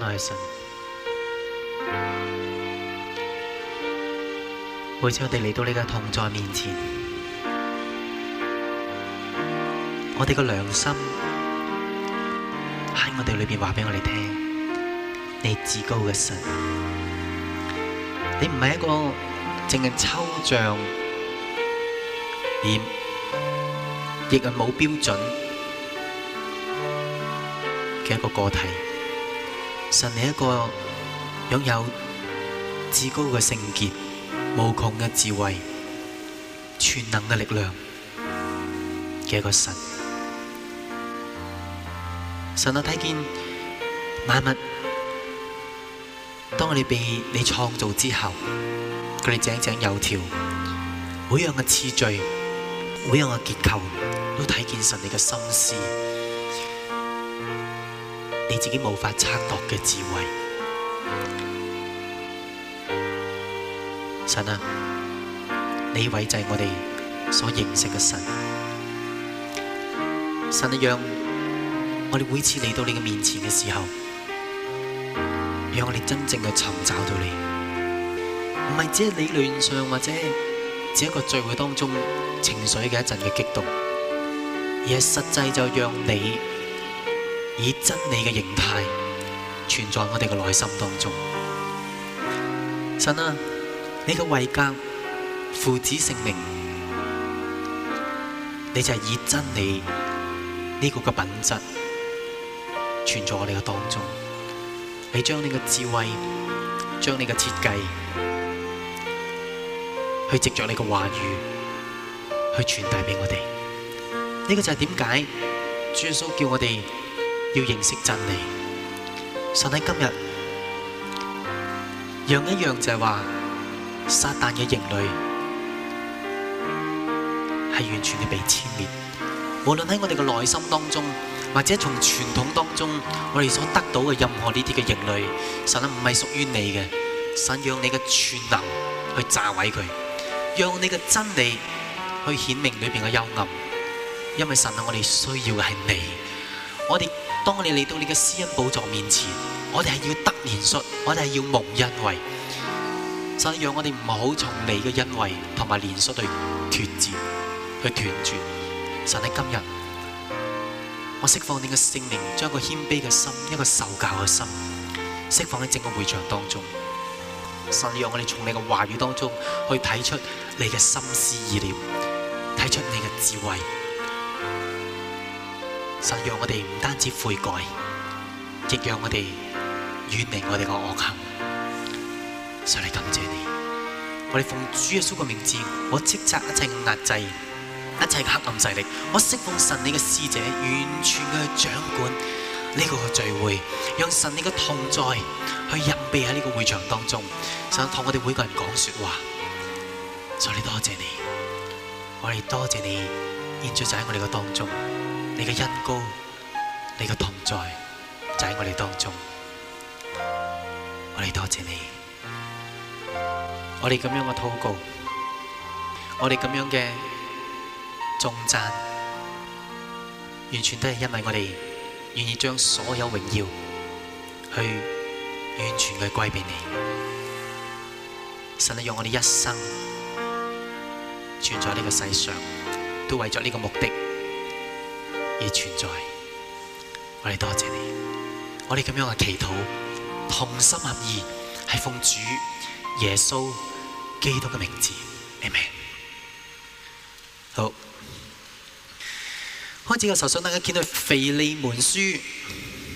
愛每次我哋嚟到呢個同在面前，我哋個良心喺我哋裏邊話俾我哋聽：你至高嘅神，你唔係一個淨係抽象而亦係冇標準嘅一個個體。神你一個擁有至高嘅聖潔、無窮嘅智慧、全能嘅力量嘅一個神，神。神我睇見萬物，當我哋被你創造之後，佢哋井井有條，每樣嘅次序、每樣嘅結構都睇見神你嘅心思。你自己無法測度嘅智慧，神啊，你位就係我哋所認識嘅神，神一樣讓我哋每次嚟到你嘅面前嘅時候，讓我哋真正嘅尋找到你，唔係只係理論上或者只一個聚會當中情緒嘅一陣嘅激動，而係實際就讓你。以真理嘅形態存在我哋嘅內心當中，神啊，你嘅位格、父子聖靈，你就係以真理呢個嘅品質存在我哋嘅當中。你將你嘅智慧，將你嘅設計，去藉着你嘅話語去傳達俾我哋。呢個就係點解主耶穌叫我哋。要認識真理，神喺今日讓一樣就係話，撒但嘅營壘係完全嘅被殲滅。無論喺我哋嘅內心當中，或者從傳統當中，我哋所得到嘅任何呢啲嘅營壘，神唔係屬於你嘅。神讓你嘅全能去炸毀佢，讓你嘅真理去顯明裏邊嘅幽暗。因為神係，我哋需要嘅係你，我哋。當我哋嚟到你嘅施恩寶座面前，我哋係要得憐恤，我哋係要蒙恩惠。神讓我哋唔好從你嘅恩惠同埋憐恤去斷絕、去斷絕。神喺今日，我釋放你嘅聖靈，將個謙卑嘅心、一個受教嘅心，釋放喺整個會場當中。神，讓我哋從你嘅話語當中去睇出你嘅心思意念，睇出你嘅智慧。神讓我哋唔單止悔改，亦讓我哋遠離我哋嘅惡行。上嚟感謝你，我哋奉主耶穌嘅名字，我斥責一切嘅壓制、一切嘅黑暗勢力。我釋放神你嘅使者，完全嘅去掌管呢個嘅聚會，讓神你嘅同在去預備喺呢個會場當中，神同我哋每個人講說話。上嚟多謝你，我哋多謝你，現在就喺我哋嘅當中。你嘅恩膏，你嘅同在，就喺我哋當中。我哋多謝，謝你，我哋咁樣嘅禱告，我哋咁樣嘅頌讚，完全都係因為我哋願意將所有榮耀去完全嘅歸俾你。神啊，讓我哋一生存在呢個世上，都為咗呢個目的。而存在，我哋多謝你，我哋咁樣嘅祈禱同心合意，係奉主耶穌基督嘅名字，阿門。好，開始嘅時候想大家見到腓利門書，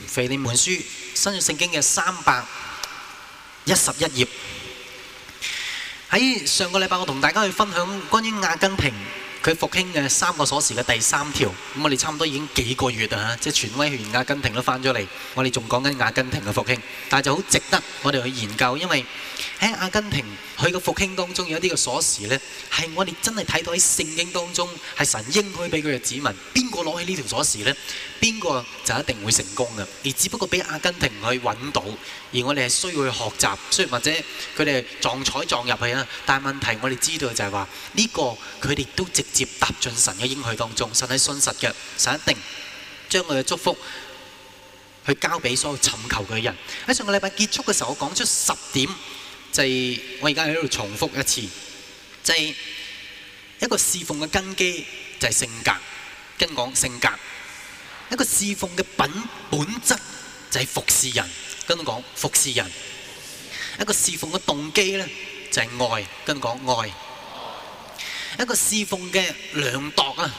腓利門書新約聖經嘅三百一十一頁，喺上個禮拜我同大家去分享關於阿根廷。佢復興嘅三個鎖匙嘅第三條，咁我哋差唔多已經幾個月啊，即係全威去完阿根廷都返咗嚟，我哋仲講緊阿根廷嘅復興，但就好值得我哋去研究，因為。喺阿根廷，佢嘅復興當中有一啲嘅鎖匙咧，係我哋真係睇到喺聖經當中係神應許俾佢嘅指紋。邊個攞起呢條鎖匙咧？邊個就一定會成功嘅。而只不過俾阿根廷去揾到，而我哋係需要去學習，雖然或者佢哋撞彩撞入去啊。但係問題我哋知道嘅就係話呢個佢哋都直接踏進神嘅應許當中，神係信實嘅，神一定將佢嘅祝福去交俾所有尋求佢嘅人。喺上個禮拜結束嘅時候，我講出十點。就係、是、我而家喺度重複一次，就係、是、一個侍奉嘅根基就係性格，跟住講性格；一個侍奉嘅品本質就係服侍人，跟住講服侍人；一個侍奉嘅動機呢就係愛，跟住講愛；一個侍奉嘅量度啊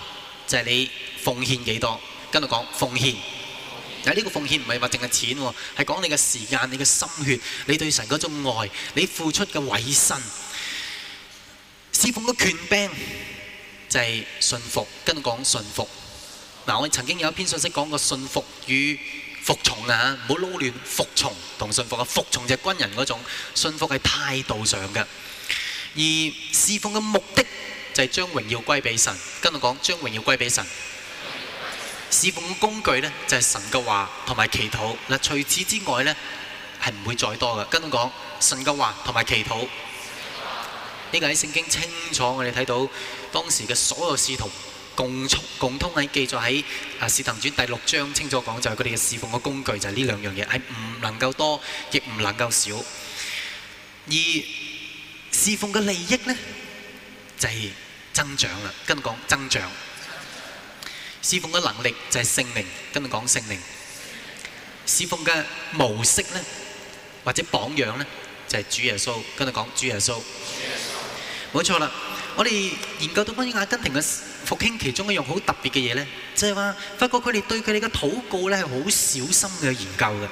就係你奉獻幾多，跟住講奉獻。但、這、呢個奉獻唔係話淨係錢，係講你嘅時間、你嘅心血、你對神嗰種愛、你付出嘅委身。侍奉嘅權柄就係信服，跟住講信服。嗱，我曾經有一篇信息講過信服與服從啊，唔好撈亂服從同信服啊。服從就係軍人嗰種，信服係態度上嘅。而侍奉嘅目的就係將榮耀歸俾神，跟住講將榮耀歸俾神。侍奉嘅工具咧，就係神嘅話同埋祈禱。嗱，除此之外咧，係唔會再多嘅，跟住講神嘅話同埋祈禱。呢個喺聖經清楚我哋睇到當時嘅所有侍奉，共通共通，喺記載喺啊使徒行傳第六章清楚講，就係佢哋嘅侍奉嘅工具就係呢兩樣嘢，係唔能夠多，亦唔能夠少。而侍奉嘅利益咧，就係增長啦，跟住講增長。侍奉嘅能力就係聖靈，跟住講聖靈；侍奉嘅模式咧，或者榜樣咧，就係主耶穌，跟住講主耶穌。主耶穌。冇錯啦，我哋研究到關於阿根廷嘅復興其中一樣好特別嘅嘢咧，即係話，發覺佢哋對佢哋嘅禱告咧係好小心嘅研究嘅。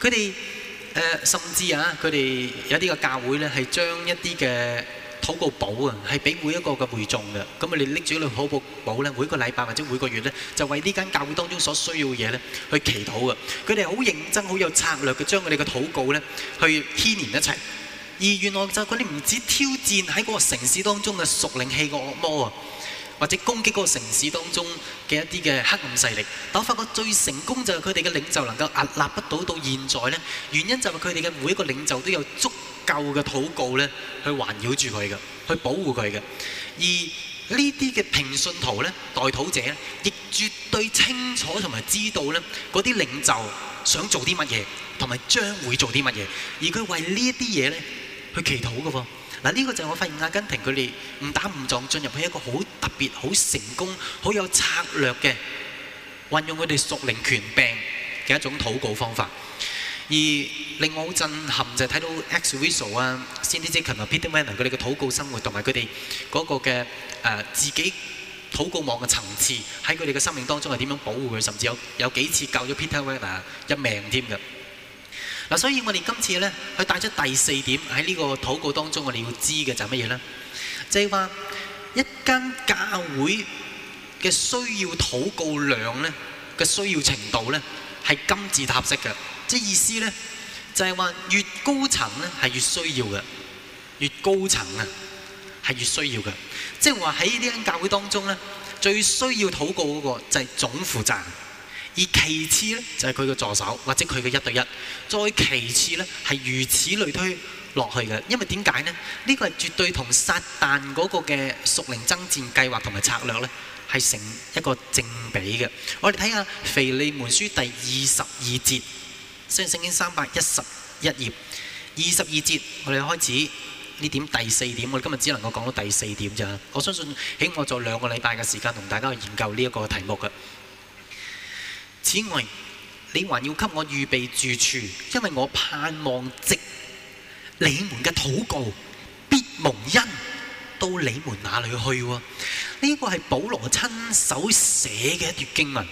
佢哋誒甚至啊，佢哋有啲嘅教會咧係將一啲嘅。禱告簿啊，係俾每一個嘅會眾嘅，咁啊，你拎住呢個禱告簿咧，每個禮拜或者每個月咧，就為呢間教會當中所需要嘅嘢咧，去祈禱啊！佢哋好認真、好有策略嘅，將佢哋嘅禱告咧，去牽連一齊。而原來就佢哋唔止挑戰喺嗰個城市當中嘅屬靈氣嘅惡魔啊！或者攻擊個城市當中嘅一啲嘅黑暗勢力，但我發覺最成功就係佢哋嘅領袖能夠屹立不倒，到現在呢，原因就係佢哋嘅每一個領袖都有足夠嘅禱告呢去環繞住佢嘅，去保護佢嘅。而呢啲嘅平信徒呢，代禱者呢亦絕對清楚同埋知道呢嗰啲領袖想做啲乜嘢，同埋將會做啲乜嘢，而佢為呢一啲嘢呢去祈禱嘅喎。嗱，呢個就係我發現阿根廷佢哋誤打誤撞進入去一個好特別、好成功、好有策略嘅運用佢哋屬靈權柄嘅一種禱告方法。而令我好震撼就係睇到 Ed Silvoso 啊、Cindy Jacobs 啊、Peter Wagner 啊佢哋嘅禱告生活，同埋佢哋嗰個嘅誒自己禱告網嘅層次，喺佢哋嘅生命當中係點樣保護佢，甚至有有幾次救咗 Peter Wagner 嗱一命添㗎。嗱，所以我哋今次咧，去帶出第四點喺呢個禱告當中，我哋要知嘅就係乜嘢咧？就係話一間教會嘅需要禱告量咧，嘅需要程度咧，係金字塔式嘅。即係意思咧，就係話越高層咧係越需要嘅，越高層啊係越需要嘅。即係話喺呢間教會當中咧，最需要禱告嗰個就係總負責。而其次呢，就係佢嘅助手，或者佢嘅一對一。再其次呢，係如此類推落去嘅，因為點解呢？呢個係絕對同撒旦嗰個嘅屬靈爭戰計劃同埋策略呢，係成一個正比嘅。我哋睇下《腓利門書》第二十二節，聖經三百一十一頁二十二節。我哋開始呢點第四點，我哋今日只能夠講到第四點咋。我相信起碼做兩個禮拜嘅時間同大家去研究呢一個題目嘅。此外，你還要給我預備住處，因為我盼望藉你們的禱告，必蒙恩到你們那裏去。呢個係保羅親手寫的一段經文，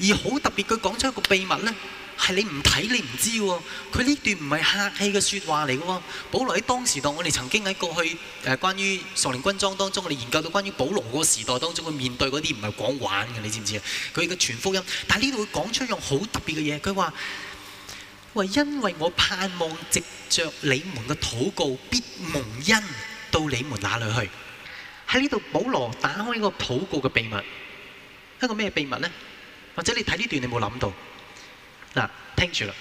而好特別，佢講出一個秘密。係你唔睇，你唔知喎。佢呢段唔係客氣嘅説話嚟嘅喎。保羅喺當時代，我哋曾經喺過去誒關於屬靈軍裝當中，我哋研究到關於保羅嗰個時代當中，佢面對嗰啲唔係講玩嘅，你知唔知啊？佢嘅全福音。但係呢度會講出一樣好特別嘅嘢，佢話：話因為我盼望藉着你們嘅禱告，必蒙恩到你們那裡去。喺呢度，保羅打開一個禱告嘅秘密，一個咩秘密呢？或者你睇呢段，你冇諗到。嗱，聽住啦。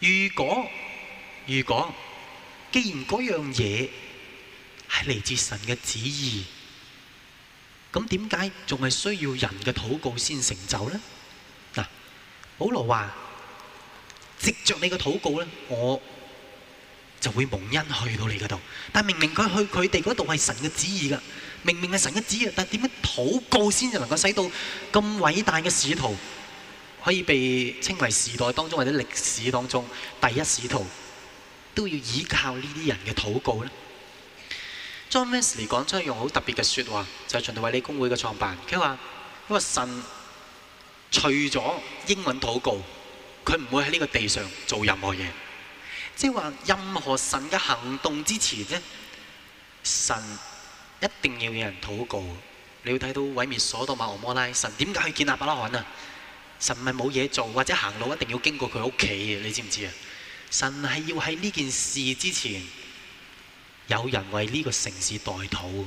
如果如果，既然嗰樣嘢係嚟自神嘅旨意，咁點解仲係需要人嘅禱告先成就咧？嗱，保羅話：藉着你嘅禱告咧，我就會蒙恩去到你嗰度。但明明佢去佢哋嗰度係神嘅旨意㗎，明明係神嘅旨意，但點樣禱告先就能夠使到咁偉大嘅使徒？可以被稱為時代當中或者歷史當中第一使徒，都要依靠這些的呢啲人嘅禱告咧。John Wesley 講出一樣好特別嘅説話，就係循道衛理公會嘅創辦，佢話：因為神除咗英文禱告，佢唔會喺呢個地上做任何嘢。即係話，任何神嘅行動之前咧，神一定要有人禱告。你要睇到毀滅所多瑪和蛾摩拉，神點解去以見亞伯拉罕啊？神咪冇嘢做，或者行路一定要經過佢屋企，你知唔知啊？神係要喺呢件事之前有人為呢個城市代禱，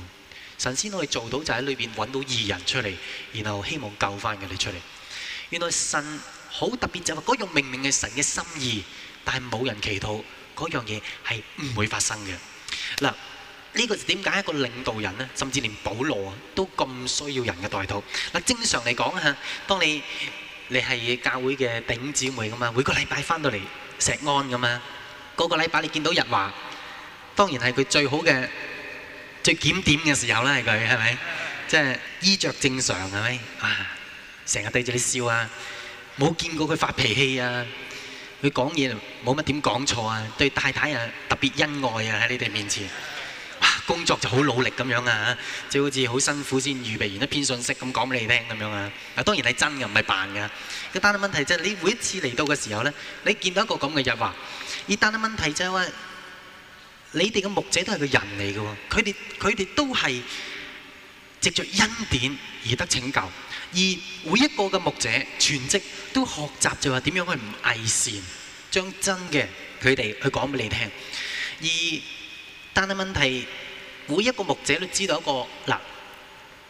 神先可以做到，就喺裏邊揾到義人出嚟，然後希望救翻佢哋出嚟。原來神好特別就話，嗰樣明明係神嘅心意，但係冇人祈禱，嗰樣嘢係唔會發生嘅。嗱，呢個點解一個領導人咧，甚至連保羅都咁需要人嘅代禱？嗱，正常嚟講嚇，當你你係教會嘅頂姊妹噶嘛？每個禮拜翻到嚟錫安噶嘛？嗰個禮拜你見到日華，當然係佢最好嘅、最檢點嘅時候啦，係佢係咪？即係衣着正常係咪？啊，成日對住你笑啊，冇見過佢發脾氣啊，佢講嘢冇乜點講錯啊，對太太啊特別恩愛啊喺你哋面前。哇！工作就好努力咁樣啊，即係好似好辛苦先預備完一篇信息咁講俾你聽咁樣啊。啊，當然係真嘅，唔係扮㗎。咁但係問題就係你每一次嚟到嘅時候咧，你見到一個咁嘅日華。而但係問題就係話，你哋嘅牧者都係個人嚟嘅喎，佢哋佢哋都係藉著恩典而得拯救。而每一個嘅牧者全職都學習就係點樣去唔偽善，將真嘅佢哋去講俾你聽。而但係問題，每一個牧者都知道一個嗱，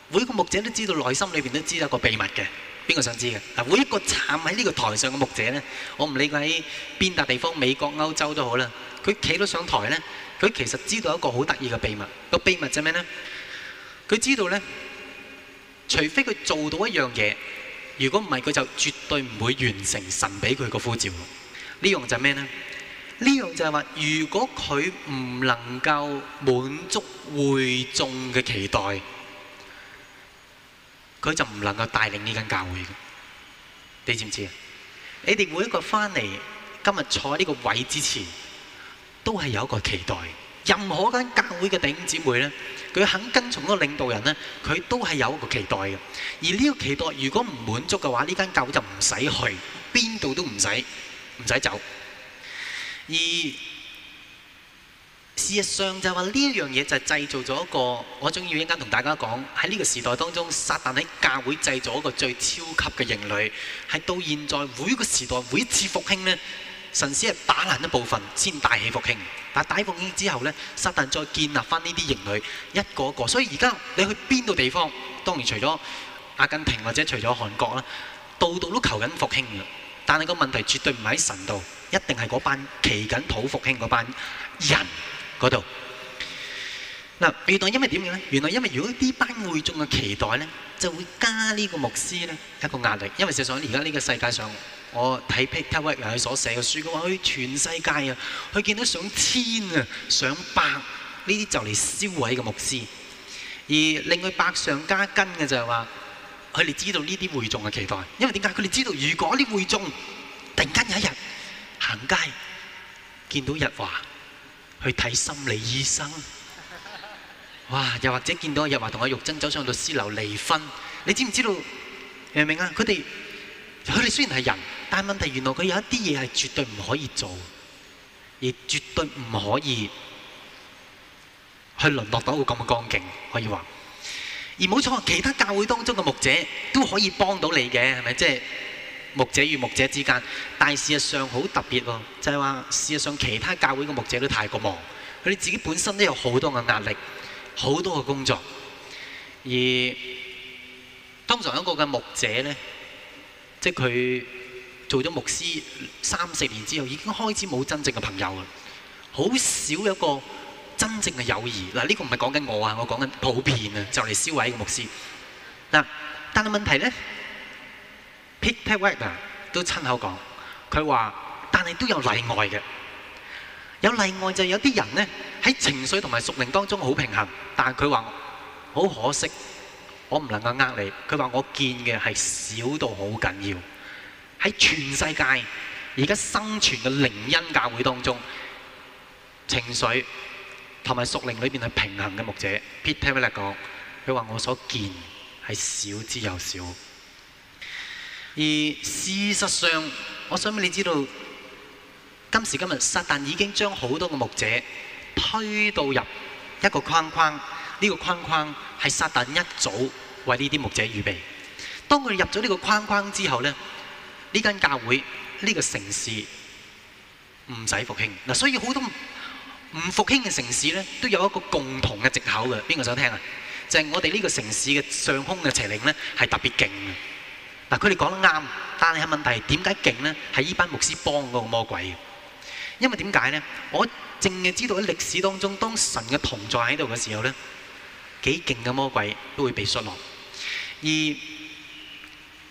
每一個牧者都知道內心裏邊都知道一個秘密嘅，邊個想知嘅？啊，每一個站喺呢個台上嘅牧者咧，我唔理佢喺邊笪地方，美國、歐洲都好啦，佢企到上台咧，佢其實知道一個好得意嘅秘密，個秘密就咩咧？佢知道咧，除非佢做到一樣嘢，如果唔係佢就絕對唔會完成神俾佢個呼召。呢樣就咩咧？呢樣就係話，如果佢唔能夠滿足會眾嘅期待，佢就唔能夠帶領呢間教會嘅。你知唔知啊？你哋每一個翻嚟今日坐喺呢個位之前，都係有一個期待。任何一間教會嘅弟兄姊妹咧，佢肯跟從嗰個領導人咧，佢都係有一個期待嘅。而呢個期待如果唔滿足嘅話，呢間教會就唔使去，邊度都唔使，唔使走。而事實上就係話，呢樣嘢就係製造咗一個，我中意一陣間同大家講，喺呢個時代當中，撒旦喺教會製造一個最超級嘅營壘。喺到現在每一個時代每一次復興呢，神先係打爛一部分，先帶起復興，但帶起復興之後呢，撒旦再建立翻呢啲營壘，一個一個，所以而家你去邊度地方，當然除咗阿根廷或者除咗韓國啦，度度都求緊復興嘅，但係個問題絕對唔係喺神度。一定係嗰班祈緊土復興嗰班人嗰度。嗱，期待因為點嘅咧？原來因為如果呢班會眾嘅期待咧，就會加呢個牧師咧一個壓力。因為事實上而家呢個世界上，我睇 Peter Wagner 所寫嘅書嘅話，佢全世界啊，佢見到上千啊、上百呢啲就嚟銷毀嘅牧師。而令佢百上加斤嘅就係話，佢哋知道呢啲會眾嘅期待。因為點解？佢哋知道如果啲會眾突然間有一日，行街見到日華，去睇心理醫生。哇！又或者見到日華同阿玉珍走上律師樓離婚，你知唔知道？明唔明啊？佢哋佢哋雖然係人，但問題原來佢有一啲嘢係絕對唔可以做，而絕對唔可以去淪落到咁嘅光景。可以話，而冇錯，其他教會當中嘅牧者都可以幫到你嘅，係咪？即係。牧者與牧者之間，但事實上好特別喎，就係話事實上其他教會嘅牧者都太過忙，佢哋自己本身都有好多嘅壓力，好多嘅工作。而通常一個嘅牧者呢，即係佢做咗牧師三四年之後，已經開始冇真正嘅朋友啦，好少有一個真正嘅友誼。嗱，呢個唔係講緊我啊，我講緊普遍啊，就嚟銷毀個牧師。嗱，但係問題呢。Peter Wagner 都親口講，佢話：但係都有例外嘅，有例外就係有啲人呢，喺情緒同埋屬靈當中好平衡，但係佢話好可惜，我唔能夠呃你。佢話我見嘅係少到好緊要，喺全世界而家生存嘅靈恩教會當中，情緒同埋屬靈裏邊係平衡嘅牧者。Peter Wagner 講：佢話我所見係少之又少。而事實上，我想俾你知道，今時今日撒旦已經將好多個牧者推到入一個框框，呢個框框係撒旦一早為呢啲牧者預備。當佢入咗呢個框框之後咧，呢間教會呢個城市唔使復興嗱，所以好多唔復興嘅城市咧，都有一個共同嘅藉口嘅。邊個想聽啊？就係我哋呢個城市嘅上空嘅邪靈咧，係特別勁嘅。嗱，佢哋講得啱，但係問題點解勁呢？係呢班牧師幫嗰個魔鬼嘅，因為點解呢？我淨係知道喺歷史當中，當神嘅同在喺度嘅時候呢，幾勁嘅魔鬼都會被摔落。而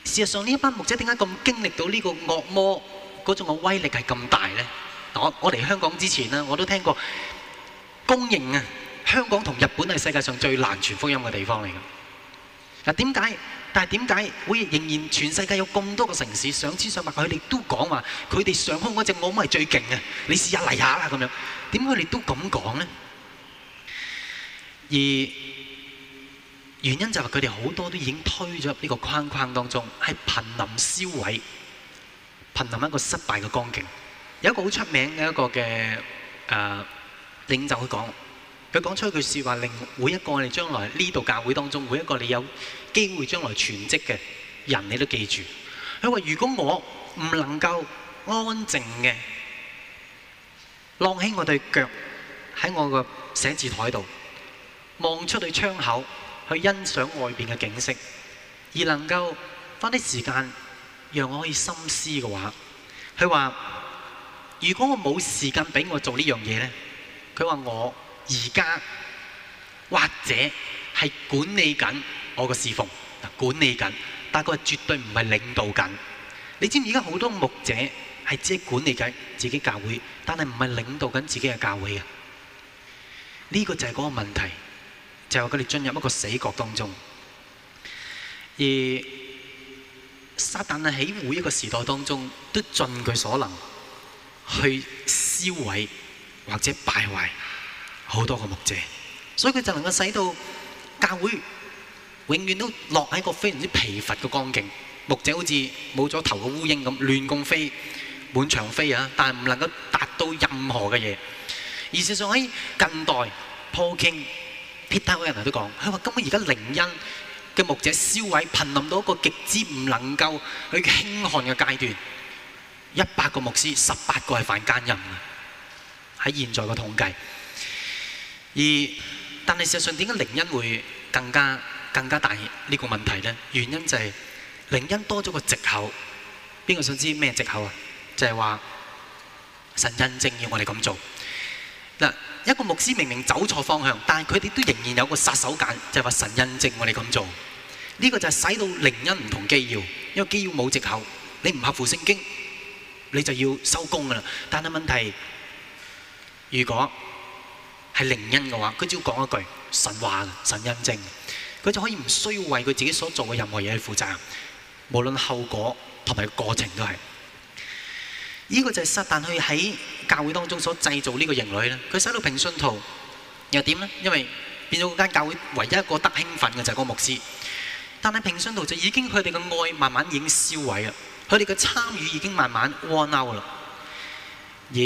事實上，呢一班牧者點解咁經歷到呢個惡魔嗰種嘅威力係咁大呢？我我嚟香港之前呢，我都聽過公認啊，香港同日本係世界上最難傳福音嘅地方嚟㗎。嗱，點解？但係點解會仍然全世界有咁多個城市，上千上萬，佢哋都講話佢哋上空嗰隻鵪鶉係最勁啊！你試，試一下嚟下啦咁樣，點解佢哋都咁講咧？而原因就係佢哋好多都已經推咗呢個框框當中，係瀕臨銷毀、瀕臨一個失敗嘅光景。有一個好出名嘅一個嘅誒、呃、領袖去講，佢講出一句説話，令每一個我哋將來呢度教會當中每一個你有。機會將來全職嘅人，你都記住。佢話：如果我唔能夠安靜嘅，晾起我對腳喺我個寫字枱度，望出對窗口去欣賞外邊嘅景色，而能夠花啲時間讓我可以深思嘅話，佢話：如果我冇時間俾我做呢樣嘢咧，佢話我而家或者係管理緊。我個侍奉嗱管理緊，但係佢係絕對唔係領導緊。你知唔知而家好多牧者係只係管理緊自己教會，但係唔係領導緊自己嘅教會嘅。呢個就係嗰個問題，就係佢哋進入一個死角當中。而撒但喺每一個時代當中都盡佢所能去銷毀或者敗壞好多個牧者，所以佢就能夠使到教會。永遠都落喺個非常之疲乏嘅光景，牧者好似冇咗頭嘅烏蠅咁亂共飛，滿場飛啊！但係唔能夠達到任何嘅嘢。而事實上喺近代，Paul King Peter 嗰啲人都講，佢話根本而家靈恩嘅牧者消毀，瀕臨到一個極之唔能夠去輕看嘅階段。一百個牧師，十八個係犯奸淫嘅，喺現在嘅統計。而但係事實上點解靈恩會更加？更加大呢個問題呢，原因就係靈恩多咗個藉口。邊個想知咩藉口啊？就係話神印證要我哋咁做嗱。一個牧師明明走錯方向，但係佢哋都仍然有個殺手鐧，就係話神印證我哋咁做。呢個就係使到靈恩唔同基要，因為基要冇藉口，你唔合乎聖經，你就要收工㗎喇。但係問題，如果係靈恩嘅話，佢只要講一句神話，神印證。佢就可以唔需要為佢自己所做嘅任何嘢負責任，無論後果同埋過程都係。依個就係撒但，但佢喺教會當中所製造呢個型類咧，佢使到平信徒又點咧？因為變咗間教會唯一一個得興奮嘅就係個牧師，但係平信徒就已經佢哋嘅愛慢慢已經消毀啦，佢哋嘅參與已經慢慢 worn out 啦，而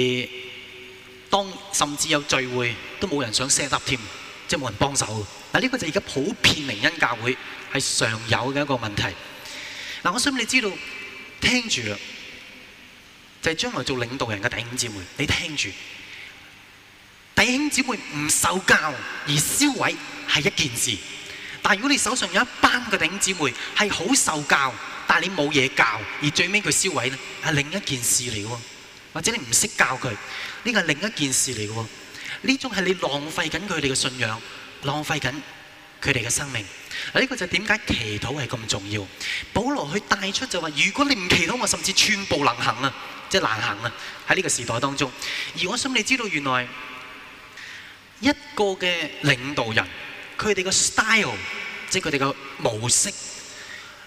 當甚至有聚會都冇人想 set up 添，即係冇人幫手。嗱，呢個就係而家普遍靈恩教會係常有嘅一個問題。嗱，我想你知道，聽住啦，就係將來做領導人嘅弟兄姊妹，你聽住，弟兄姊妹唔受教而銷毀係一件事。但係如果你手上有一班嘅弟兄姊妹係好受教，但係你冇嘢教，而最尾佢銷毀咧係另一件事嚟喎，或者你唔識教佢，呢個係另一件事嚟嘅喎，呢種係你浪費緊佢哋嘅信仰。浪費緊佢哋嘅生命，呢、這個就點解祈禱係咁重要？保羅去帶出就話，如果你唔祈禱，我甚至寸步、就是、難行啊，即係難行啊！喺呢個時代當中，而我想你知道，原來一個嘅領導人，佢哋嘅 style，即係佢哋嘅模式，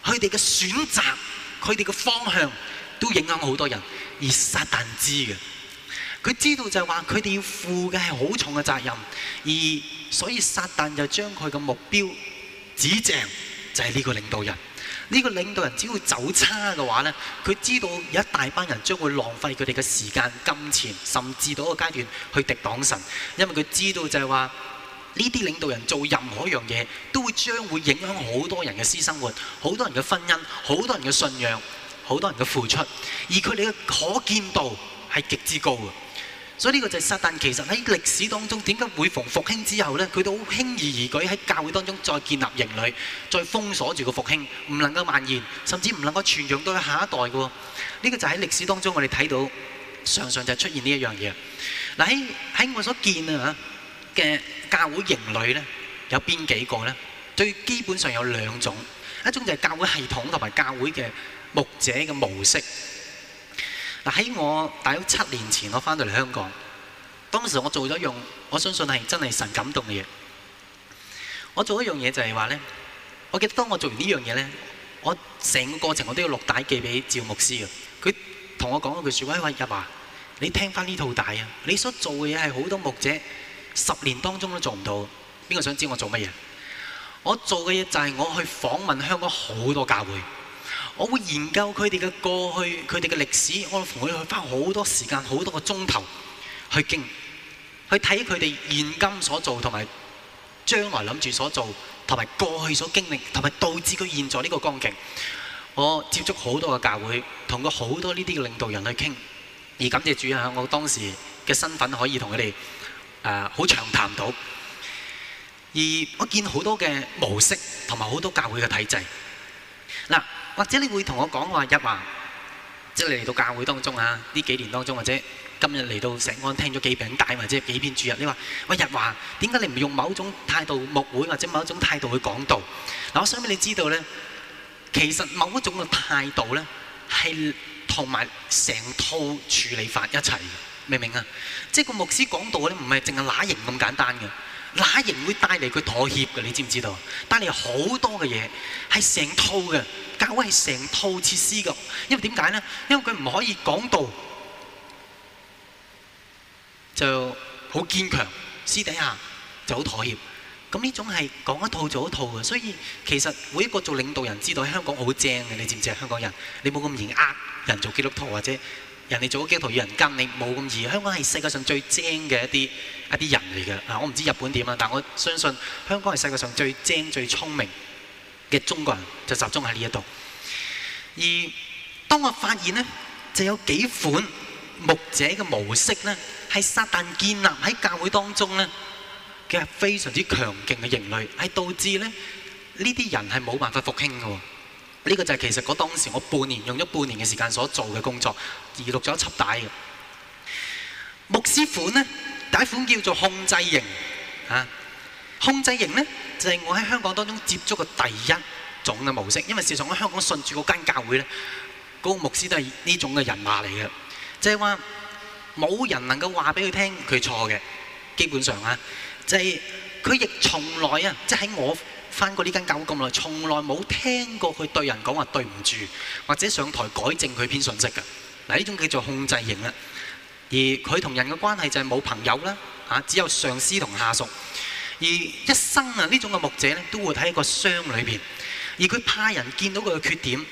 佢哋嘅選擇，佢哋嘅方向，都影響好多人，而撒旦知嘅。佢知道就係話，佢哋要負嘅係好重嘅責任，而所以撒旦就將佢嘅目標指正，就係呢個領導人。呢個領導人只要走差嘅話，呢，佢知道有一大班人將會浪費佢哋嘅時間金錢，甚至到嗰個階段去敵擋神。因為佢知道就係話，呢啲領導人做任何一樣嘢，都會將會影響好多人嘅私生活、好多人嘅婚姻、好多人嘅信仰、好多人嘅付出，而佢哋嘅可見度係極之高嘅。所以呢個就係撒但，但其實喺歷史當中，點解每逢復興之後咧，佢都好輕易而舉喺教會當中再建立營壘，再封鎖住個復興，唔能夠蔓延，甚至唔能夠傳揚到去下一代嘅喎。呢個就喺歷史當中我哋睇到，常常就係出現呢一樣嘢。嗱喺喺我所見啊嚇嘅教會營壘咧，有邊幾個咧？最基本上有兩種，一種就係教會系統同埋教會嘅牧者嘅模式。嗱喺我大概七年前我翻到嚟香港，當時我做咗一樣，我相信係真係神感動嘅嘢。我做一樣嘢就係話咧，我記得當我做完呢樣嘢咧，我成個過程我都要錄帶寄俾趙牧師嘅。佢同我講一句説話：喂，喂，阿爸，你聽翻呢套帶啊！你所做嘅嘢係好多牧者十年當中都做唔到。邊個想知我做乜嘢？我做嘅嘢就係我去訪問香港好多教會。我會研究佢哋嘅過去，佢哋嘅歷史。我同佢去花好多時間，好多個鐘頭去傾，去睇佢哋現今所做同埋將來諗住所做，同埋過去所經歷，同埋導致佢現在呢個光景。我接觸好多嘅教會，同過好多呢啲嘅領導人去傾，而感謝主啊！我當時嘅身份可以同佢哋誒好長談到。而我見好多嘅模式同埋好多教會嘅體制，嗱。或者你會同我講話日華，即係你嚟到教會當中啊！呢幾年當中，或者今日嚟到石安聽咗幾餅帶，或者幾篇主日，你話喂日華，點解你唔用某種態度牧會，或者某一種態度去講道？嗱，我想俾你知道咧，其實某一種嘅態度咧，係同埋成套處理法一齊嘅，明唔明啊？即係個牧師講道咧，唔係淨係乸型咁簡單嘅，乸型會帶嚟佢妥協嘅，你知唔知道？帶嚟好多嘅嘢，係成套嘅。教會係成套設施㗎，因為點解咧？因為佢唔可以講道，就好堅強，私底下就好妥協。咁呢種係講一套做一套嘅，所以其實每一個做領導人知道香港好正嘅，你知唔知？香港人你冇咁易呃人做基督徒，或者人哋做基督徒要人跟，你冇咁易。香港係世界上最精嘅一啲一啲人嚟嘅。啊，我唔知日本點啦，但我相信香港係世界上最精最聰明嘅中國人就集中喺呢一度，而當我發現咧，就有幾款牧者嘅模式咧，係撒但建立喺教會當中咧，佢係非常之強勁嘅營壘，係導致咧呢啲人係冇辦法復興嘅。呢個就係其實我當時我半年用咗半年嘅時間所做嘅工作而錄咗一輯帶嘅牧師款咧，第一款叫做控制型嚇，控制型咧。就係、我喺香港當中接觸嘅第一種嘅模式，因為事實我喺香港信住嗰間教會咧，嗰、嗰個牧師都係呢種嘅人馬嚟嘅，即係話冇人能夠話俾佢聽佢錯嘅，基本上啊，就係佢亦從來啊，即、就、喺、係、我翻過呢間教會咁耐，從來冇聽過佢對人講話對唔住，或者上台改正佢篇信息嘅。嗱，呢種叫做控制型啦，而佢同人嘅關係就係冇朋友啦，嚇，只有上司同下屬。而一生啊，呢種嘅牧者咧，都會喺個箱裏邊，而佢怕人見到佢嘅缺點，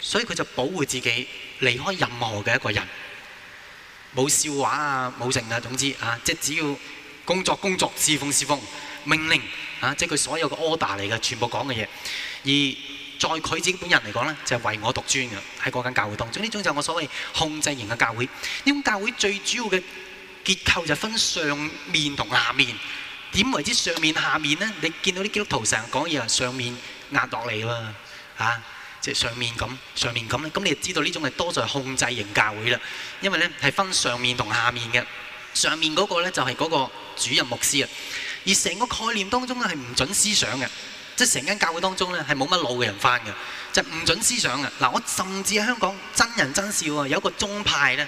所以佢就保護自己，離開任何嘅一個人，冇笑話啊，冇剩啊，總之啊，即係只要工作工作，侍奉侍奉，命令啊，即係佢所有嘅 order 嚟嘅，全部講嘅嘢。而在佢自己本人嚟講咧，就係、是、唯我獨尊嘅，喺嗰間教會當中呢種就係我所謂控制型嘅教會，呢種教會最主要嘅結構就是分上面同下面。點為之上面、下面呢？你見到啲基督徒成日講嘢話上面壓落嚟啦，嚇、啊！即、就、係、是、上面咁、上面咁咧，咁你就知道呢種係多數係控制型教會啦。因為呢係分上面同下面嘅，上面嗰個咧就係、是、嗰個主任牧師啦。而成個概念當中呢係唔準思想嘅，即係成間教會當中呢係冇乜老嘅人翻嘅，就唔、是、準思想嘅。嗱，我甚至喺香港真人真事喎，有一個宗派呢，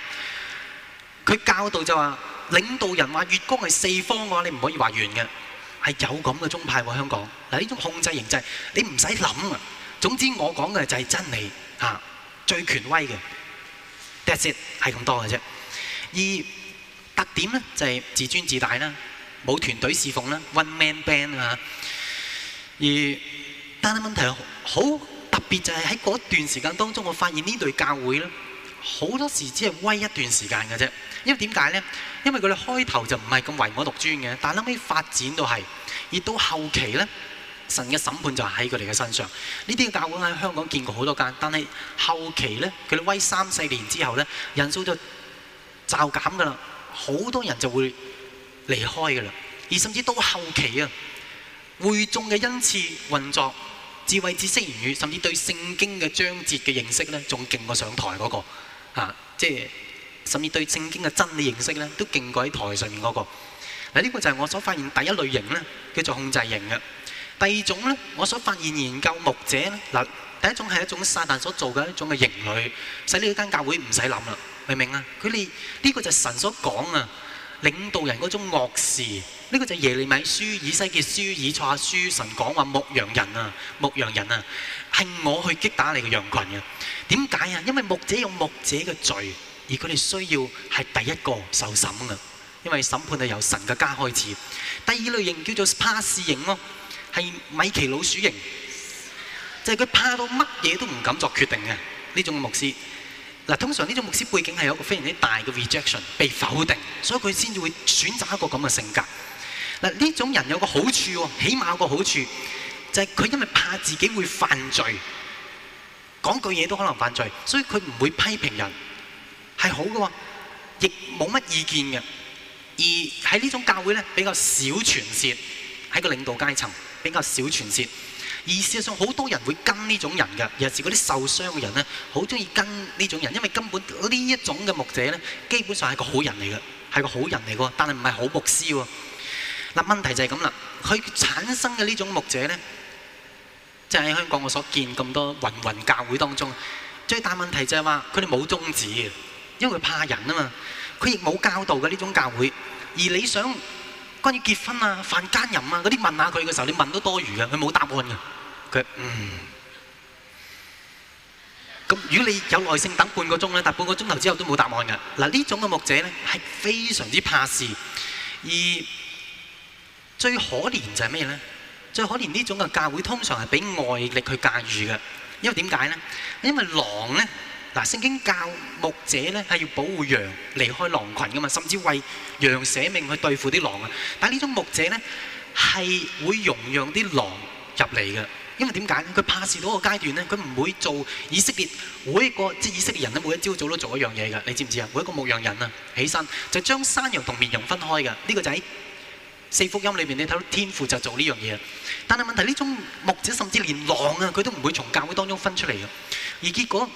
佢教導就話。領導人話，月光係四方，你唔可以話完嘅，係有噉嘅宗派，喎，香港，這種控制形式，你唔使諗啊，總之我講嘅就係真理，最權威嘅，That's it，係咁多嘅啫。而，特點呢，就係自尊自大啦，冇團隊侍奉啦，one man band, 啊，而，好多時只係威一段時間嘅啫，因為點解咧？因為佢哋開頭就唔係咁唯我獨尊嘅，但係諗起發展到係，而到後期咧，神嘅審判就喺佢哋嘅身上。呢啲教會喺香港見過好多間，但係後期咧，佢哋威三四年之後咧，人數就驟減噶啦，好多人就會離開噶啦，而甚至到後期啊，會眾嘅恩賜運作、智慧知識言語，甚至對聖經嘅章節嘅認識咧，仲勁過上台嗰個。啊！即係甚至對聖經嘅真理認識咧，都勁過喺台上面嗰個。嗱，呢個就係我所發現第一類型咧，叫做控制型嘅。第二種咧，我所發現研究牧者咧，嗱，第一種係一種撒旦所做嘅一種嘅營裏，使呢間教會唔使諗啦，明唔明啊？佢哋呢個就係神所講啊！領導人嗰種惡事，呢、這個就係耶利米書、以西結書、以賽亞書神講話牧羊人啊，牧羊人啊，係我去擊打你嘅羊群啊。點解啊？因為牧者有牧者嘅罪，而佢哋需要係第一個受審嘅，因為審判係由神嘅家開始。第二類型叫做怕事型咯，係米奇老鼠型，就係、是、佢怕到乜嘢都唔敢作決定嘅呢種牧師。通常呢種牧師背景係有一個非常之大嘅 rejection，被否定，所以佢先至會選擇一個咁嘅性格。嗱，呢種人有個好處喎，起碼有個好處就係、是、佢因為怕自己會犯罪，講句嘢都可能犯罪，所以佢唔會批評人，係好嘅，亦冇乜意見嘅。而喺呢種教會呢，比較少傳説，喺個領導階層比較少傳説。而事實上，好多人會跟呢種人嘅，尤其是嗰啲受傷嘅人咧，好中意跟呢種人，因為根本呢一種嘅牧者咧，基本上係個好人嚟嘅，係個好人嚟嘅，但係唔係好牧師喎。嗱，問題就係咁啦，佢產生嘅呢種牧者咧，即係喺香港我所見咁多芸芸教會當中，最大問題就係話佢哋冇宗旨，因為佢怕人啊嘛，佢亦冇教導嘅呢種教會，而你想，關於結婚啊、犯奸淫啊嗰啲問下佢嘅時候，你問都多餘嘅，佢冇答案嘅。佢，嗯，咁如果你有耐性等半個鐘咧，等半個鐘頭之後都冇答案嘅。嗱，呢種嘅牧者咧，係非常之怕事，而最可憐就係咩咧？最可憐呢種嘅教會通常係俾外力去駕馭嘅，因為點解咧？因為狼咧。嗱，聖經教牧者咧係要保護羊，離開狼羣噶嘛，甚至為羊捨命去對付啲狼啊！但係呢種牧者咧係會容讓啲狼入嚟嘅，因為點解？佢怕事到個階段咧，佢唔會做以色列每一個即係以色列人咧，每一朝早都做一樣嘢嘅，你知唔知啊？每一個牧羊人啊，起身就將山羊同綿羊分開嘅。呢個就喺四福音裏邊你睇到天父就做呢樣嘢啊！但係問題呢種牧者，甚至連狼啊，佢都唔會從教會當中分出嚟嘅，而結果。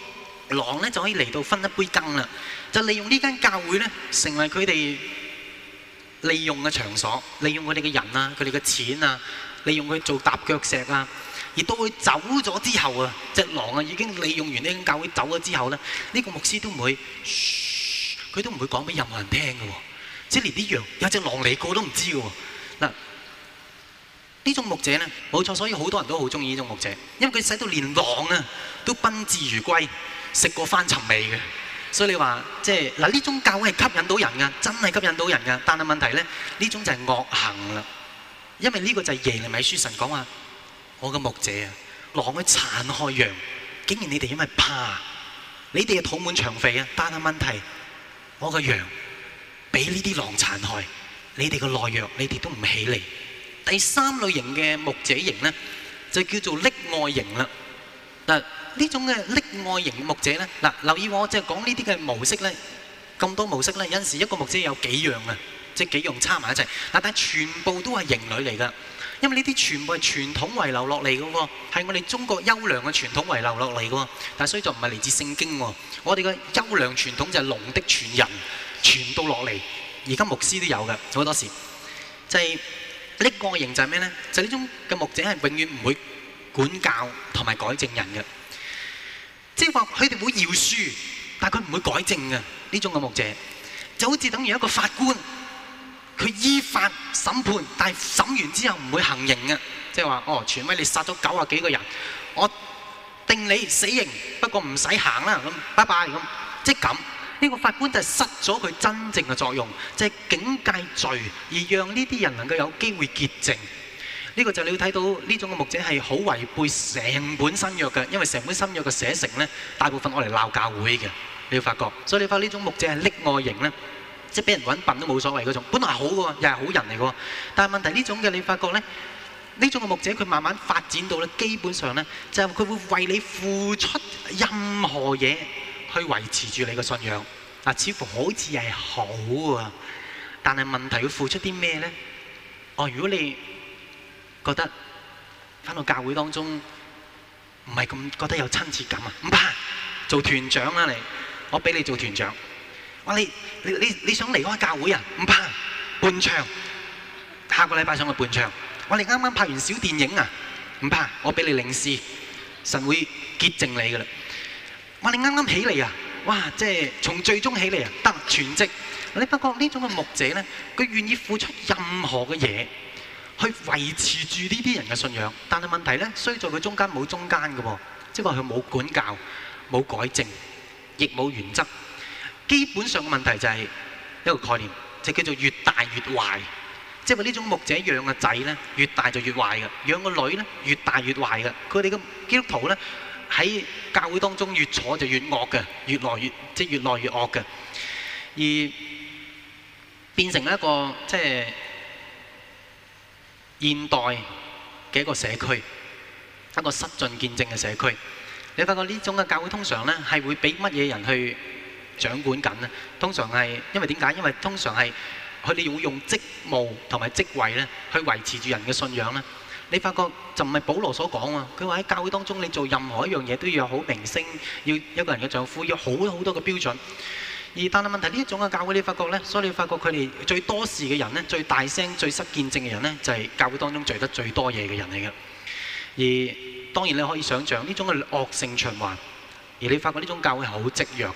狼咧就可以嚟到分一杯羹啦，就利用呢間教會咧，成為佢哋利用嘅場所，利用佢哋嘅人啊，佢哋嘅錢啊，利用佢做踏腳石啊。而到佢走咗之後隻啊，隻狼啊已經利用完呢間教會走咗之後咧，呢個牧師都唔會，噓，佢都唔會講俾任何人聽嘅喎，即係連啲羊有隻狼嚟過都唔知嘅喎。嗱，呢種牧者咧，冇錯，所以好多人都好中意呢種牧者，因為佢使到連狼啊都賓至如歸。食過翻尋味嘅，所以你話即係嗱，呢種教會係吸引到人㗎，真係吸引到人㗎。但係問題咧，呢種就係惡行啦，因為呢個就係耶利米書神講話：我嘅牧者啊，狼去殘害羊，竟然你哋因為怕，你哋嘅肚滿腸肥啊。但係問題，我嘅羊俾呢啲狼殘害，你哋嘅懦弱，你哋都唔起嚟。第三類型嘅牧者型咧，就叫做溺愛型啦。嗱。呢種嘅溺愛型牧者咧，嗱，留意我就講呢啲嘅模式咧，咁多模式咧，有陣時一個牧者有幾樣啊，即係幾樣插埋一齊嗱，但係全部都係型女嚟噶，因為呢啲全部係傳統遺留落嚟嘅喎，係我哋中國優良嘅傳統遺留落嚟嘅喎，但係所以就唔係嚟自聖經喎。我哋嘅優良傳統就係龍的傳人傳到落嚟，而家牧師都有嘅好多時，就係溺愛型就係咩咧？就係呢種嘅牧者係永遠唔會管教同埋改正人嘅。即係話佢哋會饒恕，但係佢唔會改正嘅。呢種惡魔者就好似等於一個法官，佢依法審判，但係審完之後唔會行刑嘅。即係話哦，全威你殺咗九廿幾個人，我定你死刑，不過唔使行啦，咁拜拜咁。即係咁，呢個法官就係失咗佢真正嘅作用，即係警戒罪，而讓呢啲人能夠有機會潔淨。呢個就你要睇到呢種嘅牧者係好違背成本新約嘅，因為成本新約嘅寫成咧，大部分攞嚟鬧教會嘅，你要發覺。所以你發呢種牧者係溺愛型咧，即係俾人揾笨都冇所謂嗰種。本來好嘅，又係好人嚟嘅。但係問題呢種嘅你發覺咧，呢種嘅牧者佢慢慢發展到咧，基本上咧就係佢會為你付出任何嘢去維持住你嘅信仰。嗱，似乎好似係好啊，但係問題要付出啲咩咧？哦，如果你覺得翻到教會當中唔係咁覺得有親切感啊，唔怕做團長啦，你我俾你做團長。話你你你你想離開教會啊？唔怕伴唱，下個禮拜上去伴唱。我哋啱啱拍完小電影啊？唔怕，我俾你領事，神會潔淨你噶啦。我哋啱啱起嚟啊！哇，即係從最終起嚟啊，得全職。你發覺呢種嘅牧者咧，佢願意付出任何嘅嘢。去維持住呢啲人嘅信仰，但係問題咧，衰在佢中間冇中間嘅喎，即係話佢冇管教、冇改正、亦冇原則。基本上嘅問題就係一個概念，就叫做越大越壞。即係話呢種牧者養嘅仔咧，越大就越壞嘅；養個女咧，越大越壞嘅。佢哋嘅基督徒咧，喺教會當中越坐就越惡嘅，越來越即係越來越惡嘅，而變成一個即係。現代嘅一個社區，一個失盡見證嘅社區，你發覺呢種嘅教會通常咧係會俾乜嘢人去掌管緊咧？通常係因為點解？因為通常係佢哋會用職務同埋職位咧去維持住人嘅信仰咧。你發覺就唔係保羅所講喎，佢話喺教會當中你做任何一樣嘢都要有好名聲，要一個人嘅丈夫要好多好多嘅標準。而但係問題呢一種嘅教會你發覺呢？所以你發覺佢哋最多事嘅人咧，最大聲、最失見證嘅人呢就係教會當中聚得最多嘢嘅人嚟嘅。而當然你可以想象呢種嘅惡性循環，而你發覺呢種教會係好積弱嘅，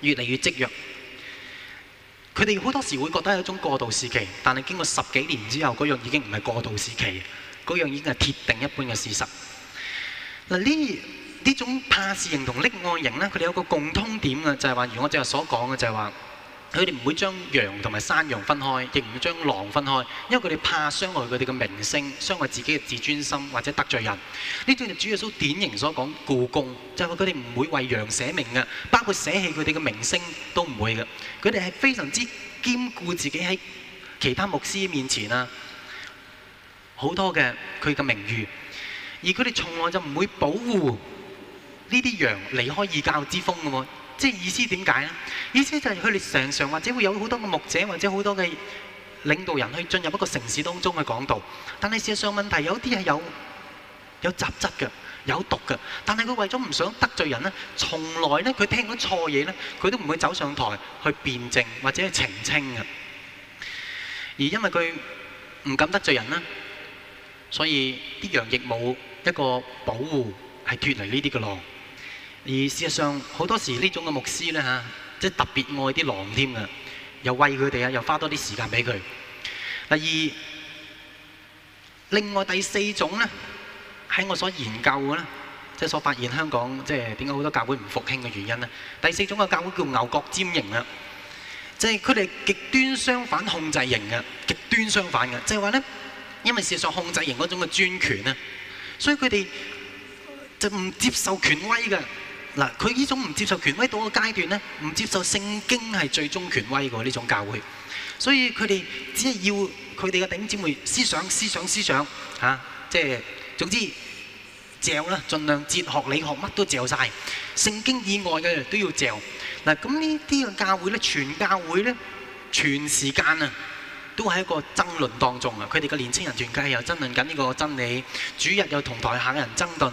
越嚟越積弱。佢哋好多時會覺得係一種過渡時期，但係經過十幾年之後，嗰樣已經唔係過渡時期，嗰樣已經係鐵定一般嘅事實。嗱呢？呢種怕事型同拎案型咧，佢哋有個共通點嘅，就係話，如我今日所講嘅，就係話，佢哋唔會將羊同埋山羊分開，亦唔會將狼分開，因為佢哋怕傷害佢哋嘅名聲，傷害自己嘅自尊心，或者得罪人。呢種就主要係好典型所講僱工，就係佢哋唔會為羊捨命嘅，包括捨棄佢哋嘅名聲都唔會嘅。佢哋係非常之兼顧自己喺其他牧師面前啊，好多嘅佢嘅名譽，而佢哋從來就唔會保護。呢啲羊離開異教之風嘅喎，即係意思點解咧？意思就係佢哋常常或者會有好多嘅牧者或者好多嘅領導人去進入一個城市當中嘅講道，但係事實上問題有啲係有有雜質嘅、有毒嘅，但係佢為咗唔想得罪人咧，從來咧佢聽到錯嘢咧，佢都唔會走上台去辯證或者去澄清嘅。而因為佢唔敢得罪人啦，所以啲羊亦冇一個保護係脫離呢啲嘅咯。而事實上，好多時呢種嘅牧師咧嚇，即係特別愛啲狼添啊，又餵佢哋啊，又花多啲時間俾佢。第二，另外第四種咧，喺我所研究嘅咧，即係所發現香港即係點解好多教會唔復興嘅原因咧。第四種嘅教會叫牛角尖型啊，即係佢哋極端相反控制型嘅，極端相反嘅，即係話咧，因為事實上控制型嗰種嘅專權啊，所以佢哋就唔接受權威嘅。嗱，佢呢種唔接受權威到嘅階段咧，唔接受聖經係最終權威嘅呢種教會，所以佢哋只係要佢哋嘅頂姊妹思想、思想、思想，嚇，啊，即係總之嚼啦，儘量哲學、理學乜都嚼晒。聖經以外嘅都要嚼。嗱，咁呢啲嘅教會咧，全教會咧，全時間啊，都喺一個爭論當中啊，佢哋嘅年輕人團契又爭論緊呢個真理，主日又同台下人爭論。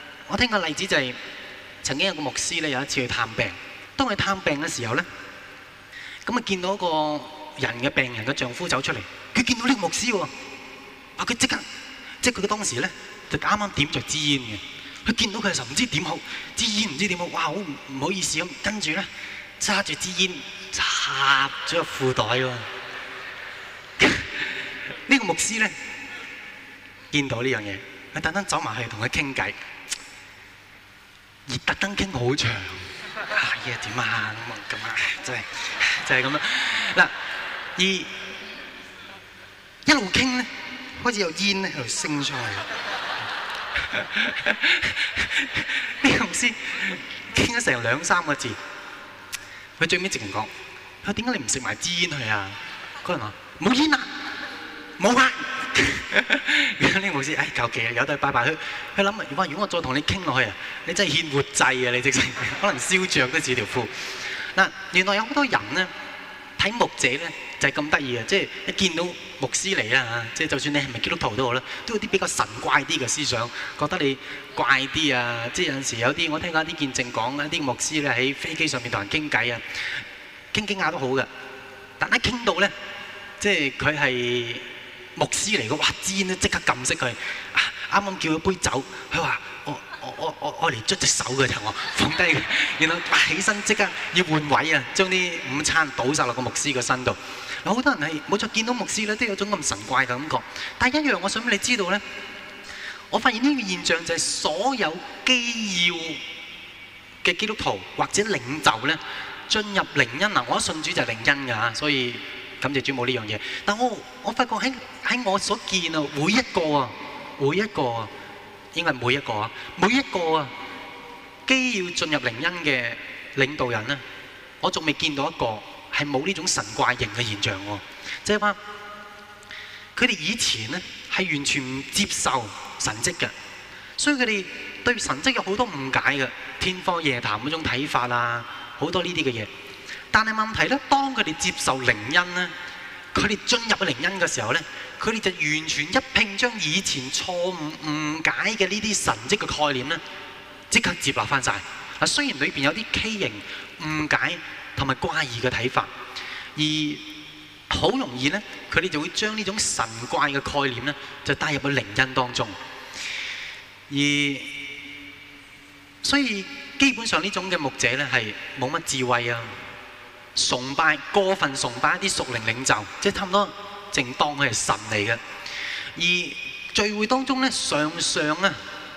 我聽個例子就係曾經有個牧師咧，有一次去探病。當佢探病嘅時候咧，咁啊見到一個人嘅病人嘅丈夫走出嚟，佢見到呢個牧師喎，啊佢即刻，即係佢嘅當時咧就啱啱點著支煙嘅。佢見到佢就唔知點好，支煙唔知點好，哇好唔好意思咁，跟住咧揸住支煙插咗個褲袋喎。呢個牧師咧見到呢樣嘢，佢特登走埋去同佢傾偈。而特登傾好長，依啊點啊咁啊，真係真係咁啦。嗱，依一路傾咧，開始有煙咧喺度升出嚟，呢個牧師傾咗成兩三個字，佢最尾直情講：喂，點解你唔食埋支煙去啊？佢話冇煙啊，冇啊！呢個牧師，哎求其啊，有得拜拜佢。佢諗啊，如話如果我再同你傾落去啊，你真係欠活祭啊！你直情可能燒着都似條褲。嗱，原來有好多人咧睇牧者咧就係咁得意嘅，即係一見到牧師嚟啦吓，即係就算你係咪基督徒都好啦，都有啲比較神怪啲嘅思想，覺得你怪啲啊。即係有陣時有啲，我聽過一啲見證講咧，啲牧師咧喺飛機上面同人傾偈啊，傾傾下都好噶。但係一傾到咧，即係佢係。牧師嚟嘅，哇！支煙都即刻撳熄佢。啱啱叫咗杯酒，佢話：我我我我我嚟捽隻手嘅，就我放低。然後起身即刻要換位啊，將啲午餐倒晒落個牧師個身度。好多人係冇錯，見到牧師咧都有種咁神怪嘅感覺。但係一樣，我想俾你知道咧，我發現呢個現象就係所有基要嘅基督徒或者領袖咧，進入靈恩啊！我信主就係靈恩㗎，所以。感謝主冇呢樣嘢，但我我發覺喺喺我所見啊，每一個啊，每一個，應該係每一個啊，每一個啊，基要進入靈恩嘅領導人咧，我仲未見到一個係冇呢種神怪型嘅現象喎，即係話佢哋以前咧係完全唔接受神蹟嘅，所以佢哋對神蹟有好多誤解嘅，天方夜譚嗰種睇法啊，好多呢啲嘅嘢。但係問題咧，當佢哋接受靈恩咧，佢哋進入去靈恩嘅時候咧，佢哋就完全一拼將以前錯誤誤解嘅呢啲神蹟嘅概念咧，即刻接納翻晒。啊，雖然裏邊有啲畸形誤解同埋怪異嘅睇法，而好容易咧，佢哋就會將呢種神怪嘅概念咧，就帶入去靈恩當中。而所以基本上呢種嘅牧者咧，係冇乜智慧啊。崇拜，過分崇拜一啲屬靈領袖，即係差唔多淨當佢係神嚟嘅。而聚會當中咧，上上啊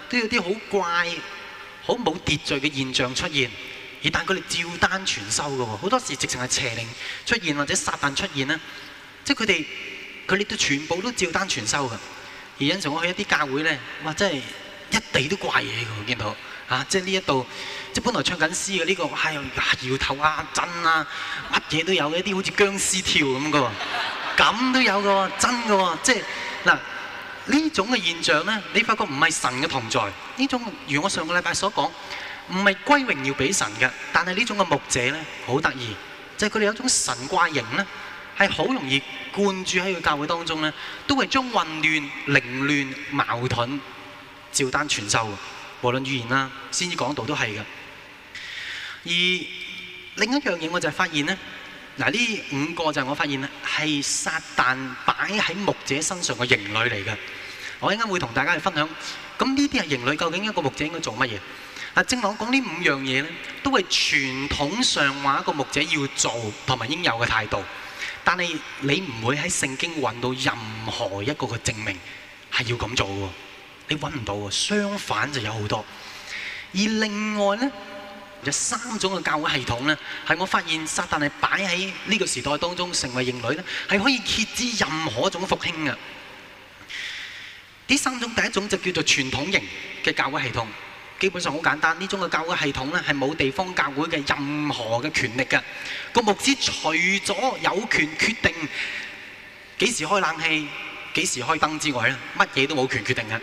都有啲好怪、好冇秩序嘅現象出現。而但佢哋照單全收嘅，好多時直情係邪靈出現或者撒但出現啦。即係佢哋佢哋都全部都照單全收嘅。而有陣時我去一啲教會咧，哇！真係一地都怪嘢嘅，見到嚇、啊，即係呢一度。即係本來唱緊詩嘅呢個，哎呀，搖頭啊、震啊，乜嘢都有嘅，一啲好似殭屍跳咁嘅喎，咁都有嘅喎，真嘅喎，即係嗱呢種嘅現象咧，你發覺唔係神嘅同在，呢種如我上個禮拜所講，唔係歸榮要俾神嘅，但係呢種嘅牧者咧，好得意，就係佢哋有一種神怪型咧，係好容易灌注喺個教會當中咧，都係將混亂、凌亂、矛盾照單全收，無論語言啦，先至講道都係嘅。而另一樣嘢，我就係發現咧，嗱呢五個就係我發現呢係撒旦擺喺牧者身上嘅型女嚟嘅。我一陣會同大家去分享。咁呢啲係型女，究竟一個牧者應該做乜嘢？嗱，正講講呢五樣嘢呢，都係傳統上話一個牧者要做同埋應有嘅態度。但係你唔會喺聖經揾到任何一個嘅證明係要咁做喎，你揾唔到喎。相反就有好多。而另外呢。有三種嘅教會系統呢，係我發現撒但係擺喺呢個時代當中成為型女，呢係可以揭支任何一種復興嘅。呢三種第一種就叫做傳統型嘅教會系統，基本上好簡單。呢種嘅教會系統呢，係冇地方教會嘅任何嘅權力嘅，個牧師除咗有權決定幾時開冷氣、幾時開燈之外咧，乜嘢都冇權決定嘅。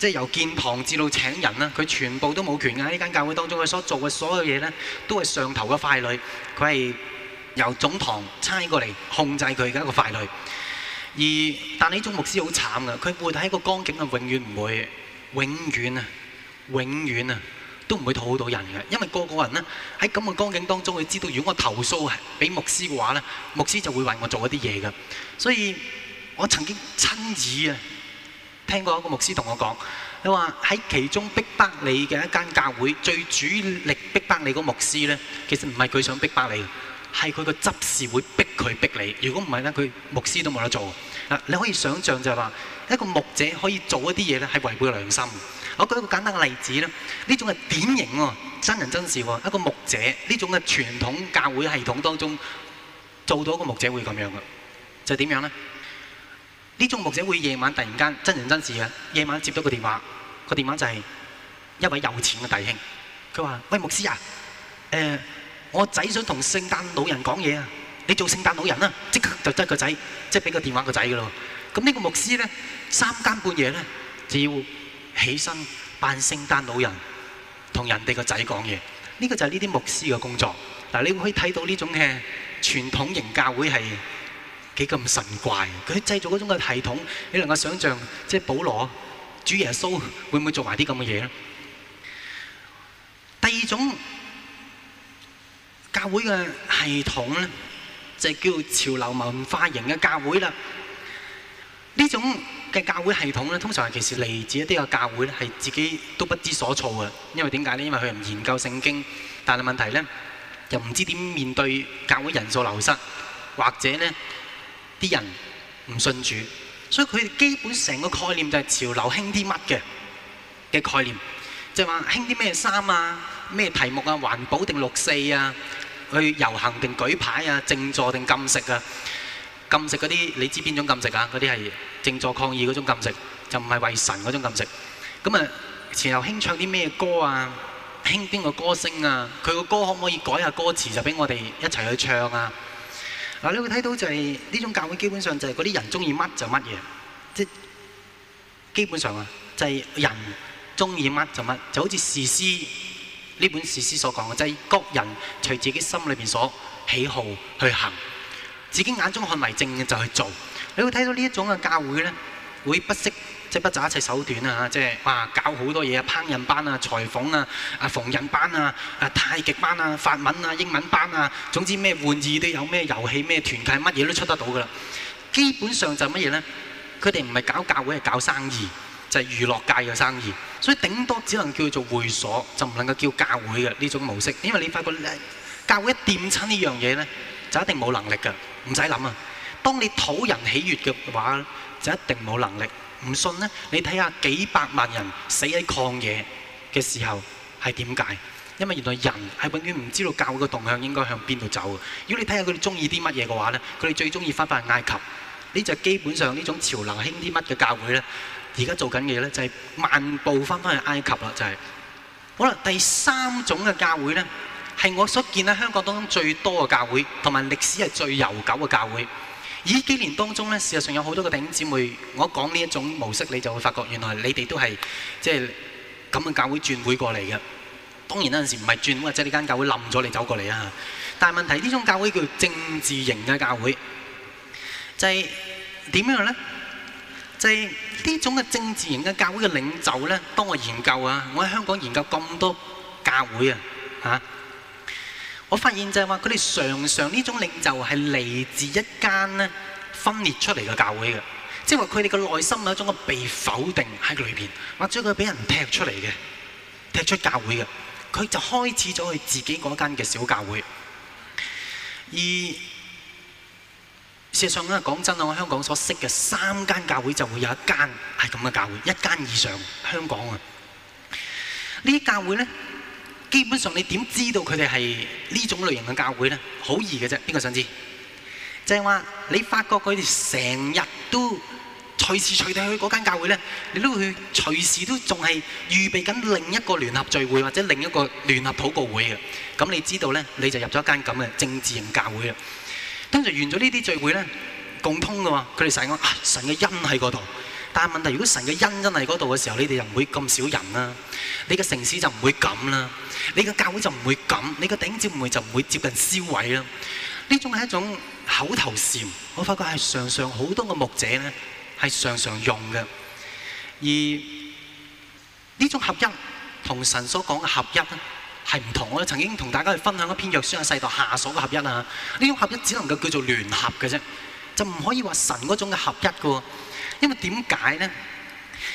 即係由建堂至到請人啦，佢全部都冇權喺呢間教會當中，佢所做嘅所有嘢咧，都係上頭嘅傀儡。佢係由總堂差過嚟控制佢嘅一個傀儡。而但呢種牧師好慘噶，佢活喺個光景啊，永遠唔會，永遠啊，永遠啊，都唔會討好到人嘅。因為個個人咧喺咁嘅光景當中，佢知道如果我投訴俾牧師嘅話咧，牧師就會為我做一啲嘢嘅。所以我曾經親耳啊。聽過一個牧師同我講，你話喺其中逼迫你嘅一間教會，最主力逼迫你個牧師咧，其實唔係佢想逼迫你，係佢個執事會逼佢逼你。如果唔係咧，佢牧師都冇得做。嗱，你可以想象就係話，一個牧者可以做一啲嘢咧，係違背良心。我舉一個簡單嘅例子咧，呢種係典型喎，真人真事喎，一個牧者呢種嘅傳統教會系統當中做到一個牧者會咁樣嘅，就係點樣咧？呢種牧者會夜晚突然間真人真事嘅，夜晚接到個電話，個電話就係一位有錢嘅弟兄，佢話：喂，牧師啊，誒，我仔想同聖誕老人講嘢啊，你做聖誕老人啊，即刻就執個仔，即係俾個電話個仔嘅咯。咁呢個牧師咧，三更半夜咧，就要起身扮聖誕老人，同人哋個仔講嘢。呢個就係呢啲牧師嘅工作。嗱，你可以睇到呢種嘅傳統型教會係。幾咁神怪？佢製造嗰種嘅系統，你能夠想象即係保羅主耶穌會唔會做埋啲咁嘅嘢咧？第二種教會嘅系統咧，就係叫潮流文化型嘅教會啦。呢種嘅教會系統咧，通常係其實嚟自一啲嘅教會咧，係自己都不知所措嘅。因為點解咧？因為佢唔研究聖經，但係問題咧又唔知點面對教會人數流失，或者咧。啲人唔信主，所以佢哋基本成個概念就係潮流興啲乜嘅嘅概念，就係話興啲咩衫啊、咩題目啊、環保定六四啊，去遊行定舉牌啊、靜坐定禁食啊，禁食嗰啲你知邊種禁食啊？嗰啲係靜坐抗議嗰種禁食，就唔係為神嗰種禁食。咁啊，前後興唱啲咩歌啊？興邊個歌星啊？佢個歌可唔可以改下歌詞就俾我哋一齊去唱啊？你會睇到就係、是、呢種教會，基本上就係嗰啲人鍾意乜就乜嘢，就是、基本上啊，就係人鍾意乜就乜，就好似《士師》呢本《士師》所講嘅，就係、是、各人隨自己心裏面所喜好去行，自己眼中看為正嘅就去做。你會睇到呢種種嘅教會呢，會不惜。即係不擇一切手段是啊！即係哇，搞好多嘢啊，烹飪班啊、裁縫啊、啊縫紉班啊、啊太極班啊、法文啊、英文班啊，總之咩玩意都有，咩遊戲、咩團契，乜嘢都出得到噶啦。基本上就乜嘢呢？佢哋唔係搞教會，係搞生意，就係、是、娛樂界嘅生意。所以頂多只能叫做會所，就唔能夠叫教會嘅呢種模式。因為你發覺咧，教會一掂親呢樣嘢呢，就一定冇能力嘅，唔使諗啊。當你討人喜悅嘅話，就一定冇能力。唔信呢？你睇下幾百萬人死喺曠野嘅時候係點解？因為原來人係永遠唔知道教會嘅動向應該向邊度走嘅。如果你睇下佢哋中意啲乜嘢嘅話呢，佢哋最中意翻返去埃及。呢就基本上呢種潮流興啲乜嘅教會呢？而家做緊嘅嘢呢，就係慢步翻返去埃及啦，就係。好啦，第三種嘅教會呢，係我所見喺香港當中最多嘅教會，同埋歷史係最悠久嘅教會。依幾年當中呢，事實上有好多個弟兄姊妹，我講呢一種模式，你就會發覺原來你哋都係即係咁嘅教會轉會過嚟嘅。當然有陣時唔係轉，或者呢間教會冧咗，你走過嚟啊。但係問題呢種教會叫政治型嘅教會，就係點樣咧？就係呢種嘅政治型嘅教會嘅領袖咧，當我研究啊！我喺香港研究咁多教會啊，嚇。我發現就係話，佢哋常常呢種領袖係嚟自一間咧分裂出嚟嘅教會嘅，即係話佢哋嘅內心有一種嘅被否定喺佢裏邊，或者佢俾人踢出嚟嘅，踢出教會嘅，佢就開始咗佢自己嗰間嘅小教會。而事實上咧，講真啊，我香港所識嘅三間教會就會有一間係咁嘅教會，一間以上香港啊，呢啲教會咧。基本上你點知道佢哋係呢種類型嘅教會咧？好易嘅啫，邊個想知？就係話你發覺佢哋成日都隨時隨地去嗰間教會咧，你都會去隨時都仲係預備緊另一個聯合聚會或者另一個聯合禱告會嘅。咁你知道咧，你就入咗間咁嘅政治型教會啦。跟住完咗呢啲聚會咧，共通嘅喎，佢哋成日講啊，神嘅恩喺嗰度。但係問題，如果神嘅恩恩喺嗰度嘅時候，你哋又唔會咁少人啦，你嘅城市就唔會咁啦，你嘅教會就唔會咁，你嘅頂尖唔會就唔會接近消毀啦。呢種係一種口頭禪，我發覺係常常好多嘅牧者咧，係常常用嘅。而呢種合一同神所講嘅合一咧係唔同。我哋曾經同大家去分享一篇約書亞細讀下屬嘅合一啊。呢種合一只能夠叫做聯合嘅啫，就唔可以話神嗰種嘅合一噶喎。因為點解呢？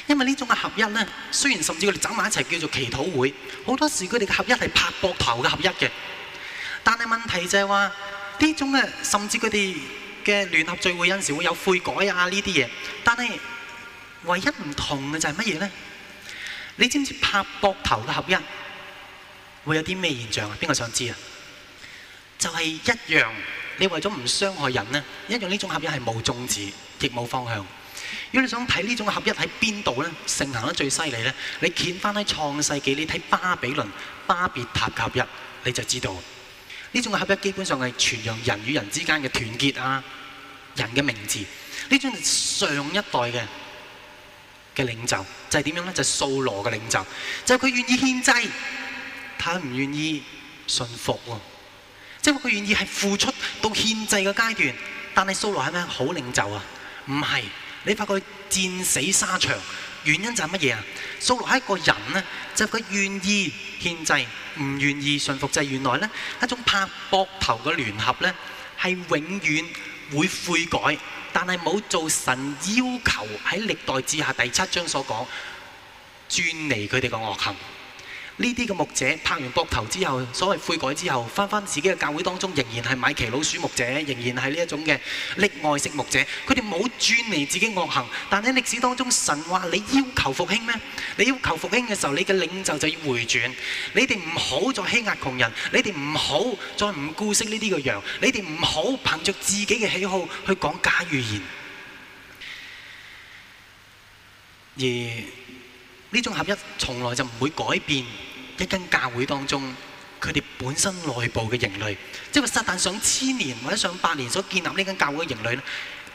因為呢種嘅合一呢，雖然甚至佢哋走埋一齊叫做祈禱會，好多時佢哋嘅合一係拍膊頭嘅合一嘅，但係問題就係話呢種甚至佢哋嘅聯合聚會有時會有悔改啊呢啲嘢，但係唯一唔同嘅就係乜嘢呢？你知唔知拍膊頭嘅合一會有啲咩現象啊？邊個想知？就係一樣，你為咗唔傷害人呢，一樣呢種合一係無宗旨亦無方向。如果你想睇呢種嘅合一喺邊度咧，盛行得最犀利咧，你見返喺創世紀，你睇巴比倫巴別塔合一，你就知道呢種嘅合一基本上係傳揚人與人之間嘅團結啊，人嘅名字呢種係上一代嘅嘅領袖就係點樣咧？就係掃羅嘅領袖就係佢願意獻祭，睇唔願意信服喎，即係佢願意係付出到獻祭嘅階段，但係掃羅係咪好領袖啊？唔係。你發覺他戰死沙場，原因就係乜嘢啊？掃羅一個人呢就佢、是、願意獻祭，唔願意順服祭，原來呢，一種拍膊頭嘅聯合呢，係永遠會悔改，但係冇做神要求喺歷代志下第七章所講轉離佢哋嘅惡行。呢啲嘅牧者拍完膊頭之後，所謂悔改之後，返返自己嘅教會當中，仍然係米奇老鼠牧者，仍然係呢一種嘅溺愛式牧者。佢哋冇轉離自己惡行，但喺歷史當中，神話你要求復興咩？你要求復興嘅時候，你嘅領袖就要回轉。你哋唔好再欺壓窮人，你哋唔好再唔顧惜呢啲嘅羊，你哋唔好憑著自己嘅喜好去講假預言。而呢種合一從來就唔會改變。一間教會當中，佢哋本身內部嘅營累，即係話撒但上千年或者上百年所建立呢間教會嘅營累呢，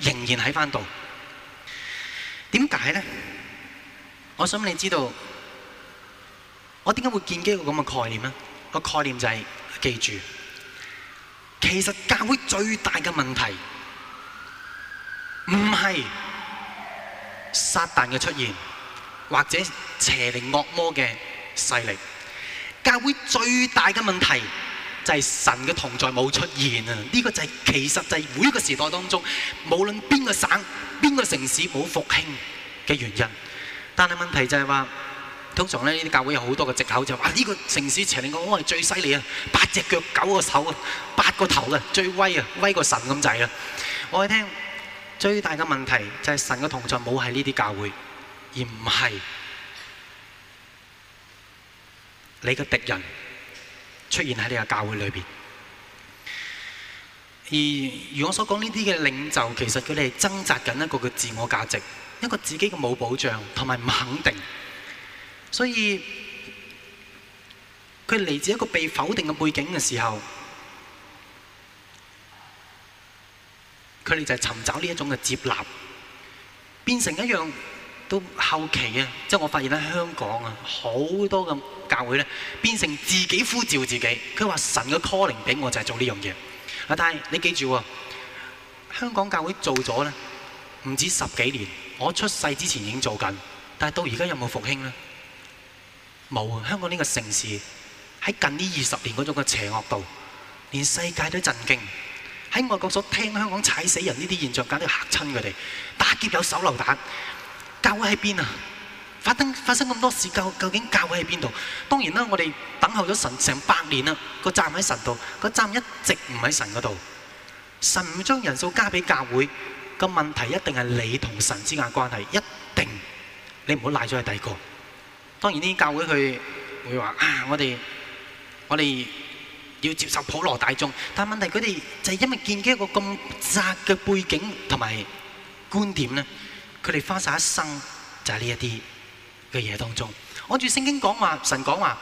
仍然喺返度。點解呢？我想你知道，我點解會建基個咁嘅概念呢？個概念就係記住，其實教會最大嘅問題唔係撒但嘅出現，或者邪靈惡魔嘅勢力。教會最大嘅問題就係、是、神嘅同在冇出現啊！呢、這個就係、是、其實就係每一個時代當中，無論邊個省、邊個城市冇復興嘅原因。但係問題就係話，通常咧呢啲教會有好多嘅借口就係話、是、呢、這個城市邪靈講我係最犀利啊，八隻腳九個手啊，八個頭啊，最威啊，威過神咁滯啊！我哋聽最大嘅問題就係神嘅同在冇喺呢啲教會，而唔係。你的敵人出現喺你嘅教會裏面，而如果所講呢啲嘅領袖，其實佢哋係掙扎緊一個嘅自我價值，一個自己嘅冇保障同埋唔肯定，所以佢嚟自一個被否定嘅背景嘅時候，佢哋就係尋找呢種嘅接納，變成一樣。都後期啊，即係我發現喺香港啊，好多咁教會咧，變成自己呼召自己。佢話神嘅 calling 俾我就係做呢樣嘢。阿大，你記住喎，香港教會做咗咧，唔止十幾年，我出世之前已經做緊，但係到而家有冇復興咧？冇啊。香港呢個城市喺近呢二十年嗰種嘅邪惡度，連世界都震驚。喺外國所聽香港踩死人呢啲現象，簡直嚇親佢哋，打劫有手榴彈。教會喺邊啊？發生發生咁多事，究究竟教會喺邊度？當然啦，我哋等候咗神成百年啦，個站喺神度，個站一直唔喺神嗰度。神唔將人數加俾教會，個問題一定係你同神之間關係，一定你唔好賴咗去第二個。當然呢啲教會佢會話啊，我哋我哋要接受普羅大眾，但係問題佢哋就係因為見嘅一個咁窄嘅背景同埋觀點咧。佢哋花晒一生就喺呢一啲嘅嘢當中，按住聖經講話，神講話，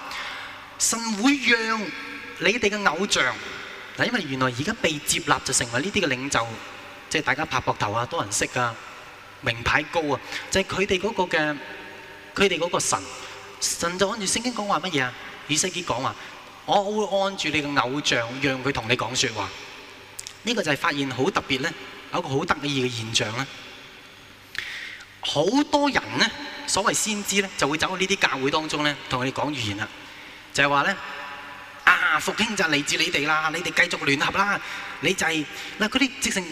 神會讓你哋嘅偶像。嗱，因為原來而家被接納就成為呢啲嘅領袖，即係大家拍膊頭啊，多人識啊，名牌高啊，就係佢哋嗰個嘅，佢哋嗰個神，神就按住聖經講話乜嘢啊？以西結講話，我會按住你嘅偶像，讓佢同你講說話。呢個就係發現好特別咧，有一個好得意嘅現象咧。好多人呢，所謂先知呢，就會走到呢啲教會當中呢，同佢哋講預言啦，就係話呢：「啊復興就嚟自你哋啦，你哋繼續聯合啦，你就係嗱佢哋直情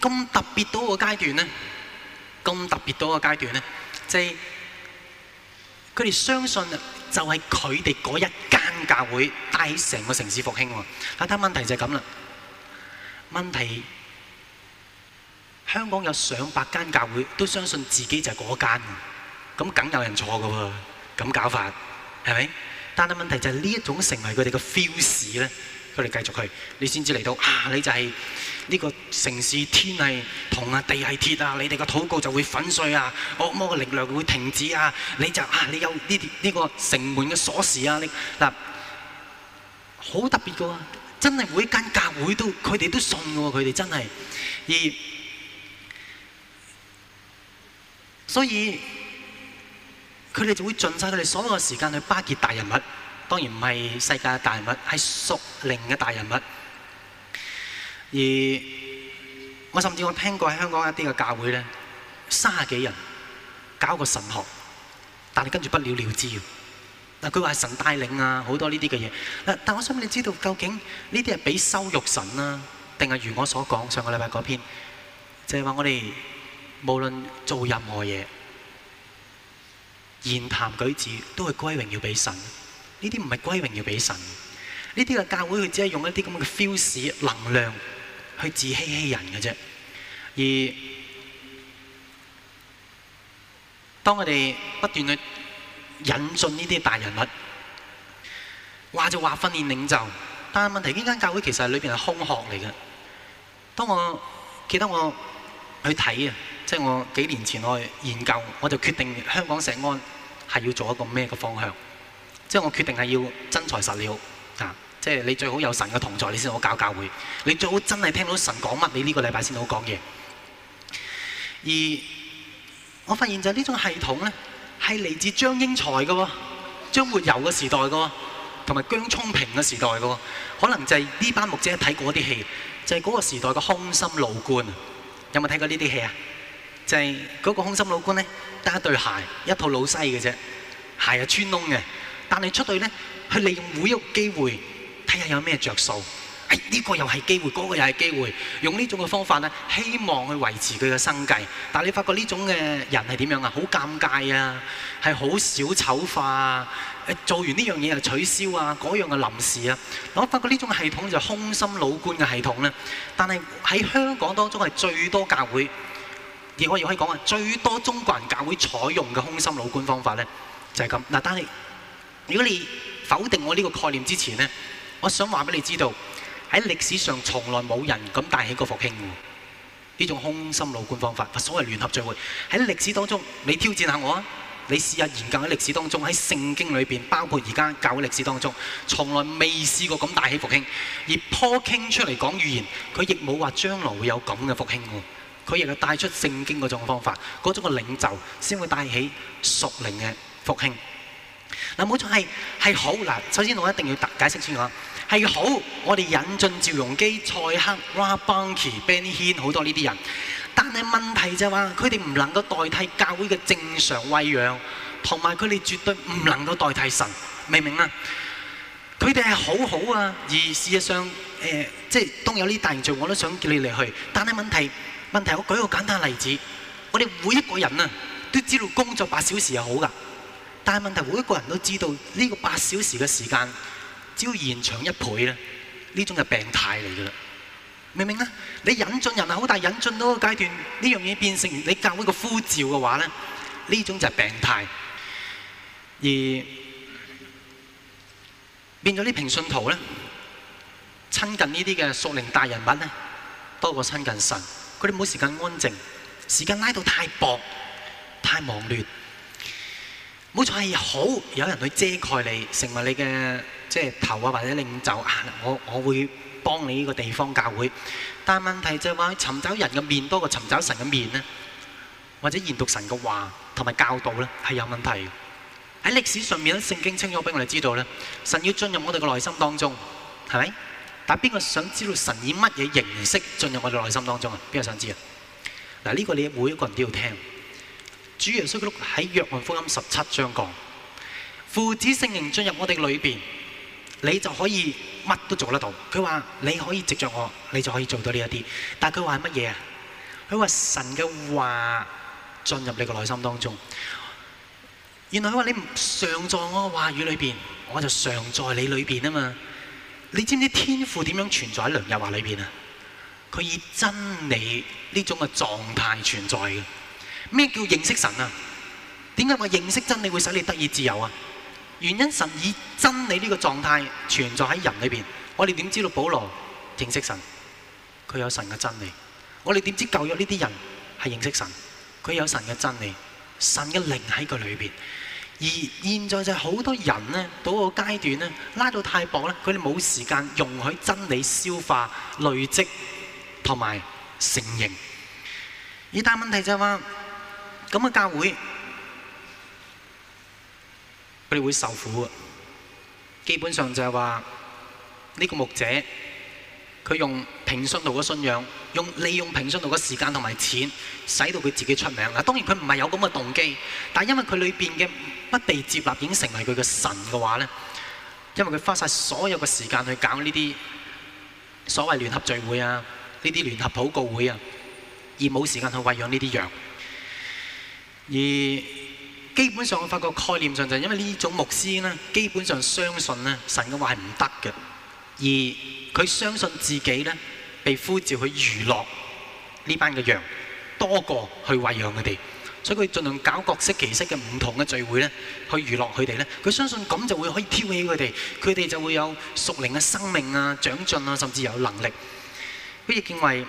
咁特別多個階段咧，咁特別多個階段咧，即係佢哋相信就係佢哋嗰一間教會帶起成個城市復興喎，但問題就係咁啦，問題。香港有上百間教會都相信自己就係嗰間嘅，咁梗有人錯㗎喎，咁搞法係咪？但係問題就係呢一種成為佢哋嘅 feel 時咧，佢哋繼續去，你先至嚟到啊，你就係呢個城市天係銅啊地係鐵啊，你哋嘅禱告就會粉碎啊，惡魔嘅力量會停止啊，你就啊你有呢啲呢個城門嘅鎖匙啊，你嗱，好特別㗎喎，真係每一間教會都佢哋都信嘅喎，佢哋真係而。所以佢哋就會盡曬佢哋所有嘅時間去巴結大人物，當然唔係世界嘅大人物，係屬靈嘅大人物。而我甚至我聽過喺香港一啲嘅教會咧，三十幾人搞個神學，但係跟住不了了之。嗱，佢話神帶領啊，好多呢啲嘅嘢。但我想你知道究竟呢啲係俾羞辱神啦、啊，定係如我所講上個禮拜嗰篇，就係、是、話我哋。無論做任何嘢，言談舉止都係歸榮耀俾神。呢啲唔係歸榮耀俾神，呢啲嘅教會佢只係用一啲咁嘅 feels 能量去自欺欺人嘅啫。而當我哋不斷去引進呢啲大人物，話就話訓練領袖，但係問題呢間教會其實裏邊係空殼嚟嘅。當我記得我去睇啊。即係我幾年前我去研究，我就決定香港社安係要做一個咩嘅方向。即係我決定係要真材實料啊！即係你最好有神嘅同在，你先好搞教會。你最好真係聽到神講乜，你呢個禮拜先好講嘢。而我發現就係呢種系統咧，係嚟自張英才嘅喎，張活游嘅時代嘅喎，同埋姜沖平嘅時代嘅喎。可能就係呢班牧者睇過啲戲，就係、是、嗰個時代嘅空心老倌。有冇睇過呢啲戲啊？就係、是、嗰個空心老官咧，得一對鞋、一套老西嘅啫，鞋又穿窿嘅。但係出去咧，去利用每一個機會睇下有咩着數。係呢個又係機會，嗰個又係機會，用呢種嘅方法咧，希望去維持佢嘅生計。但係你發覺呢種嘅人係點樣啊？好尷尬啊，係好小丑化。做完呢樣嘢又取消啊，嗰樣又臨時啊。我發覺呢種系統就係空心老官嘅系統咧。但係喺香港當中係最多教會。而我亦可以講話最多中國人教會採用嘅空心老觀方法呢，就係咁嗱。但係如果你否定我呢個概念之前呢，我想話俾你知道喺歷史上從來冇人咁大起過復興喎。呢種空心老觀方法，所謂聯合聚會喺歷史當中，你挑戰下我啊！你試下研究喺歷史當中喺聖經裏邊，包括而家教會歷史當中，從來未試過咁大起復興，而 Paul 傾出嚟講語言，佢亦冇話將來會有咁嘅復興喎。佢亦都帶出聖經嗰種方法，嗰種嘅領袖先會帶起屬靈嘅復興。嗱，冇錯，係係好嗱，首先我一定要解解釋先講係好，我哋引進趙容基、蔡克、拉邦奇、Benny Hinn，好多呢啲人，但係問題就係話佢哋唔能夠代替教會嘅正常喂養，同埋佢哋絕對唔能夠代替神，明唔明啊？佢哋係好好啊，而事實上誒、呃，即係當有啲大型聚會我都想叫你嚟去，但係問題。問題，我舉個簡單例子。我哋每一個人都知道工作八小時係好噶，但係問題，每一個人都知道呢個八小時嘅時間，只要延長一倍咧，呢種就病態嚟噶啦，明唔明啊？你引進人口，但引進到個階段，呢樣嘢變成你教會嘅呼召嘅話咧，呢種就係病態，而變咗啲平信徒呢，親近呢啲嘅屬靈大人物咧，多過親近神。佢哋冇時間安靜，時間拉到太薄、太忙亂。冇錯，係好有人去遮蓋你，成為你嘅即係頭啊，或者領袖啊。我我會幫你呢個地方教會，但係問題就係話尋找人嘅面多過尋找神嘅面咧，或者研讀神嘅話同埋教導咧，係有問題嘅。喺歷史上面咧，聖經清楚俾我哋知道咧，神要進入我哋嘅內心當中，係咪？但邊個想知道神以乜嘢形式進入我哋內心當中啊？邊個想知啊？嗱，呢個你每一個人都要聽。主耶穌喺約翰福音十七章講：父子聖靈進入我哋裏邊，你就可以乜都做得到。佢話你可以藉着我，你就可以做到呢一啲。但佢話乜嘢啊？佢話神嘅話進入你嘅內心當中。原來佢話你唔常在我嘅話語裏邊，我就常在你裏邊啊嘛。你知唔知天父點樣存在喺梁日華裏面？啊？佢以真理呢種嘅狀態存在嘅。咩叫認識神啊？點解話認識真理會使你得以自由啊？原因神以真理呢個狀態存在喺人裏面。我哋點知道保羅認識神？佢有神嘅真理。我哋點知舊約呢啲人係認識神？佢有神嘅真理。神嘅靈喺佢裏面。而現在就係好多人呢，到個階段呢，拉到太薄咧，佢哋冇時間容許真理消化、累積同埋承認。而但問題就係話，咁嘅教會，佢哋會受苦啊。基本上就係話，呢個牧者，佢用平信徒嘅信仰，用利用平信徒嘅時間同埋錢使到佢自己出名啊。當然佢唔係有咁嘅動機，但係因為佢裏邊嘅。不被接納已經成為佢嘅神嘅話呢，因為佢花晒所有嘅時間去搞呢啲所謂聯合聚會啊，呢啲聯合禱告會啊，而冇時間去餵養呢啲羊。而基本上我發覺概念上就係因為呢種牧師呢，基本上相信呢神嘅話係唔得嘅，而佢相信自己呢，被呼召去娛樂呢班嘅羊，多過去餵養佢哋。所以佢盡量搞各式其式嘅唔同嘅聚會咧，去娛樂佢哋咧。佢相信咁就會可以挑起佢哋，佢哋就會有屬靈嘅生命啊、長進啊，甚至有能力。佢亦認為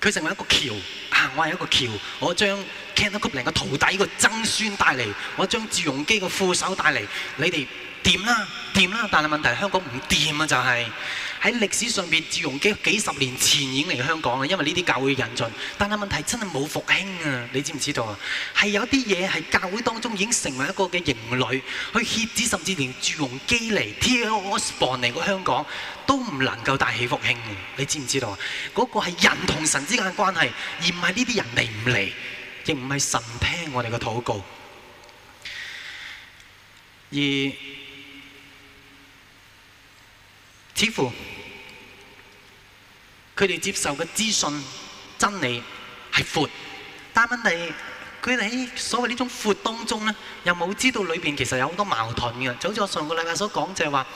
佢成為一個橋啊，我係一個橋，我將 Kenneth Copeland 嘅徒弟個曾孫帶嚟，我將趙容基個副手帶嚟，你哋掂啦，掂啦。但係問題是香港唔掂啊，就係、是。喺歷史上面，趙鏞基幾十年前已經嚟香港啦，因為呢啲教會引進，但係問題真係冇復興啊！你知唔知道啊？係有啲嘢係教會當中已經成為一個嘅營壘，去轄制，甚至連趙鏞基嚟、T.L. Osborn 嚟個香港都唔能夠大起復興嘅。你知唔知道啊？嗰個係人同神之間嘅關係，而唔係呢啲人嚟唔嚟，亦唔係神聽我哋嘅禱告。而似乎佢哋接受嘅資訊真理係闊，但問題，佢哋喺所謂呢種闊當中咧，又冇知道裏邊其實有好多矛盾嘅。就好似我上個禮拜所講就係話，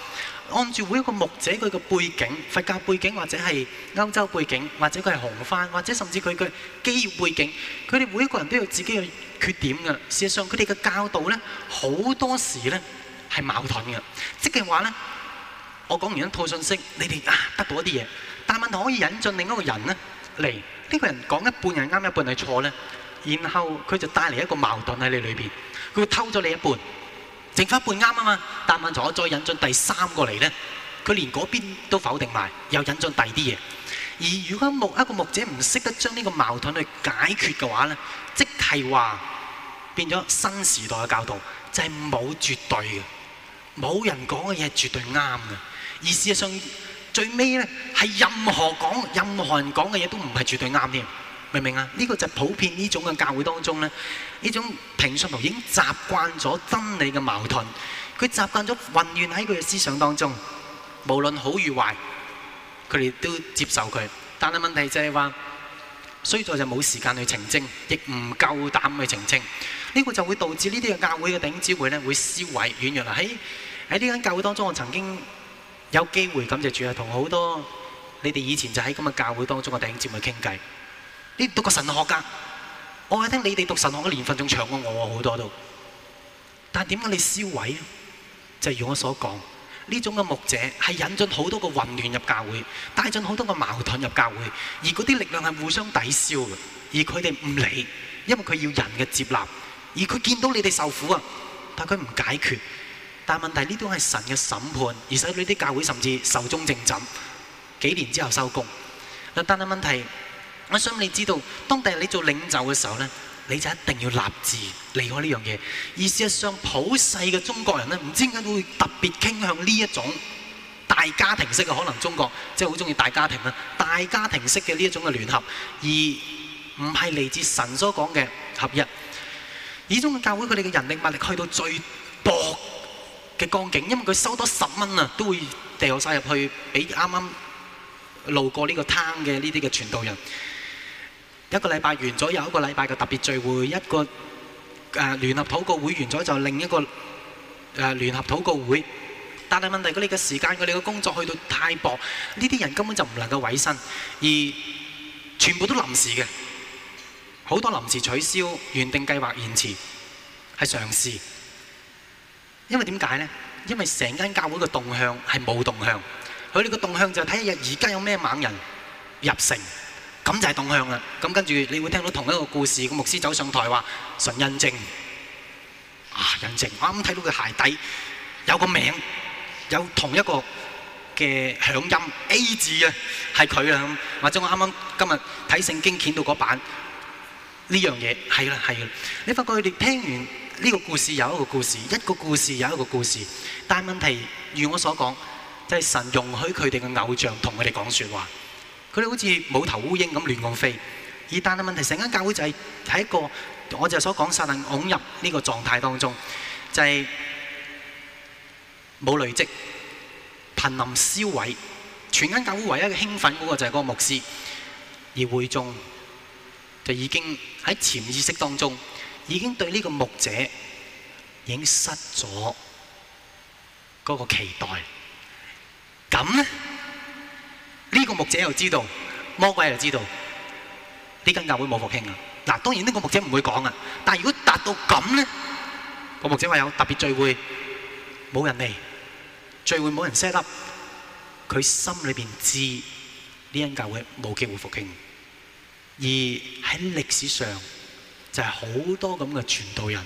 按住每一個牧者佢嘅背景、佛教背景或者係歐洲背景，或者佢係紅番，或者甚至佢嘅基業背景，佢哋每個人都有自己嘅缺點嘅。事實上，佢哋嘅教導咧好多時咧係矛盾嘅，即係話咧。我講完一套信息，你哋啊得到一啲嘢，但問題可以引進另一個人咧嚟，呢、呢個人講一半係啱一半係錯呢，然後佢就帶嚟一個矛盾喺你裏邊，佢會偷咗你一半，剩翻一半啱啊嘛。但問題我再引進第三個嚟呢，佢連嗰邊都否定埋，又引進第二啲嘢。而如果牧一個牧者唔識得將呢個矛盾去解決嘅話呢，即係話變咗新時代嘅教導就係、係、冇絕對嘅，冇人講嘅嘢絕對啱嘅。而事實上，最尾咧係任何講任何人講嘅嘢都唔係絕對啱添，明唔明啊？呢個就普遍呢種嘅教會當中咧，呢種平信徒已經習慣咗真理嘅矛盾，佢習慣咗混亂喺佢嘅思想當中，無論好與壞，佢哋都接受佢。但係問題就係話，衰在就冇時間去澄清，亦唔夠膽去澄清。呢個就會導致呢啲嘅教會嘅頂尖智慧咧會銷毀軟弱啦。喺喺呢間教會當中，我曾經，有機會感謝主啊，同好多你哋以前就喺咁嘅教會當中嘅弟兄姊妹傾偈，你讀過神學㗎？我係聽你哋讀神學嘅年份仲長過我好多都。但係點解你銷毀？就如我所講，呢種嘅牧者係引進好多個混亂入教會，帶進好多個矛盾入教會，而嗰啲力量係互相抵消嘅，而佢哋唔理，因為佢要人嘅接納，而佢見到你哋受苦啊，但佢唔解決。但問題呢都係神嘅審判，而且呢啲教會甚至壽終正寢，幾年之後收工。但係問題，我想你知道，當第日你做領袖嘅時候咧，你就一定要立志離開呢樣嘢。而事實上，普世嘅中國人咧，唔知點解會特別傾向呢一種大家庭式嘅可能。中國即係好中意大家庭啦，大家庭式嘅呢一種嘅聯合，而唔係嚟自神所講嘅合一。而中嘅教會佢哋嘅人力物力去到最薄嘅光景，因為佢收多十蚊啊，都會掉曬入去俾啱啱路過呢個攤嘅呢啲嘅傳道人。一個禮拜完咗，又一個禮拜嘅特別聚會，一個誒聯合禱告會完咗，就另一個誒聯合禱告會。但係問題，佢哋嘅時間，佢哋嘅工作去到太薄，呢啲人根本就唔能夠委身，而全部都臨時嘅，好多臨時取消原定計劃，延遲係常事。因為點解呢？因為成間教會嘅動向係冇動向，佢哋嘅動向就係睇日而家有咩猛人入城，咁就係動向啦。咁跟住你會聽到同一個故事，個牧師走上台話：純印證啊，印證！我啱啱睇到佢鞋底有個名，有同一個嘅響音 A 字呀係佢呀。或者我啱啱今日睇聖經見到嗰版呢樣嘢，係啦係啦。你發覺佢哋聽完。呢、這個故事有一個故事，一個故事有一個故事，但係問題，如我所講，就係、是、神容許佢哋嘅偶像同佢哋講説話，佢哋好似冇頭烏鷹咁亂咁飛。而但係問題，成間教會就係喺一個我就所講撒旦湧入呢個狀態當中，就係、是、冇累積、瀕臨燒毀。全間教會唯一嘅興奮嗰個就係嗰個牧師，而會眾就已經喺潛意識當中。已經對呢個牧者已經失咗嗰個期待，咁咧呢個牧者又知道，魔鬼又知道呢間教會冇復興啊！嗱，當然呢個牧者唔會講啊，但如果達到咁咧，個牧者話有特別聚會，冇人嚟，聚會冇人 set up，佢心裏面知呢間教會冇機會復興，而喺歷史上。就係、是、好多咁嘅傳道人，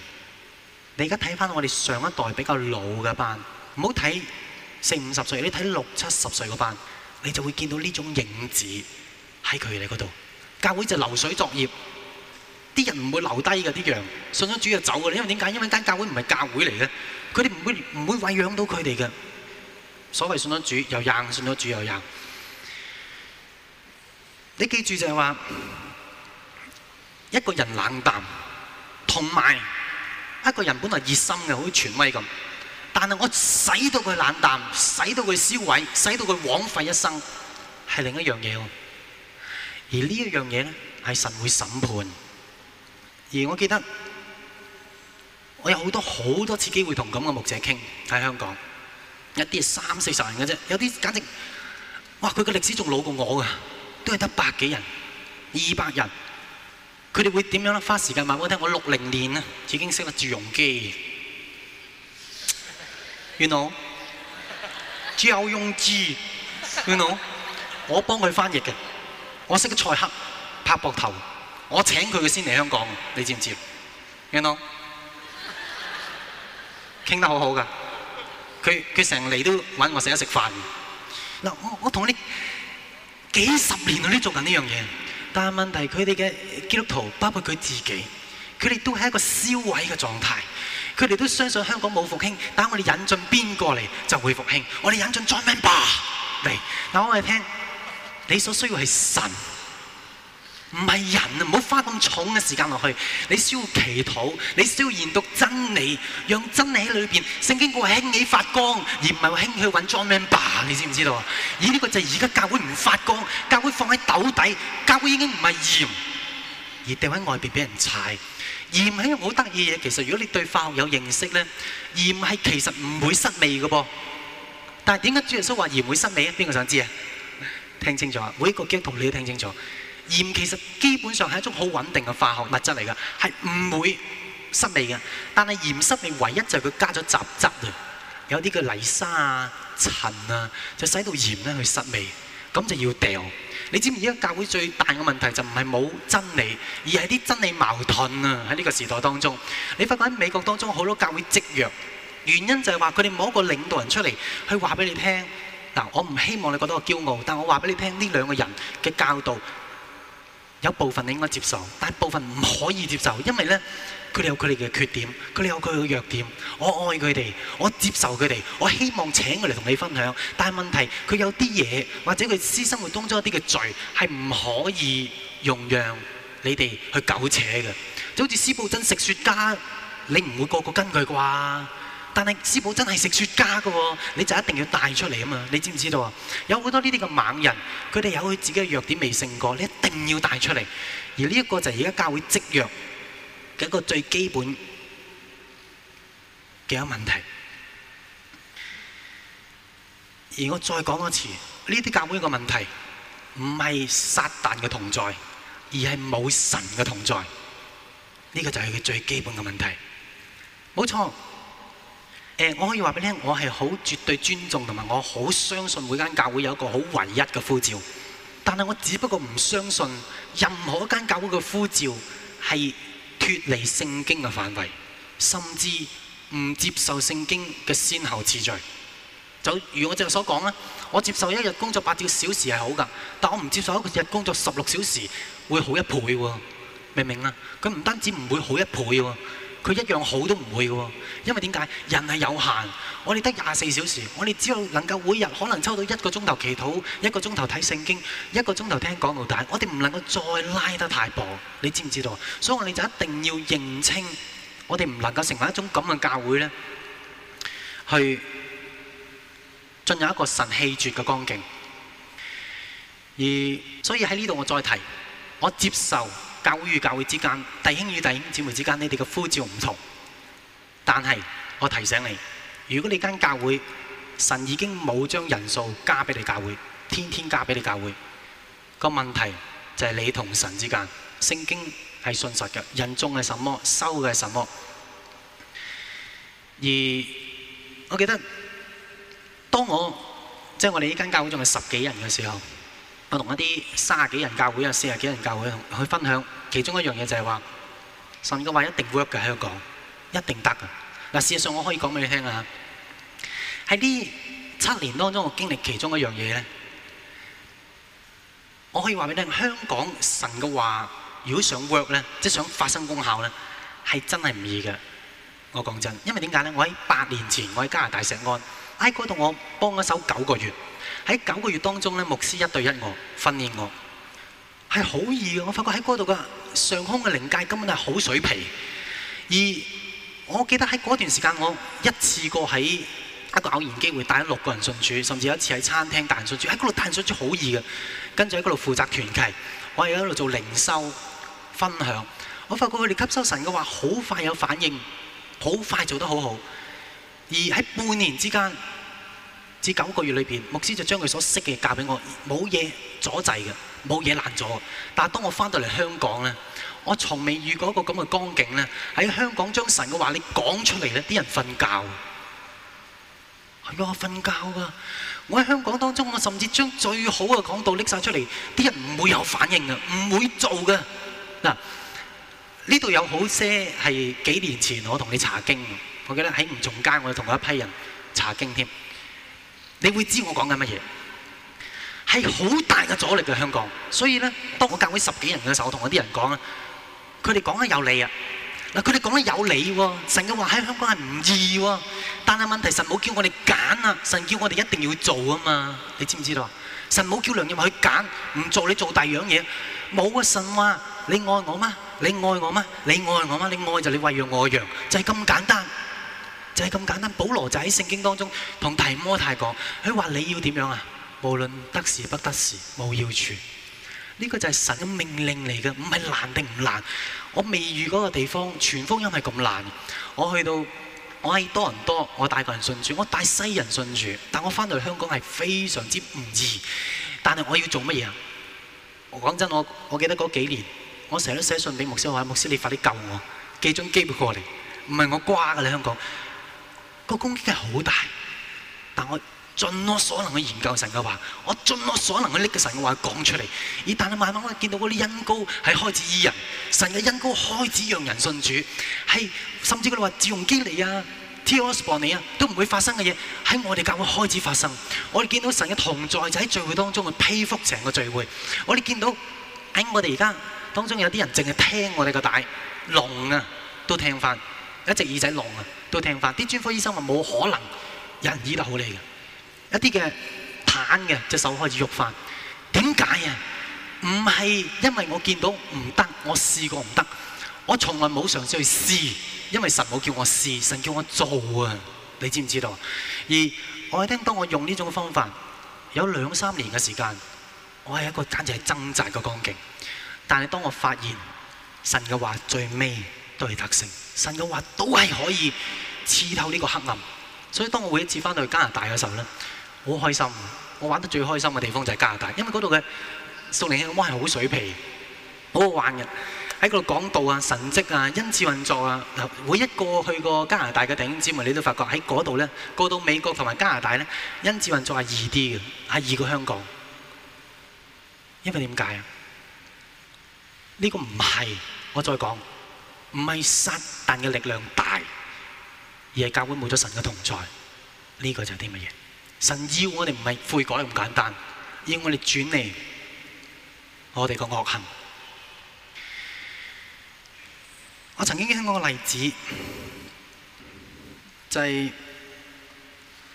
你而家睇翻我哋上一代比較老嘅班，唔好睇四五十歲，你睇六七十歲嗰班，你就會見到呢種影子喺佢哋嗰度。教會就流水作業，啲人唔會留低嘅啲羊，信咗主就走嘅。因為點解？因為間教會唔係教會嚟嘅，佢哋唔會唔會餵養到佢哋嘅。所謂信咗主，主又硬」、「信咗主又硬」，你記住就係話。一個人冷淡，同埋一個人本來熱心嘅，好似權威咁，但係我使到佢冷淡，使到佢銷毀，使到佢枉費一生，係另一樣嘢喎。而這事呢一樣嘢咧，係神會審判。而我記得，我有好多好多次機會同咁嘅牧者傾喺香港，一啲三四十人嘅啫，有啲簡直，哇佢嘅歷史仲老過我㗎，都係得百幾人、二百人。佢哋會點樣咧？花時間話俾我聽，我六零年啊，已經識得注音機。you know?，只有用字，you know， 我幫佢翻譯嘅。我識得蔡黑拍膊頭，我請佢嘅先嚟香港，你知唔知？you know?，傾得好好噶。佢佢成日嚟都揾我食一食飯。嗱，我我同你幾十年都做緊呢樣嘢。但問題係，佢哋嘅基督徒包括佢自己，佢哋都係一個消毀嘅狀態，佢哋都相信香港冇復興。但我哋引進邊個嚟就會復興？我哋引進 j o h n 吧嗱，我哋聽，你所需要係神。唔係人啊！唔好花咁重嘅時間落去。你需要祈禱，你需要研讀真理，讓真理喺裏邊聖經過興起發光，而唔係話輕去揾裝門面吧。你知唔知道啊？而呢個就係而家教會唔發光，教會放喺斗底，教會已經唔係鹽而掉喺外邊俾人踩。鹽係一個好得意嘢，其實如果你對化學有認識咧，鹽係其實唔會失味嘅噃。但係點解主耶穌話鹽會失味啊？邊個想知啊？聽清楚啊！每一個基督徒都聽清楚。鹽其實基本上係一種好穩定嘅化學物質嚟㗎，係唔會失味嘅。但係鹽失味唯一就係佢加咗雜質啊，有啲嘅泥沙啊、塵啊，就使到鹽咧去失味。咁就要掉。你知唔知而家教會最大嘅問題就唔係冇真理，而係啲真理矛盾啊！喺呢個時代當中，你發覺喺美國當中好多教會積弱，原因就係話佢哋冇一個領導人出嚟去話俾你聽。嗱，我唔希望你覺得我驕傲，但我話俾你聽，呢兩個人嘅教導。有部分你應該接受，但係部分唔可以接受，因為咧佢哋有佢哋嘅缺點，佢哋有佢哋嘅弱點。我愛佢哋，我接受佢哋，我希望請佢嚟同你分享。但係問題佢有啲嘢，或者佢私生活當中一啲嘅罪係唔可以容讓你哋去糾扯嘅，就好似施寶珍食雪茄，你唔會個個跟佢啩？但係師傅真係食雪茄㗎喎，你就一定要帶出嚟啊嘛！你知唔知道啊？有好多呢啲嘅猛人，佢哋有佢自己嘅弱點未勝過，你一定要帶出嚟。而呢一個就係而家教會積弱嘅一個最基本嘅一個問題。而我再講多次，呢啲教會嘅問題唔係撒旦嘅同在，而係冇神嘅同在。呢個就係佢最基本嘅問題。冇錯。我可以話俾你聽，我係好絕對尊重同埋我好相信每間教會有一個好唯一嘅呼召，但係我只不過唔相信任何一間教會嘅呼召係脫離聖經嘅範圍，甚至唔接受聖經嘅先後次序。就如我剛才所講啦，我接受一日工作八個小時係好㗎，但我唔接受一個日工作十六小時會好一倍喎，明唔明啊？佢唔單止唔會好一倍喎。佢一樣好都唔會嘅喎，因為點解？人係有限，我哋得廿四小時，我哋只要能夠每日可能抽到一個鐘頭祈禱，一個鐘頭睇聖經，一個鐘頭聽講道，但係我哋唔能夠再拉得太薄，你知唔知道？所以我哋就一定要認清，我哋唔能夠成為一種咁嘅教會咧，去進入一個神氣絕嘅光景。而所以喺呢度我再提，我接受。教會與教會之間，弟兄與弟兄姊妹之間，你哋嘅呼召唔同。但係我提醒你，如果你間教會神已經冇將人數加俾你教會，天天加俾你教會，個問題就係你同神之間，聖經係信實嘅，人種係什麼，收嘅係什麼。而我記得，當我即係我哋呢間教會仲係十幾人嘅時候。我同一啲三十幾人教會啊、四十幾人教會去分享，其中一樣嘢就係話神嘅話一定 work 嘅，喺香港，一定得嘅。嗱，事實上我可以講俾你聽啊，喺呢七年當中我經歷其中一樣嘢咧，我可以話俾你聽，香港神嘅話如果想 work 咧，即係想發生功效咧，係真係唔易嘅。我講真，因為點解咧？我喺八年前我喺加拿大錫安，I 哥同我幫一手九個月。喺九個月當中，牧師一對一我訓練我係好易嘅，我發覺喺嗰度嘅上空嘅靈界根本係好水皮。而我記得喺嗰段時間，我一次過喺一個偶然機會帶咗六個人信主，甚至有一次喺餐廳帶人信主，喺嗰度帶人信主好易嘅。跟住喺嗰度負責團契，我係喺度做靈修分享。我發覺佢哋吸收神嘅話，好快有反應，好快做得好好。而喺半年之間。只九個月裏邊，牧師就將佢所識嘅嘢教俾我，冇嘢阻滯嘅，冇嘢難阻嘅。但係當我翻到嚟香港咧，我從未遇過一個咁嘅光景咧。喺香港將神嘅話你講出嚟咧，啲人瞓覺，係啊瞓覺㗎。我喺香港當中，我甚至將最好嘅講道拎曬出嚟，啲人唔會有反應㗎，唔會做㗎。嗱，呢度有好些係幾年前我同你查經，我記得喺梧棲街，我同過一批人查經添。你會知我講緊乜嘢？係好大嘅阻力嘅香港，所以咧，當我教會十幾人嘅時候，我同我啲人講啊，佢哋講得有理啊。嗱，佢哋講得有理喎，神嘅話喺香港係唔易喎，但係問題是神冇叫我哋揀啊，神叫我哋一定要做啊嘛。你知唔知道啊？神冇叫良人去揀，唔做你做第二樣嘢冇啊！神話你愛我嗎？你愛我嗎？你愛我嗎？你愛就你餵養我嘅羊，就係咁簡單。就係、是、咁簡單。保羅就喺聖經當中同提摩太講：佢話你要點樣啊？無論得時不得時，務要傳。呢、這個就係神嘅命令嚟嘅，唔係難定唔難。我未遇嗰個地方傳福音係咁難。我去到我係多人多，我帶個人信主，我帶西人信主。但我翻到香港係非常之唔易。但係我要做乜嘢啊？我講真的，我我記得嗰幾年，我成日都寫信俾牧師話：牧師，你快啲救我，寄張機票過嚟。唔係我瓜㗎你香港。個攻擊係好大，但我盡我所能去研究神嘅話，我盡我所能去拎個神嘅話講出嚟。而但係慢慢我見到嗰啲恩膏係開始醫人，神嘅恩膏開始讓人信主，係甚至佢哋話自用機利啊、t o s p o n y 啊都唔會發生嘅嘢，喺我哋教會開始發生。我哋見到神嘅同在就喺聚會當中去披覆成個聚會。我哋見到喺我哋而家當中有啲人淨係聽我哋個帶，聾啊都聽翻。一隻耳仔聾啊，都聽翻。啲專科醫生話冇可能，人醫得好你嘅。一啲嘅癱嘅隻手開始喐翻，點解啊？唔係因為我見到唔得，我試過唔得，我從來冇嘗試去試，因為神冇叫我試，神叫我做啊！你知唔知道？啊？而我係聽到當我用呢種方法，有兩三年嘅時間，我係一個簡直係掙扎嘅光景。但係當我發現神嘅話最尾。都係特性，神嘅話都係可以刺透呢個黑暗。所以當我每一次返到去加拿大嘅時候咧，好開心。我玩得最開心嘅地方就係加拿大，因為嗰度嘅數理英文係好水皮，好好玩嘅。喺嗰度講道啊、神蹟啊、恩賜運作啊，每一個去過加拿大嘅頂尖人物，你都發覺喺嗰度咧，過到美國同埋加拿大咧，恩賜運作係易啲嘅，係易過香港。因為點解啊？呢個唔係我再講。唔係撒但嘅力量大，而係教會冇咗神嘅同在，呢、這個就係啲乜嘢？神要我哋唔係悔改咁簡單，要我哋轉嚟我哋個惡行。我曾經聽過一個例子，就係、是、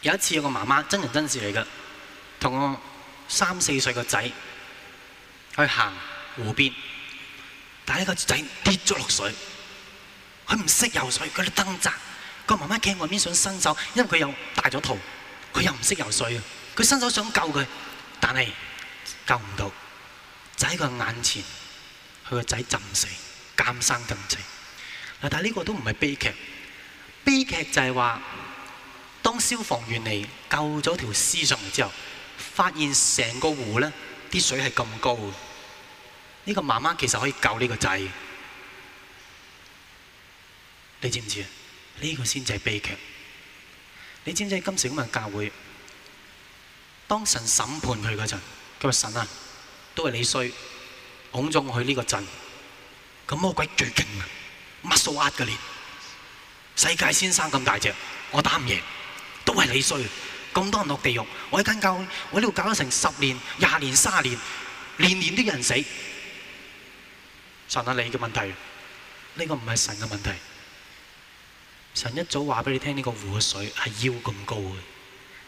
有一次有個媽媽真人真事嚟嘅，同我三四歲個仔去行湖邊，但係呢個仔跌咗落水。佢唔識游水，佢喺度掙扎。個媽媽企喺外邊想伸手，因為佢又大咗肚，佢又唔識游水啊！佢伸手想救佢，但係救唔到，就喺佢眼前，佢個仔浸死，監生咁滯。但係呢個都唔係悲劇，悲劇就係話，當消防員嚟救咗條屍上嚟之後，發現成個湖咧啲水係咁高，呢、呢個媽媽其實可以救呢個仔。你知唔知啊？呢個先至係悲劇。你知唔知今時今日教會？當神審判佢嗰陣，佢話神啊，都係你衰，拱咗我去呢個陣。個魔鬼最勁啊，乜都壓噶你。世界先生咁大隻，我打唔贏，都係你衰。咁多人落地獄，我喺間教會，我喺度搞咗成十年、廿年、三十年，年年都有人死。神啊，你嘅問題，呢個唔係神嘅問題。神一早話畀你聽，呢個湖嘅水係腰咁高嘅，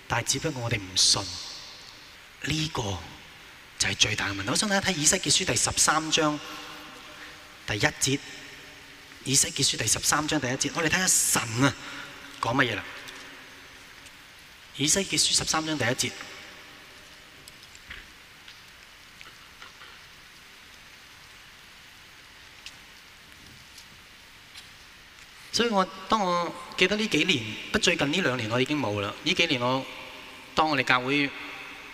但係只不過我哋唔信呢個就係最大嘅問題。我想睇一睇《以西結書》第十三章第一節，《以西結書》第十三章第一節，我哋睇下神啊講乜嘢啦，《以西結書》十三章第一節。所以我當我記得呢幾年，不最近呢兩年我已經冇啦。呢幾年我當我哋教會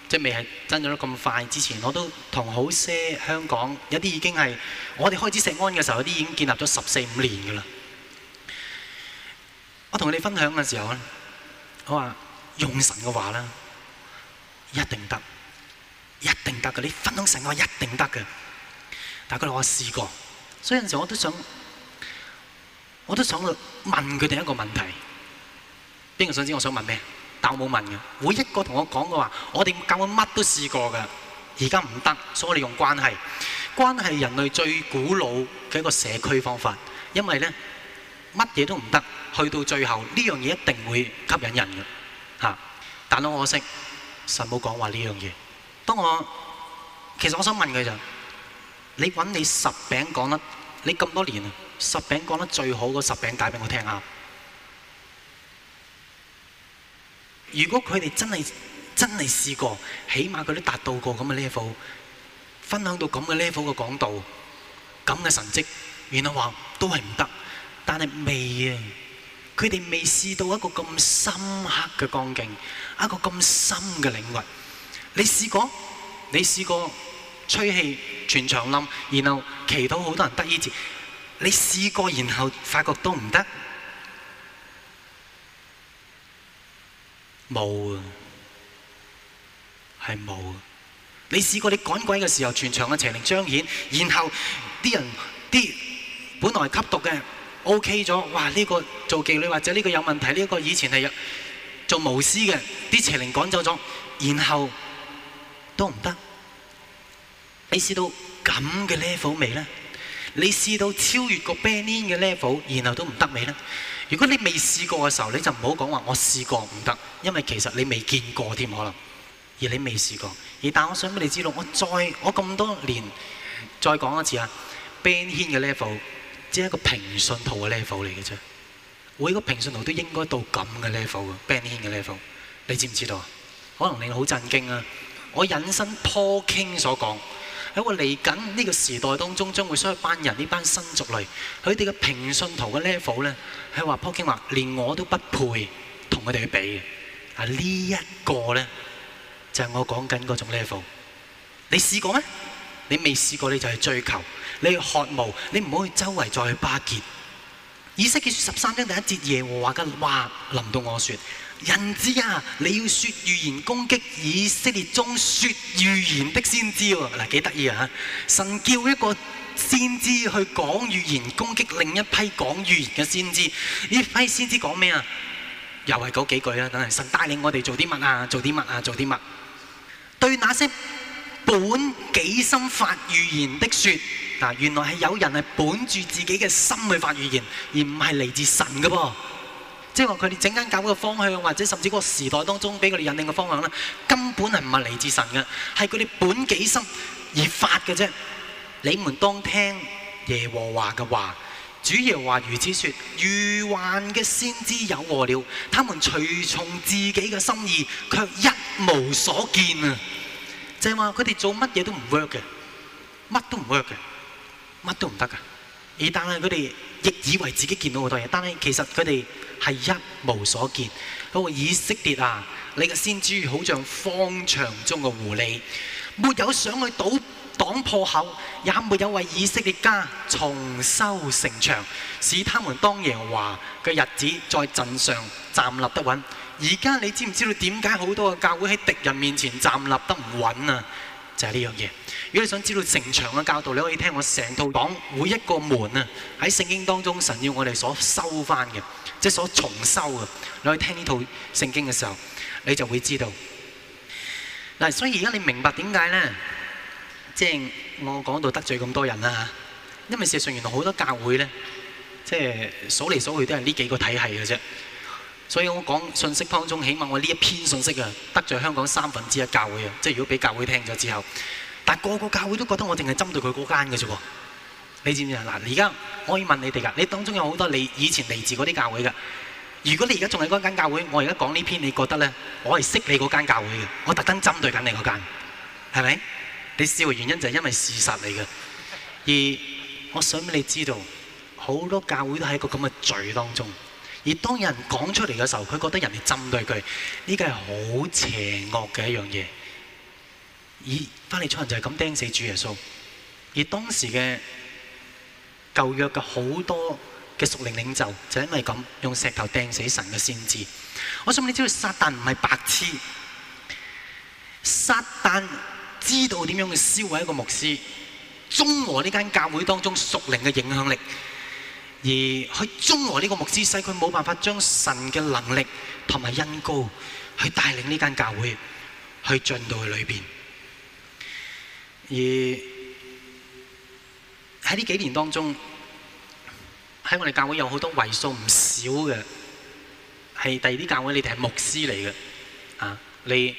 即未係增咗咁快之前我，我都同好些香港有啲已經係我哋開始食安嘅時候，有啲已經建立咗十四五年嘅啦。我同你分享嘅時候咧，我話用神嘅話啦，一定得，一定得嘅，你分享神我一定得嘅。但係佢話我試過，所以有陣時候我都想。我都想去問佢哋一個問題，邊個想知我想問咩？但我冇問嘅，每一個同我講嘅話，我哋教我乜都試過嘅，而家唔得，所以我哋用關係。關係人類最古老嘅一個社區方法，因為咧乜嘢都唔得，去到最後呢樣嘢一定會吸引人嘅，嚇！但好可惜，神冇講話呢樣嘢。當我其實我想問佢就，你揾你十餅講得，你咁多年啊？十餅講得最好個十餅，帶俾我聽啊！如果佢哋真係真係試過，起碼佢哋達到過咁嘅 level，分享到咁嘅 level 嘅講道，咁嘅神蹟，然後話都係唔得，但係未啊！佢哋未試到一個咁深刻嘅光景，一個咁深嘅領域。你試過？你試過吹氣全場冧，然後祈禱好多人得醫治？你試過然後發覺都唔得，冇啊，係冇。你試過你趕鬼嘅時候，全場嘅邪靈彰顯，然後啲人啲本來吸毒嘅 OK 咗，哇！呢個做妓女或者呢個有問題，呢個以前係做巫師嘅啲邪靈趕走咗，然後都唔得。你試到咁嘅 level 未咧？你試到超越個 Benign 嘅 level，然後都唔得未咧？如果你未試過嘅時候，你就唔好講話我試過唔得，因為其實你未見過添可能，而你未試過。而但我想俾你知道，我再我咁多年再講一次啊，Benign 嘅 level 只係一個平信徒嘅 level 嚟嘅啫。每個平信徒都應該到咁嘅 level 嘅 Benign 嘅 level，你知唔知道？可能你好震驚啊！我引申 Paul King 所講。喺我嚟緊呢個時代當中，將會出一班人呢班新族類，佢哋嘅平信徒嘅 level 咧，係話《破經》話連我都不配同佢哋去比嘅。啊，呢一個咧就係、是、我講緊嗰種 level。你試過咩？你未試過你就去追求，你去渴慕，你唔好去周圍再去巴結。《以西結書》十三章第一節，耶和華嘅話臨到我説。人子啊，你要說預言攻擊以色列中說預言的先知喎、啊，嗱幾得意啊！神叫一個先知去講預言攻擊另一批講預言嘅先知，呢批先知講咩啊？又係嗰幾句啦。等陣神帶領我哋做啲乜啊？做啲乜啊？做啲乜、啊？對那些本己心發預言的說，嗱，原來係有人係本住自己嘅心去發預言，而唔係嚟自神嘅噃、啊。.即係話佢哋整間教會方向，或者甚至嗰個時代當中俾佢哋引領嘅方向咧，根本係唔係嚟自神嘅，係佢哋本己心而發嘅啫。你們當聽耶和華嘅話，主耶和華如此說：愚頑嘅先知有禍了，他們隨從自己嘅心意，卻一無所見啊！即係話佢哋做乜嘢都唔 work 嘅，乜都唔 work 嘅，乜都唔得噶。而但係佢哋。亦以為自己見到好多嘢，但係其實佢哋係一無所見。嗰以色列啊，你嘅先知好像荒場中嘅狐狸，沒有上去堵擋破口，也沒有為以色列家重修城牆，使他們當耶和華嘅日子在陣上站立得穩。而家你知唔知道點解好多嘅教會喺敵人面前站立得唔穩啊？就係呢樣嘢。如果你想知道城牆嘅教導，你可以聽我成套講每一個門啊，喺聖經當中，神要我哋所收翻嘅，即係所重修嘅。你可以聽呢套聖經嘅時候，你就會知道。嗱，所以而家你明白點解咧？即係我講到得罪咁多人啦，吓，因為事實上原來好多教會咧，即係數嚟數去都係呢幾個體系嘅啫。所以我講信息當中，起碼我呢一篇信息啊，得罪香港三分之一教會啊，即係如果俾教會聽咗之後。但個個教會都覺得我淨係針對佢嗰間嘅啫喎，你知唔知？嗱，而家我可以問你哋噶，你當中有好多你以前嚟自嗰啲教會噶，如果你而家仲係嗰間教會，我而家講呢篇，你覺得咧，我係識你嗰間教會嘅，我特登針對緊你嗰間，係咪？你笑嘅原因就係因為事實嚟嘅，而我想俾你知道，好多教會都喺個咁嘅罪當中，而當有人講出嚟嘅時候，佢覺得人哋針對佢，呢個係好邪惡嘅一樣嘢。以翻嚟初人就係咁釘死主耶穌，而當時嘅舊約嘅好多嘅屬靈領袖就因為咁用石頭掟死神嘅先知。我想你知道撒旦唔係白痴，撒旦知道點樣去銷毀一個牧師，中和呢間教會當中屬靈嘅影響力，而去中和呢個牧師，使佢冇辦法將神嘅能力同埋恩膏去帶領呢間教會去進到去裏邊。而喺呢幾年當中，喺我哋教會有好多位數唔少嘅，係第二啲教會你哋係牧師嚟嘅，啊，你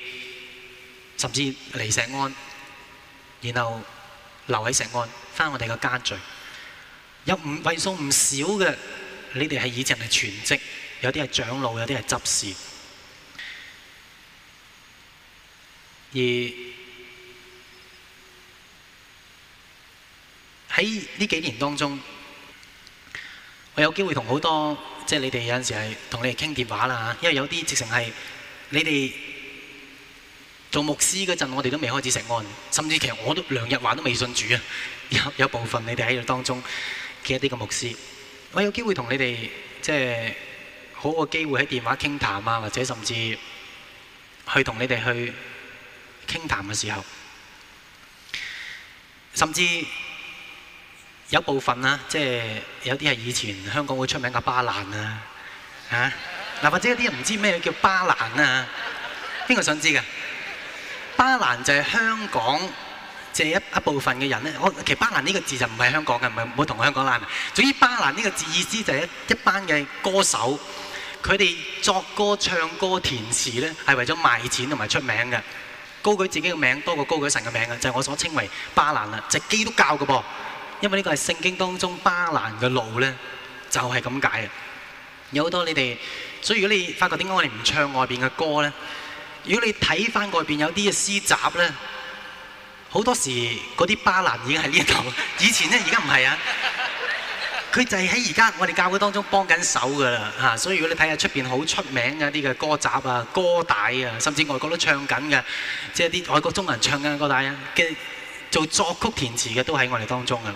甚至嚟石安，然後留喺石安，返我哋個家聚，有唔位數唔少嘅，你哋係以前係全職，有啲係長老，有啲係執事，而喺呢幾年當中，我有機會同好多即係你哋有陣時係同你哋傾電話啦嚇，因為有啲直情係你哋做牧師嗰陣，我哋都未開始食安，甚至其實我都兩日話都還都未信主有,有部分你哋喺度當中嘅一啲牧師，我有機會同你哋即係好個機會喺電話傾談啊，或者甚至去同你哋去傾談嘅時候，甚至。有部分啦，即係有啲係以前香港好出名嘅巴蘭啊，吓嗱，或者有啲人唔知咩叫巴蘭啊？邊個想知嘅？巴蘭就係香港即係一部分嘅人咧，其實巴蘭呢個字就唔係香港嘅，唔好唔好同香港鬧埋。總之巴蘭呢個字意思就係一班嘅歌手，佢哋作歌、唱歌、填詞呢係為咗賣錢同埋出名嘅，高舉自己嘅名多過高舉神嘅名就係我所稱為巴蘭啦，就係基督教嘅噃。因為呢個係聖經當中巴蘭嘅路咧，就係咁解嘅。有好多你哋，所以如果你發覺點解我哋唔唱外邊嘅歌咧？如果你睇翻外邊有啲嘅詩集咧，好多時嗰啲巴蘭已經喺呢度。以前咧，而家唔係啊。佢就係喺而家我哋教會當中幫緊手㗎啦。嚇！所以如果你睇下出邊好出名嘅一啲嘅歌集啊、歌帶啊，甚至外國都唱緊嘅，即係啲外國中文唱緊嘅歌帶啊嘅。做作曲填詞嘅都喺我哋當中啊！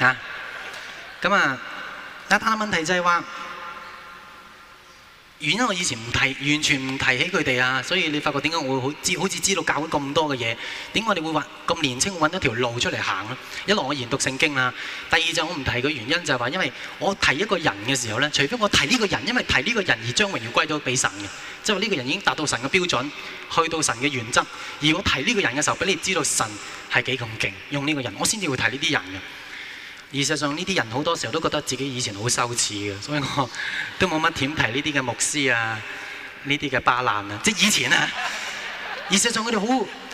啊，咁啊，一單問題就係話。原因我以前唔提，完全唔提起佢哋啊，所以你發覺點解我會好知好似知道教咗咁多嘅嘢，點解我哋會話咁年輕揾一條路出嚟行咧？一來我研讀聖經啦，第二就我唔提嘅原因就係話，因為我提一個人嘅時候呢，除非我提呢個人，因為提呢個人而將榮耀歸到俾神嘅，即係話呢個人已經達到神嘅標準，去到神嘅原則。而我提呢個人嘅時候，俾你知道神係幾咁勁，用呢個人，我先至會提呢啲人嘅。事實上，呢啲人好多時候都覺得自己以前好羞恥嘅，所以我都冇乜點提呢啲嘅牧師啊，呢啲嘅巴蘭啊，即以前啊。事實上佢哋好，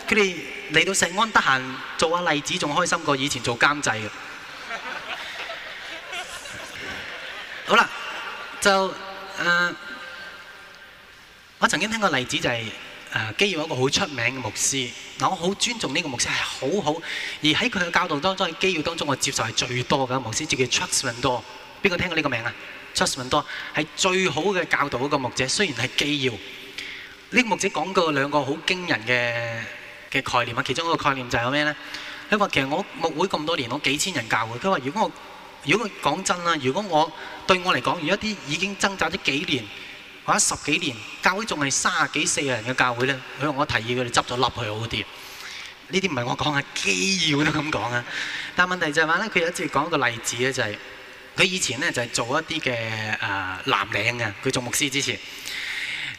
佢哋嚟到聖安得閒做下例子仲開心過以前做監製。 好了就、呃、我曾經聽過例子就係、是。誒基要一個好出名嘅牧師，嗱我好尊重呢個牧師係好好，而喺佢嘅教導當中喺基要當中我接受係最多嘅牧師叫 Truxman 多，邊個聽過呢個名啊？Truxman 多係最好嘅教導嗰個牧者，雖然係基要，呢、這個牧者講過兩個好驚人嘅嘅概念啊，其中一個概念就係咩咧？佢話其實我牧會咁多年，我幾千人教會，佢話如果我如果講真啦，如果我對我嚟講，如果啲已經掙扎咗幾年。玩十幾年，教會仲係三啊幾四啊人嘅教會咧，所以我提議佢哋執咗笠去好啲。呢啲唔係我講嘅機要都咁講啊。但問題就係話咧，佢有一次講一個例子咧，就係、是、佢以前咧就係做一啲嘅誒南嶺嘅，佢做牧師之前。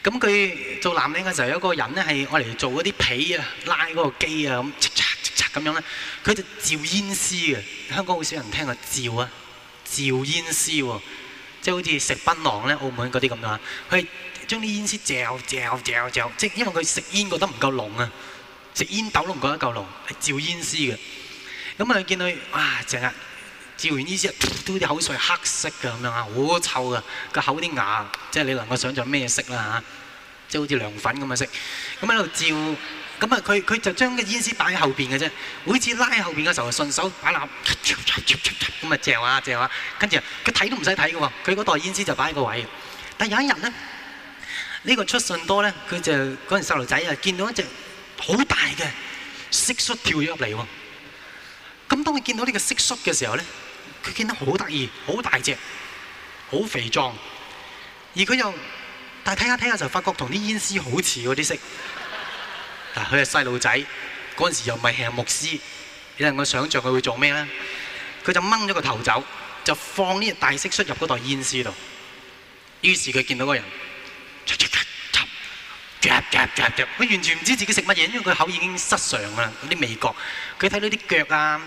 咁佢做南嶺嘅候，有一個人咧係我嚟做嗰啲被啊、拉嗰個機啊咁，嚓嚓嚓嚓咁樣咧，佢就照煙絲嘅，香港好少人聽個照啊，照煙絲喎。即係好似食檳榔咧，澳門嗰啲咁樣，佢將啲煙絲嚼嚼嚼嚼，即係因為佢食煙覺得唔夠濃啊，食煙斗都唔覺得夠濃，係照煙絲嘅。咁啊見佢啊成日照完煙絲，嘟啲口水黑色㗎咁樣啊，好臭㗎，個口啲牙即係、就是、你能夠想象咩色啦嚇，即係好似涼粉咁嘅色，咁喺度照。咁啊，佢佢就將個煙絲擺喺後邊嘅啫。每次拉喺後邊嘅時候，順手擺攬，咁啊，正下正下，跟住佢睇都唔使睇嘅喎。佢嗰袋煙絲就擺喺個位。但有一日咧，呢個出信多咧，佢就嗰陣細路仔啊，見到一隻好大嘅蟋蟀跳咗入嚟喎。咁當佢見到呢個蟋蟀嘅時候咧，佢見得好得意，好大隻，好肥壯，而佢又但睇下睇下就發覺同啲煙絲好似喎啲色。嗱，佢係細路仔，嗰陣時又唔係係牧師，你能夠想象佢會做咩咧？佢就掹咗個頭走，就放呢啲大蟋蟀入嗰袋煙絲度。於是佢見到個人，呷呷呷呷呷呷呷呷，佢完全唔知自己食乜嘢，因為佢口已經失常啦，嗰啲味覺。佢睇到啲腳啊、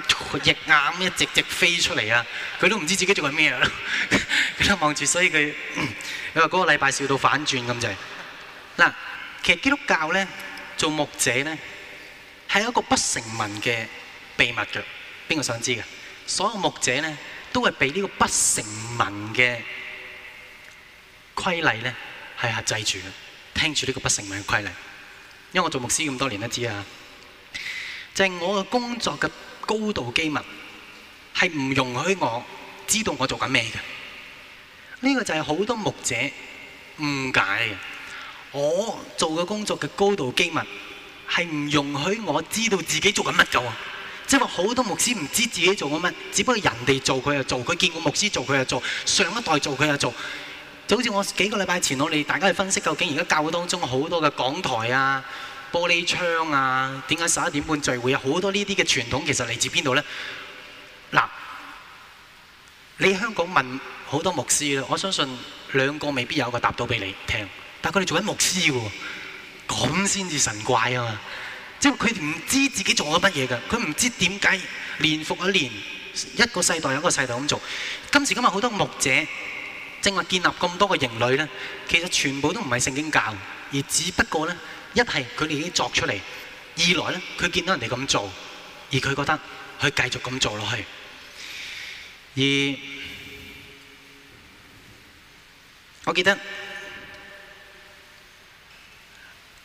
翼啊咁一直直飛出嚟啊，佢都唔知自己做緊咩啦。佢 都望住，所以佢因為嗰個禮拜笑到反轉咁滯。嗱，其實基督教咧～做牧者呢，係有一個不成文嘅秘密嘅，邊個想知嘅？所有牧者呢，都係被呢個不成文嘅規例呢，係壓制住嘅，聽住呢個不成文嘅規例。因為我做牧師咁多年都知啊，就係、是、我嘅工作嘅高度機密，係唔容許我知道我做緊咩嘅。呢、這個就係好多牧者誤解。我做嘅工作嘅高度機密係唔容許我知道自己做緊乜嘅喎，即係話好多牧師唔知自己做緊乜，只不過人哋做佢就做，佢見過牧師做佢就做，上一代做佢就做，就好似我幾個禮拜前我哋大家去分析究竟而家教會當中好多嘅講台啊、玻璃窗啊，點解十一點半聚會啊，好多呢啲嘅傳統其實嚟自邊度呢？嗱，你香港問好多牧師咧，我相信兩個未必有個答到俾你聽。但佢哋做緊牧師喎，咁先至神怪啊嘛！即係佢唔知自己做咗乜嘢嘅，佢唔知點解年復一年一個世代一個世代咁做。今時今日好多牧者正話建立咁多個營壘咧，其實全部都唔係聖經教，而只不過咧一係佢哋已經作出嚟，二來咧佢見到人哋咁做，而佢覺得佢繼續咁做落去。而我記得。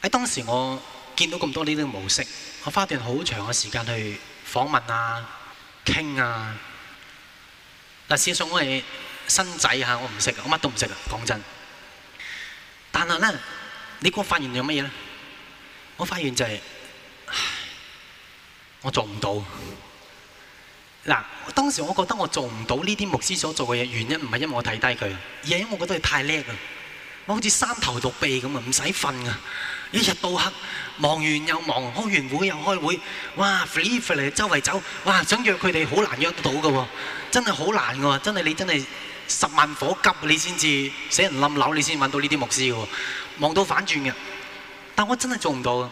當時我見到咁多呢啲模式，我花一段好長嘅時間去訪問啊、傾啊。嗱，事實上我係新仔吓，我唔識，我乜都唔識啊，講真。但係咧，你估我發現咗乜嘢咧？我發現就係、是、我做唔到。嗱，當時我覺得我做唔到呢啲牧師所做嘅嘢，原因唔係因為我睇低佢啊，而係因為我覺得佢太叻啊，我好似三頭六臂咁啊，唔使瞓啊。一日到黑，忙完又忙，開完會又開會，哇，飛嚟飛嚟周圍走，哇，想約佢哋好難約得到嘅喎，真係好難嘅喎，真係你真係十萬火急你先至死人冧樓，你先揾到呢啲牧師嘅喎，忙到反轉嘅，但我真係做唔到啊，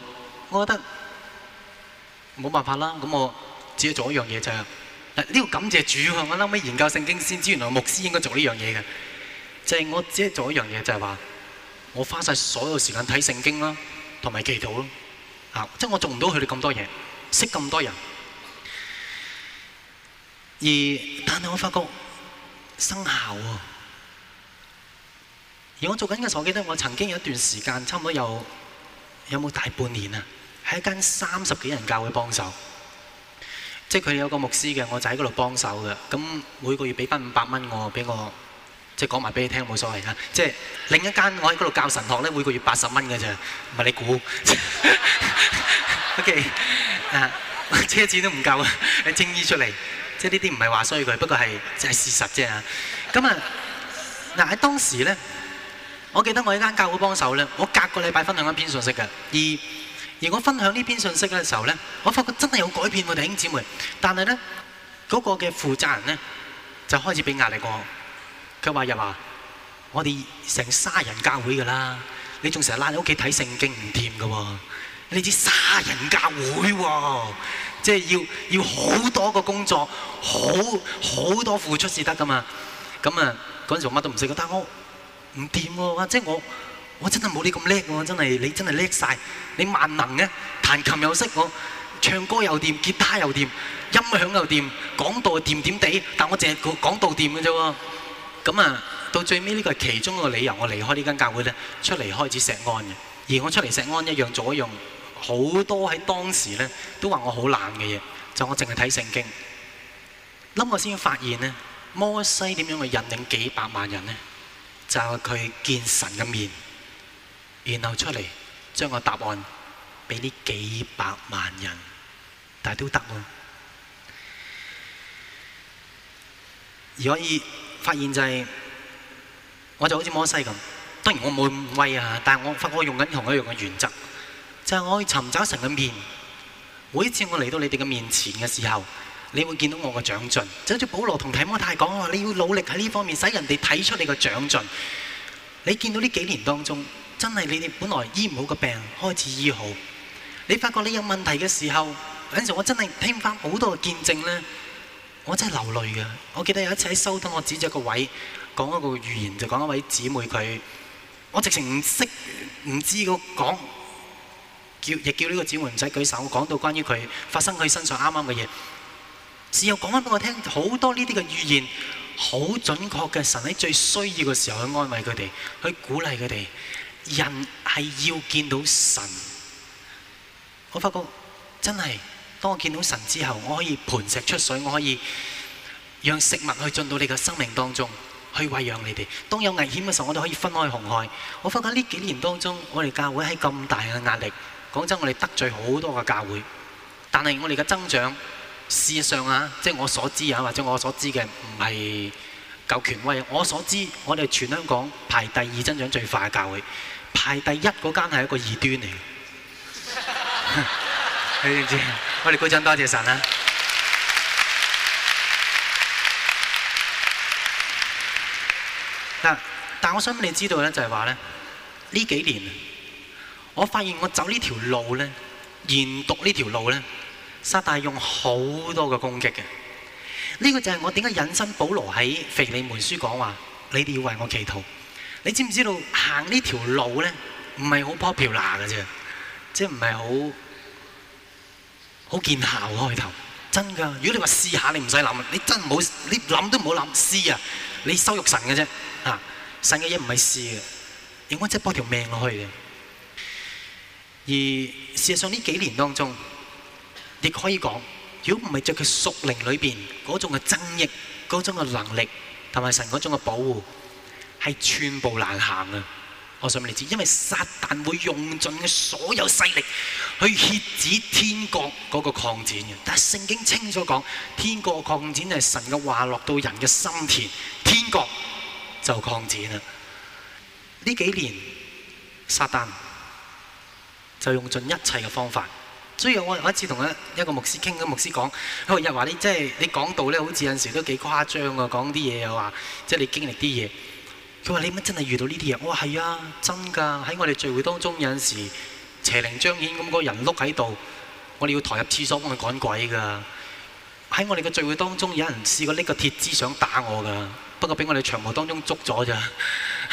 我覺得冇辦法啦，咁我只係做一樣嘢就係、是，呢個感謝主啊，我諗起研究聖經先知原來牧師應該做呢樣嘢嘅，就係、是、我只係做一樣嘢就係、是、話。我花晒所有時間睇聖經啦，同埋祈禱啦，啊！即我做唔到佢哋咁多嘢，識咁多人。而但係我發覺生效喎、啊。而我做緊嘅時候，我記得我曾經有一段時間，差唔多有有冇有大半年啊，喺一間三十幾人教會幫手。即他們佢有個牧師嘅，我就喺嗰度幫手嘅。咁每個月俾翻五百蚊我，俾我。即係講埋俾你聽冇所謂啊！即係另一間我喺嗰度教神堂咧，每個月八十蚊嘅咋，唔係你估 ？OK，啊，車錢都唔夠啊！青衣出嚟，即係呢啲唔係話衰佢，不過係係、即係、事實啫啊！咁啊，嗱、啊、喺當時咧，我記得我一間教會幫手咧，我隔個禮拜分享一篇信息嘅，而而我分享呢篇信息嘅時候咧，我發覺真係有改變我哋弟兄姊妹，但係咧嗰個嘅負責人咧就開始俾壓力我。佢話：日華、啊，我哋成沙人教會噶啦，你仲成日賴喺屋企睇聖經唔掂噶喎，你知沙人教會喎，啊，即係要要好多個工作，好好多付出先得噶嘛。咁啊，嗰陣時我乜都唔識，覺得我唔掂喎，即係我我真係冇你咁叻喎，真係你真係叻晒。你萬能嘅，啊，彈琴又識我，我唱歌又掂，吉他又掂，音響又掂，講道掂掂地，但我淨係講講道掂嘅啫喎。到最尾，呢個係其中一個理由，我離開呢間教會咧，出嚟開始錫安。而我出嚟錫安一樣做一樣，好多喺當時呢，都話我好懶嘅嘢，就我淨係睇聖經。諗我先發現咧，摩西點樣去引領幾百萬人咧？就係、是、佢見神嘅面，然後出嚟將個答案俾呢幾百萬人，但係都得喎，所以。發現就係、是、我就好似摩西咁，當然我冇咁威啊，但係我發覺我用緊同一,一樣嘅原則，就係、是、我去尋找神嘅面。每一次我嚟到你哋嘅面前嘅時候，你會見到我嘅長進。就好似保羅同提摩太講話，你要努力喺呢方面，使人哋睇出你嘅長進。你見到呢幾年當中，真係你哋本來醫唔好嘅病開始醫好。你發覺你有問題嘅時候，有陣時我真係聽翻好多嘅見證咧。我真係流淚嘅。我記得有一次喺收燈，我指著一個位講一個預言，就講一位姐妹佢，我直情唔識唔知個講，也叫亦叫呢個姊妹唔使舉手，我講到關於佢發生佢身上啱啱嘅嘢。事後講翻俾我聽，好多呢啲嘅預言好準確嘅，神喺最需要嘅時候去安慰佢哋，去鼓勵佢哋。人係要見到神，我發覺真係。當我見到神之後，我可以盤石出水，我可以讓食物去進到你嘅生命當中，去餵養你哋。當有危險嘅時候，我哋可以分開紅海。我發覺呢幾年當中，我哋教會喺咁大嘅壓力，講真，我哋得罪好多個教會，但係我哋嘅增長事實上啊，即係我所知啊，或者我所知嘅唔係夠權威。我所知，我哋全香港排第二增長最快嘅教會，排第一嗰間係一個異端嚟。 你知唔知？我哋鼓掌多謝神啦。嗱，但係我想俾你知道咧，就係話咧呢幾年，我發現我走這條呢條路咧，研讀呢條路咧，撒但用好多嘅攻擊嘅。呢個就係我點解引申保羅喺腓利門書講話：你哋要為我祈禱。你知唔知道行呢條路咧，唔係好 popular 㗎啫，即係唔係好？好見效開、啊、頭，真㗎。如果你話試下，你唔使諗你真唔好，你諗都唔好諗，試啊！你羞辱神嘅啫，啊，神嘅嘢唔係試嘅，應該真係搏條命落去嘅。而事實上呢幾年當中，亦可以講如果唔係在佢屬靈裏面嗰種嘅爭逆，嗰種嘅能力，同埋神嗰種嘅保護，係寸步難行啊！我想你知，因為撒旦會用盡嘅所有勢力去遏止天國嗰個擴展嘅。但係聖經清楚講，天國擴展係神嘅話落到人嘅心田，天國就擴展啦。呢幾年，撒旦就用盡一切嘅方法。所以我有一次同一一個牧師傾，咁牧師講：佢日話你即係、就是、你講道咧，好似有陣時都幾誇張㗎，講啲嘢又話，即、就、係、是、你經歷啲嘢。佢話：你乜真係遇到呢啲人？我話係啊，真㗎！喺我哋聚會當中，有陣時邪靈彰顯咁，個人碌喺度，我哋要抬入廁所幫佢趕鬼㗎。喺我哋嘅聚會當中，有人試過拎個鐵枝想打我㗎，不過俾我哋長河當中捉咗咋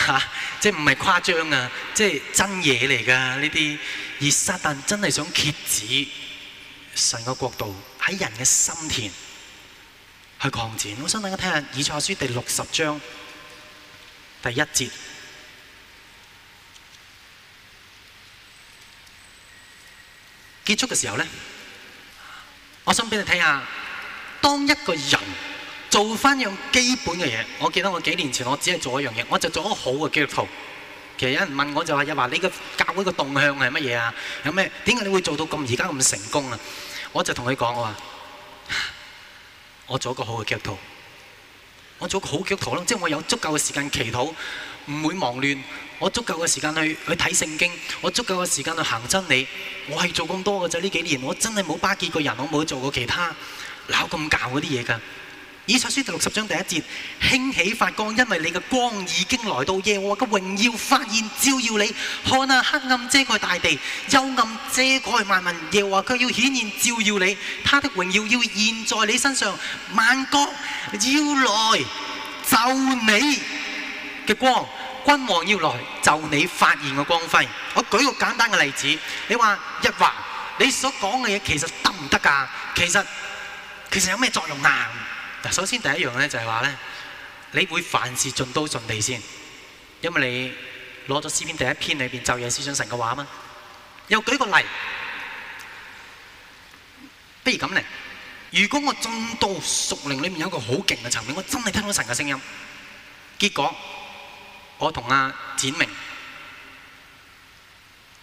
嚇，即係唔係誇張啊？即係真嘢嚟㗎，呢啲而撒但真係想揭子神嘅國度喺人嘅心田去擴展。我想大家睇下《以賽亞書》第六十章。第一節結束嘅時候呢，我想畀你睇下，當一個人做一樣基本嘅嘢，我記得我幾年前我只係做一樣嘢，我就做一個好嘅基督徒。其實有人問我就話你嘅教會嘅動向係乜嘢啊？有咩點解你會做到咁而家咁成功啊？我就同佢講話，我做一個好嘅基督徒。我做好腳踏咯，即係我有足夠嘅時間祈禱，唔會忙亂。我足夠嘅時間去去睇聖經，我足夠嘅時間去行真理。我係做咁多嘅啫，呢幾年我真係冇巴結過人，我冇做過其他鬧咁搞嗰啲嘢噶。以賽書第六十章第一節，興起發光，因為你嘅光已經來到，耶和華嘅榮耀發現照耀你，看哪，黑暗遮蓋大地，幽暗遮蓋萬民，耶和華佢要顯現照耀你，他的榮耀要現在你身上，萬國要來就你嘅光，君王要來就你發現嘅光輝。我舉個簡單嘅例子，你話耶和華，你所講嘅嘢其實得唔得㗎？其實其實有咩作用啊？首先第一樣咧就係話咧，你會凡事盡都盡地先，因為你攞咗詩篇第一篇裏邊晝夜思想神嘅話嘛。又舉個例，不如咁嚟，如果我進到屬靈裏面有一個好勁嘅層面，我真係聽到神嘅聲音，結果我同阿展明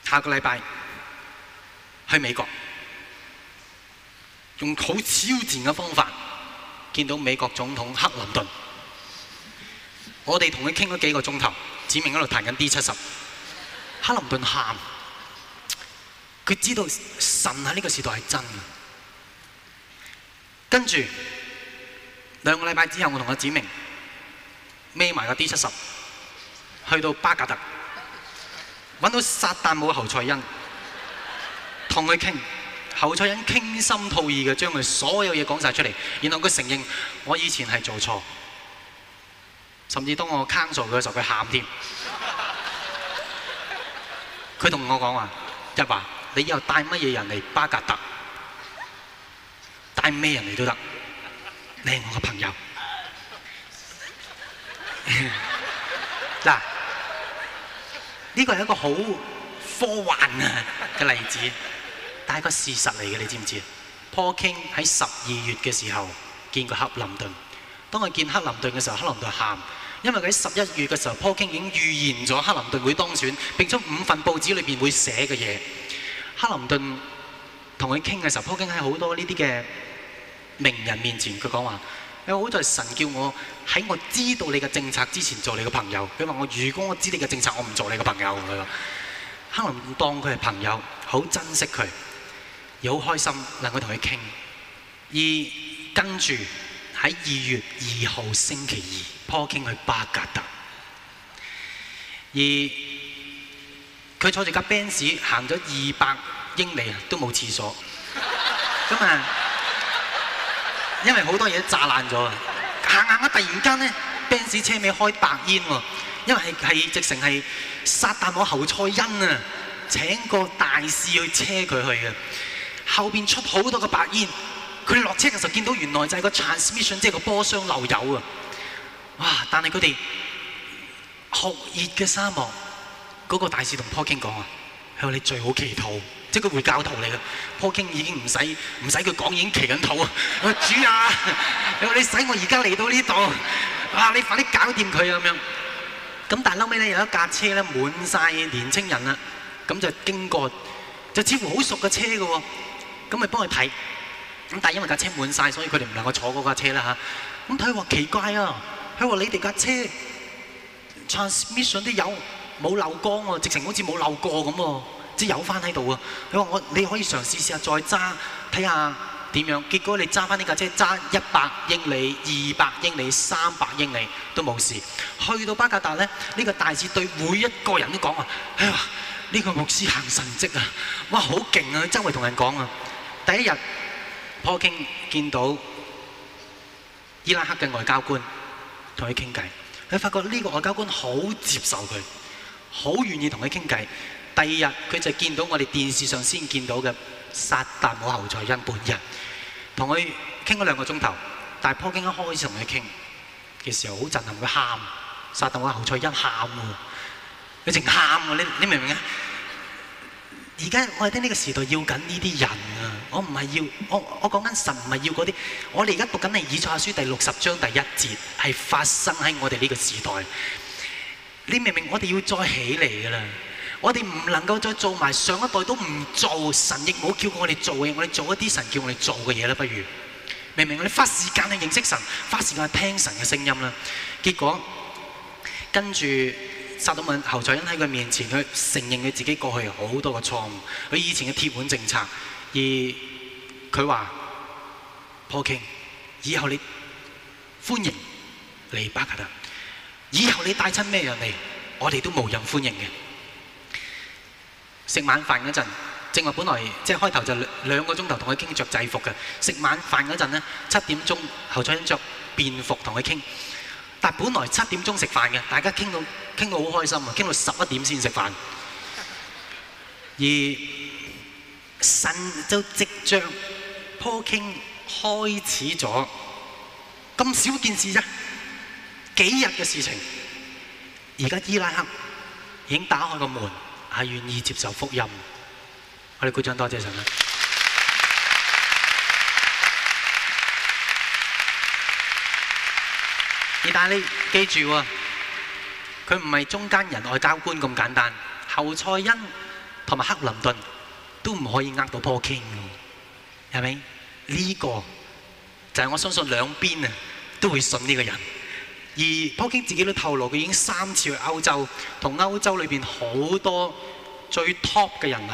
下個禮拜去美國，用好超前嘅方法。見到美國總統克林頓，我哋同佢傾咗幾個鐘頭，子明喺度彈緊 D70，克林頓喊，佢知道神喺呢個時代係真。跟住兩個禮拜之後，我同佢子明孭埋個 D70，去到巴格達，搵到薩達姆嘅侯賽因，同佢傾。侯賽因傾心吐意嘅將佢所有嘢講曬出嚟，然後佢承認我以前係做錯，甚至當我 cancel 佢嘅時候，佢喊添。佢同我講話，即係話你以後帶乜嘢人嚟巴格達？帶咩人嚟都得，你係我嘅朋友。嗱，呢個係一個好科幻啊嘅例子。但係一個事實嚟嘅，你知唔知 Paul King 喺十二月嘅時候見過克林頓。當佢見克林頓嘅時候，克林頓喊，因為佢喺十一月嘅時候 Paul King 已經預言咗克林頓會當選，並出五份報紙裏邊會寫嘅嘢。克林頓同佢傾嘅時候 Paul 喺好多呢啲嘅名人面前，佢講話：你好在神叫我喺我知道你嘅政策之前做你嘅朋友。佢話我如果我知道你嘅政策，我唔做你嘅朋友。佢話克林頓當佢係朋友，好珍惜佢。有好開心，能夠同佢傾。而跟住喺二月二號星期二 poing 去巴格達，而佢坐住架 Benz 行咗二百英里啊，都冇廁所。咁啊，因為好多嘢炸爛咗啊！行行下，啊、突然間咧，Benz 車尾開白煙喎，啊，因為係係直情係薩達姆侯賽因啊，請個大使去車佢去嘅。後邊出好多個白煙，佢落車嘅時候見到原來就係個 transmission，即係個波箱漏油啊！哇！但係佢哋酷熱嘅沙漠，嗰、那個大使同 Paul King 講啊，佢話你最好祈禱，即係佢回教徒嚟嘅。Paul King 已經唔使唔使佢講已經祈緊禱啊！ 我主啊！ 你話你使我而家嚟到呢度，啊，你快啲搞掂佢咁樣。咁但係嬲尾咧有一架車咧滿晒年青人啦，咁就經過就似乎好熟嘅車嘅喎、哦。咁咪幫佢睇，咁但係因為架車滿曬，所以佢哋唔能夠坐嗰架車啦嚇。咁佢話奇怪啊，佢話你哋架車 transmission 都有冇漏光喎，直情好似冇漏過咁喎，即係有翻喺度啊。佢話我你可以嘗試試下再揸睇下點樣。結果你揸翻呢架車揸一百英里、二百英里、三百英里都冇事。去到巴格達咧，呢個大使對每一個人都講啊，哎呀，呢個牧師行神跡啊，哇好勁啊，周圍同人講啊。第一日，坡京見到伊拉克嘅外交官同佢傾偈，佢發覺呢個外交官好接受佢，好願意同佢傾偈。第二日佢就見到我哋電視上先見到嘅薩達姆侯賽因本人，同佢傾咗兩個鐘頭，但係坡京一開始同佢傾嘅時候好震撼，佢喊，薩達姆侯賽因喊，佢淨喊，你你明唔明啊？而家我哋呢個時代要緊呢啲人。我唔係要，我我講緊神唔係要嗰啲。我哋而家讀緊係《以賽亞書》第六十章第一節，係發生喺我哋呢個時代。你明明我哋要再起嚟噶啦，我哋唔能夠再做埋上一代都唔做，神亦冇叫過我哋做嘅嘢，我哋做一啲神叫我哋做嘅嘢啦。不如，明明我哋花時間去認識神，花時間去聽神嘅聲音啦。結果跟住撒都敏侯賽因喺佢面前，去承認佢自己過去好多嘅錯誤，佢以前嘅鐵腕政策。而佢話：Paul King，以後你歡迎嚟巴卡特，以後你帶親咩人嚟，我哋都無人歡迎嘅。食晚飯嗰陣，正話本來即係開頭就兩個鐘頭同佢傾著制服嘅。食晚飯嗰陣咧，七點鐘後，彩欣著便服同佢傾。但係本來七點鐘食飯嘅，大家傾到傾到好開心啊，傾到十一點先食飯。而神就即將破傾開始咗，咁少件事啫，幾日嘅事情。而家伊拉克已經打開個門，係願意接受福音。我哋鼓掌多謝神啦！但係你記住喎、啊，佢唔係中間人外交官咁簡單，侯賽恩同埋克林頓。都唔可以呃到坡 king，係咪？呢、這個就係、是、我相信兩邊啊都會信呢個人。而坡 k i 自己都透露，佢已經三次去歐洲，同歐洲裏邊好多最 top 嘅人物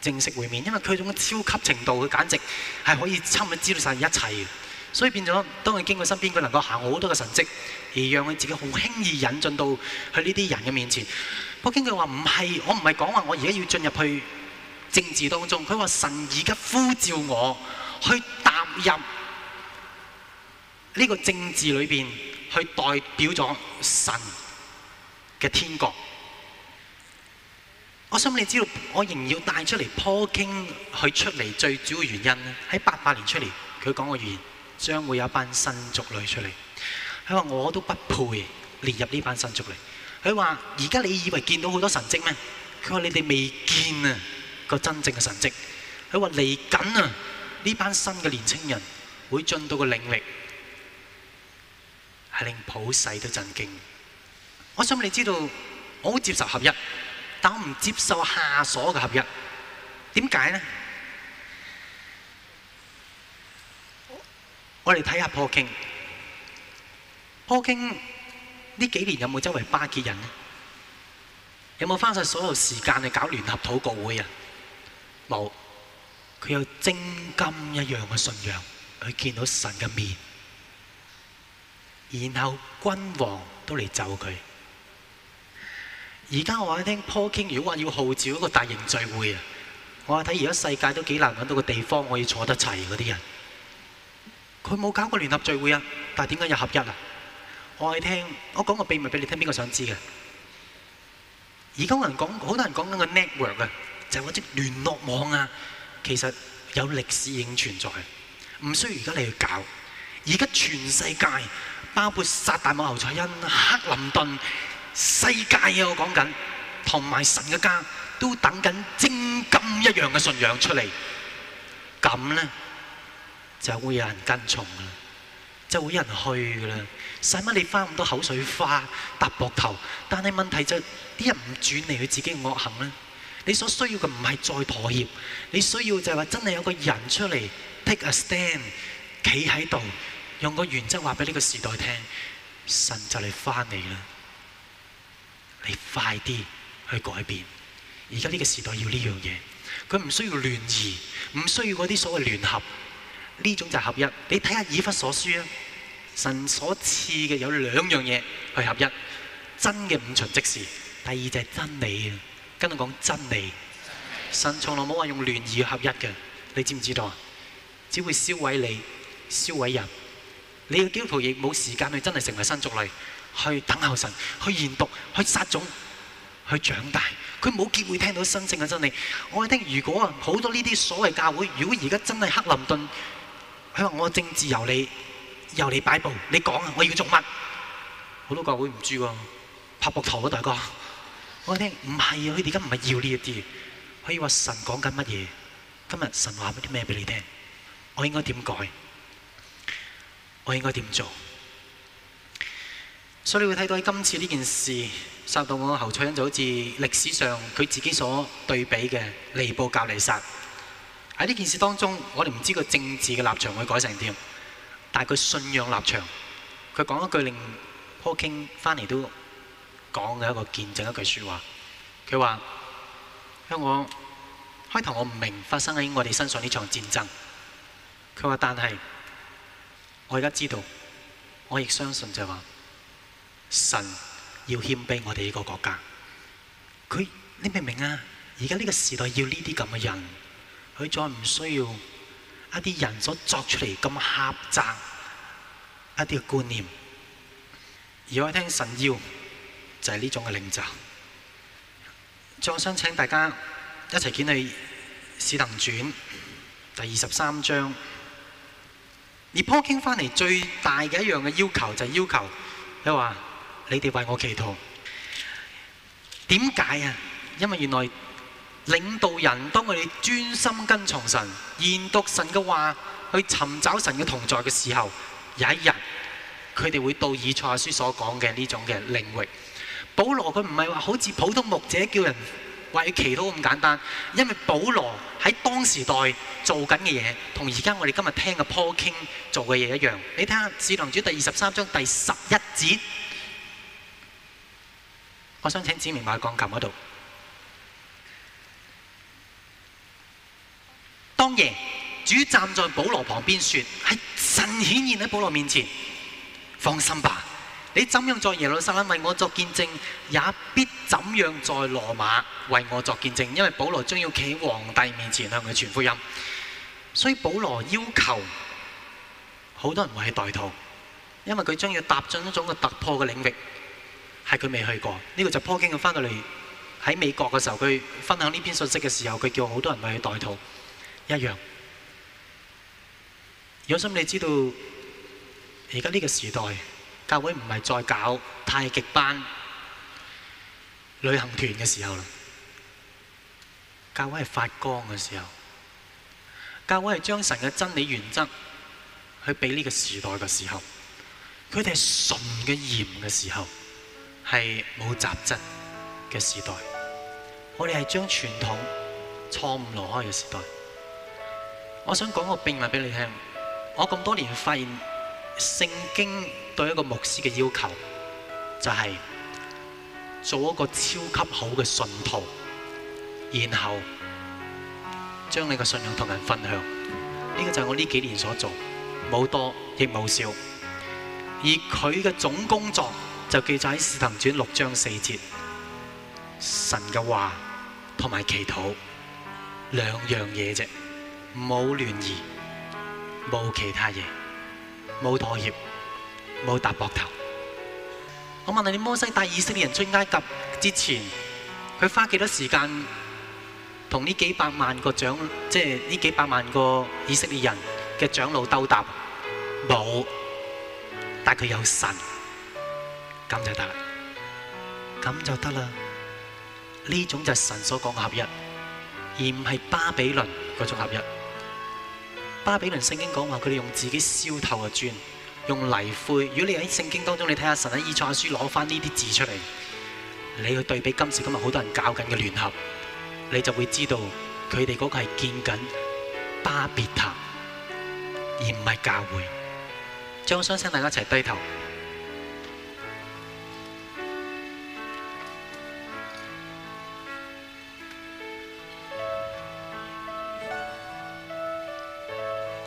正式會面，因為佢種超級程度，佢簡直係可以差唔多知道晒一切嘅。所以變咗，當佢經過身邊，佢能夠行好多嘅神蹟，而讓佢自己好輕易引進到去呢啲人嘅面前。坡 k i 佢話：唔係，我唔係講話我而家要進入去。政治當中，佢話神而家呼召我去踏入呢個政治裏面，去代表咗神嘅天國。我想你知道，我仍要帶出嚟 Paul Cain 去出嚟最主要原因呢，喺八八年出嚟，佢講個預言將會有一班新族類出嚟。佢話我都不配列入呢班新族類。佢話而家你以為見到好多神跡咩？佢話你哋未見啊。個真正嘅神蹟，佢話嚟緊啊！呢班新嘅年青人會進到個領域，係令普世都震驚。我想問你知道，我好接受合一，但我唔接受下鎖嘅合一。點解咧？我哋睇下普京。普京呢幾年有冇周圍巴結人？有冇花晒所有時間去搞聯合國國會啊？冇，佢有精金一樣嘅信仰，去見到神嘅面，然後君王都嚟咒佢。而家我話你聽 Paul King，如果話要號召一個大型聚會啊，我話睇而家世界都幾難揾到個地方可以坐得齊嗰啲人。佢冇搞過聯合聚會啊，但係點解有合一啊？我話你聽，我講個秘密俾你聽，邊個想知嘅？而家有人講，好多人都講緊個 network 啊。就我、是、啲聯絡網啊，其實有歷史影存在，唔需要而家你去搞。而家全世界，包括薩達姆侯賽因、克林頓，世界啊，我講緊，同埋神嘅家都等緊精金一樣嘅信仰出嚟，咁呢，就會有人跟從噶啦，就會有人去噶啦。使乜你花咁多口水花搭膊頭？但係問題就啲、是、人唔轉離佢自己嘅惡行呢。你所需要嘅唔係再妥協，你需要就係話真係有個人出嚟 take a stand，企喺度用個原則話俾呢個時代聽，神就嚟翻嚟啦，你快啲去改變。而家呢個時代要呢樣嘢，佢唔需要聯誼，唔需要嗰啲所謂聯合，呢種就係合一。你睇下以弗所書啊，神所賜嘅有兩樣嘢去合一，真嘅五旬即時，第二就係真理啊。跟佢講真，真理，神從來冇話用聯誼合一嘅，你知唔知道？只會燒毀你，燒毀人。你嘅基督徒亦冇時間去真係成為新族類，去等候神，去研讀，去撒種，去長大。佢冇機會聽到真正嘅真理。我聽如果啊好多呢啲所謂教會，如果而家真係克林頓，佢話我政治由你由你擺布，你講啊，我要做乜？好多教會唔知喎，拍膊頭啊大哥。我聽唔係啊！佢哋而家唔係要呢一啲，可以話神講緊乜嘢？今日神話咗啲咩俾你聽？我應該點改？我應該點做？所以你會睇到喺今次呢件事殺到我侯賽因，就好似歷史上佢自己所對比嘅尼布甲尼撒。喺呢件事當中，我哋唔知個政治嘅立場會改成點，但係佢信仰立場，佢講一句令普京翻嚟都。講嘅一個見證一句説話，佢話：因為我開頭我唔明發生喺我哋身上呢場戰爭。佢話，但係我而家知道，我亦相信就係話，神要謙卑我哋呢個國家。佢，你明唔明啊？而家呢個時代要呢啲咁嘅人，佢再唔需要一啲人所作出嚟咁狹窄一啲嘅觀念。而我聽神要。就係、是、呢種嘅領袖，再想請大家一齊見去《使徒傳》第二十三章。而 p o k 翻嚟最大嘅一樣嘅要求就係要求，佢、就、話、是、你哋為我祈禱。點解啊？因為原來領導人當佢哋專心跟從神、研讀神嘅話，去尋找神嘅同在嘅時候，有一日佢哋會到以賽亞書所講嘅呢種嘅領域。保羅佢唔係話好似普通牧者叫人為佢祈禱咁簡單，因為保羅喺當時代做緊嘅嘢，同而家我哋今日聽嘅 Paul King 做嘅嘢一樣。你睇下《聖靈主》第二十三章第十一節，我想請子明去鋼琴嗰度。當夜，主站在保羅旁邊說，係神顯現喺保羅面前，放心吧。你怎樣在耶路撒冷為我作見證，也必怎樣在羅馬為我作見證，因為保羅將要企皇帝面前向佢傳福音。所以保羅要求好多人為佢代禱，因為佢將要踏進一種嘅突破嘅領域，係佢未去過。呢、這個就係 Paul King 翻到嚟喺美國嘅時候，佢分享呢篇信息嘅時候，佢叫好多人為佢代禱一樣。我想你知道而家呢個時代。教會唔係再搞太極班、旅行團嘅時候啦，教會係發光嘅時候，教會係將神嘅真理原則去俾呢個時代嘅時候，佢哋係純嘅鹽嘅時候，係冇雜質嘅時代，我哋係將傳統錯誤挪開嘅時代。我想講個秘密俾你聽，我咁多年發現聖經。對一個牧師嘅要求，就係、是、做一個超級好嘅信徒，然後將你嘅信仰同人分享。呢、這個就係我呢幾年所做，冇多亦冇少。而佢嘅總工作就記載喺《使徒行傳》六章四節，神嘅話同埋祈禱兩樣嘢啫，冇亂議，冇其他嘢，冇妥協。冇搭膊頭。我問你，你摩西帶以色列人出埃及之前，佢花幾多時間同呢幾百萬個長，即係呢幾百萬個以色列人嘅長老鬥搭？冇，但係佢有神。咁就得啦，咁就得啦。呢種就是神所講合一，而唔係巴比倫嗰種合一。巴比倫聖經講話佢哋用自己燒透嘅磚。用泥灰。如果你喺聖經當中，你睇下神喺以賽亞書攞翻呢啲字出嚟，你去對比今時今日好多人搞緊嘅聯合，你就會知道佢哋嗰個係建緊巴別塔，而唔係教會。張生請大家一齊低頭。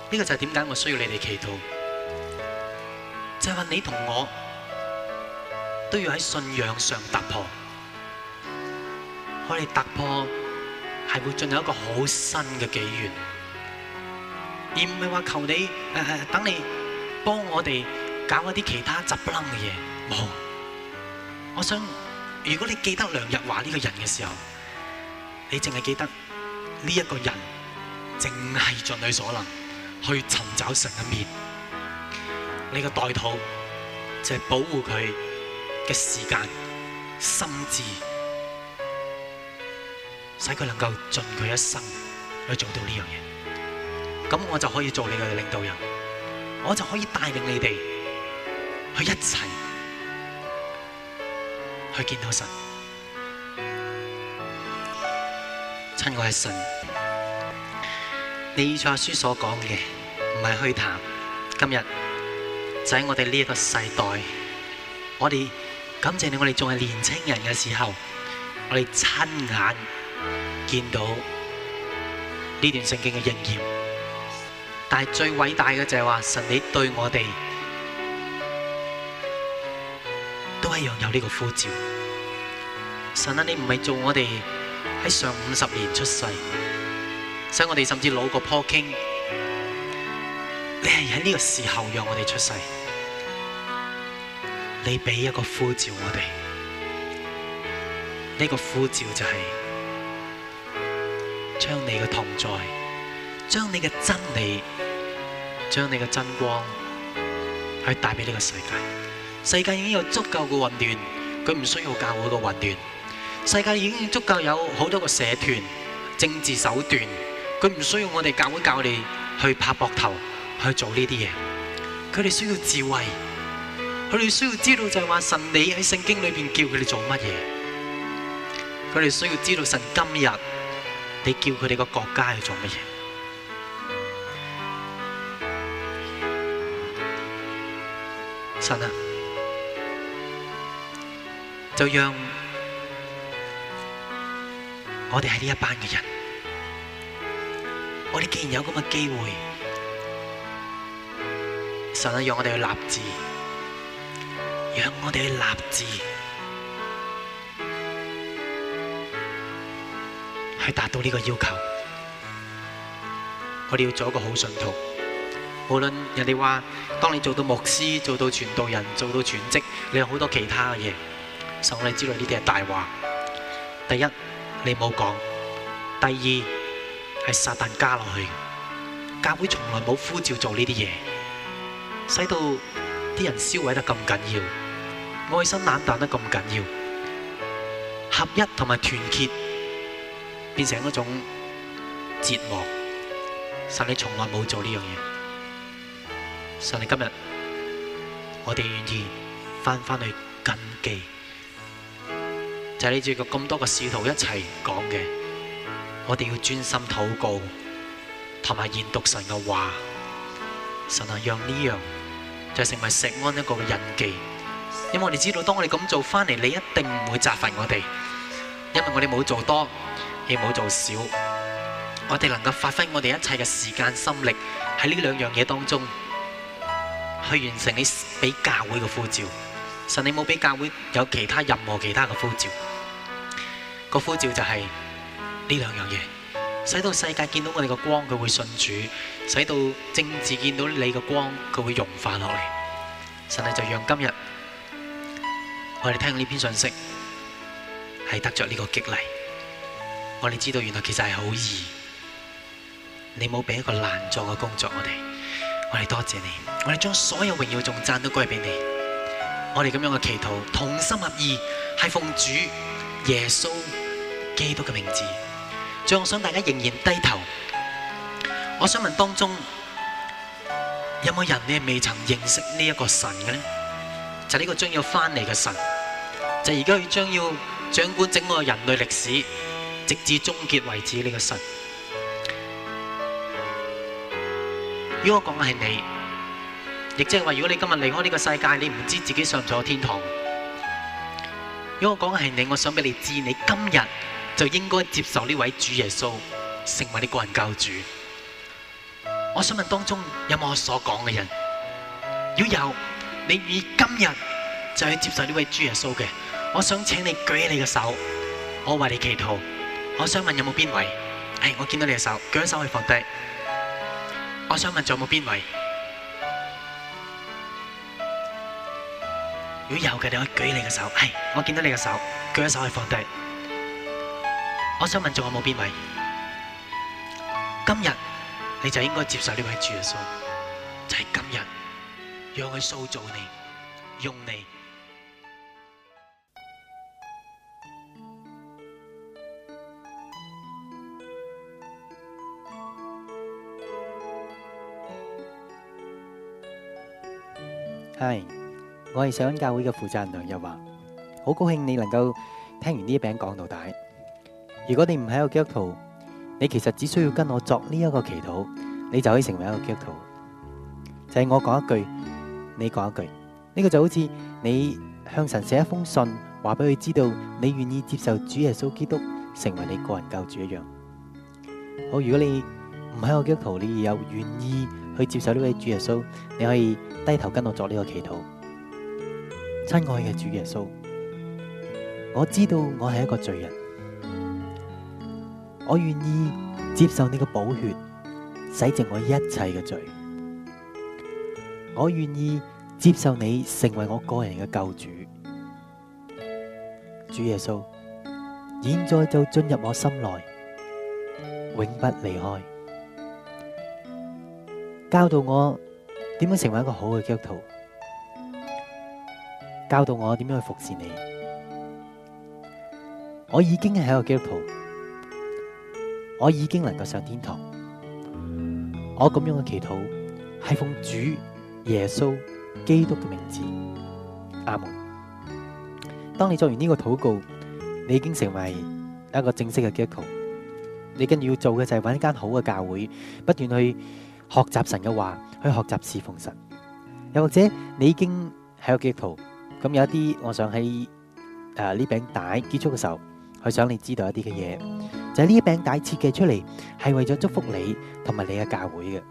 呢個就係點解我需要你哋祈禱。就係話你同我都要喺信仰上突破，我哋突破係會進入一個好新嘅紀元，而唔係話求你、呃、等你幫我哋搞一啲其他雜亂嘅嘢。冇，我想如果你記得梁日華呢個人嘅時候，你淨係記得呢一個人，淨係盡你所能去尋找神嘅面。你個代禱，就係保護佢嘅時間、心智，使佢能夠盡佢一生去做到呢樣嘢。咁我就可以做你嘅領導人，我就可以帶領你哋去一齊去見到神。親愛嘅神，你二賽書所講嘅唔係虛談，今日。就喺我哋呢個世代，我哋感謝你，我哋仲係年輕人嘅時候，我哋親眼見到呢段聖經嘅應驗。但係最偉大嘅就係話，神你對我哋都一樣有呢個呼召。神啊，你唔係做我哋喺上五十年出世，所以我哋甚至老過 Paul King。你係喺呢個時候讓我哋出世，你俾一個呼召我哋，呢個呼召就係將你嘅同在，將你嘅真理，將你嘅真光去帶俾呢個世界。世界已經有足夠嘅混亂，佢唔需要教會嘅混亂。世界已經足夠有好多個社團、政治手段，佢唔需要我哋教會教你去拍膊頭。去做呢啲嘢，佢哋需要智慧，佢哋需要知道就係話神，你喺聖經裏邊叫佢哋做乜嘢？佢哋需要知道神今日你叫佢哋個國家去做乜嘢？神啊，就讓我哋係呢一班嘅人，我哋既然有咁嘅機會。神啊，讓我哋去立志，讓我哋去立志，去達到呢個要求。我哋要做一個好信徒。無論人哋話，當你做到牧師、做到傳道人、做到全職，你有好多其他嘅嘢，神你知道呢啲係大話。第一，你冇講；第二，係撒旦加落去。教會從來冇呼召做呢啲嘢。使到啲人消毀得咁緊要，愛心冷淡得咁緊要，合一同埋團結變成一種折磨。神你從來冇做呢樣嘢，神你今日我哋願意翻翻去謹記，就係、是、你接個咁多個使徒一齊講嘅，我哋要專心禱告同埋研讀神嘅話。神啊，讓呢樣就是、成為石安一個印記，因為我哋知道當我哋咁做翻嚟，你一定唔會責罰我哋，因為我哋冇做多，亦冇做少，我哋能夠發揮我哋一切嘅時間心力喺呢兩樣嘢當中，去完成你俾教會嘅呼召。神，你冇俾教會有其他任何其他嘅呼召，個呼召就係呢兩樣嘢。使到世界見到我哋個光，佢會信主；使到政治見到你個光，佢會融化落嚟。神啊，就讓今日我哋聽呢篇信息，係得着呢個激勵。我哋知道原來其實係好易。你冇俾一個難做嘅工作，我哋。我哋多謝你，我哋將所有榮耀仲讚都歸俾你。我哋咁樣嘅祈禱，同心合意，係奉主耶穌基督嘅名字。最後想大家仍然低頭，我想問當中有冇有人你係未曾認識呢一個神嘅就呢、是、個將要翻嚟嘅神，就而家要將要掌管整個人類歷史，直至終結為止呢個神？如果我講嘅係你，亦即係話，如果你今日離開呢個世界，你唔知道自己上唔上天堂。如果我講嘅係你，我想俾你知道，你今日，就應該接受呢位主耶穌成為你個人救主。我想問當中有冇我所講嘅人？如果有，你以今日就去接受呢位主耶穌嘅。我想請你舉起你嘅手，我為你祈禱。我想問有冇邊位？係、哎，我見到你嘅手，舉咗手可以放低。我想問仲有冇邊位？如果有嘅，你可以舉起你嘅手。係、哎，我見到你嘅手，舉咗手可以放低。我想問，仲有冇邊位？今日你就應該接受呢位主耶穌，就係今日，讓佢塑造你，用你。係，我係錫安教會嘅負責人梁日華，好高興你能夠聽完呢一篇講到底。如果你唔喺個基督徒，你其實只需要跟我作呢一個祈禱，你就可以成為一個基督徒。就係我講一句，你講一句，呢個就好似你向神寫一封信，話俾佢知道你願意接受主耶穌基督成為你個人救主一樣。好，如果你唔喺個基督徒，你又有願意去接受呢位主耶穌，你可以低頭跟我作呢個祈禱。親愛嘅主耶穌，我知道我係一個罪人。我願意接受你嘅寶血，洗淨我一切嘅罪。我願意接受你成為我個人嘅救主，主耶穌，現在就進入我心內，永不離開。教導我點樣成為一個好嘅基督徒，教導我點樣去服侍你。我已經係一個基督徒。我已經能夠上天堂，我咁樣嘅祈禱係奉主耶穌基督嘅名字，阿門。當你做完呢個禱告，你已經成為一個正式嘅基督徒。你跟住要做嘅就係揾一間好嘅教會，不斷去學習神嘅話，去學習侍奉神。又或者你已經喺個基督徒，咁有一啲，我想喺誒呢餅帶結束嘅時候。去想你知道一啲嘅嘢，就係、是、呢一餅帶設計出嚟，係為咗祝福你同埋你嘅教會嘅。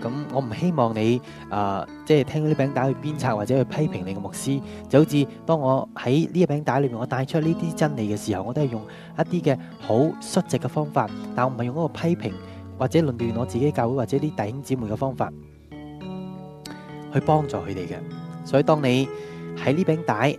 咁我唔希望你啊，即、呃、係、就是、聽到呢餅帶去鞭策或者去批評你嘅牧師。就好似當我喺呢一餅帶裏面，我帶出呢啲真理嘅時候，我都係用一啲嘅好率直嘅方法，但我唔係用嗰個批評或者論斷我自己教會或者啲弟兄姊妹嘅方法去幫助佢哋嘅。所以當你喺呢餅帶。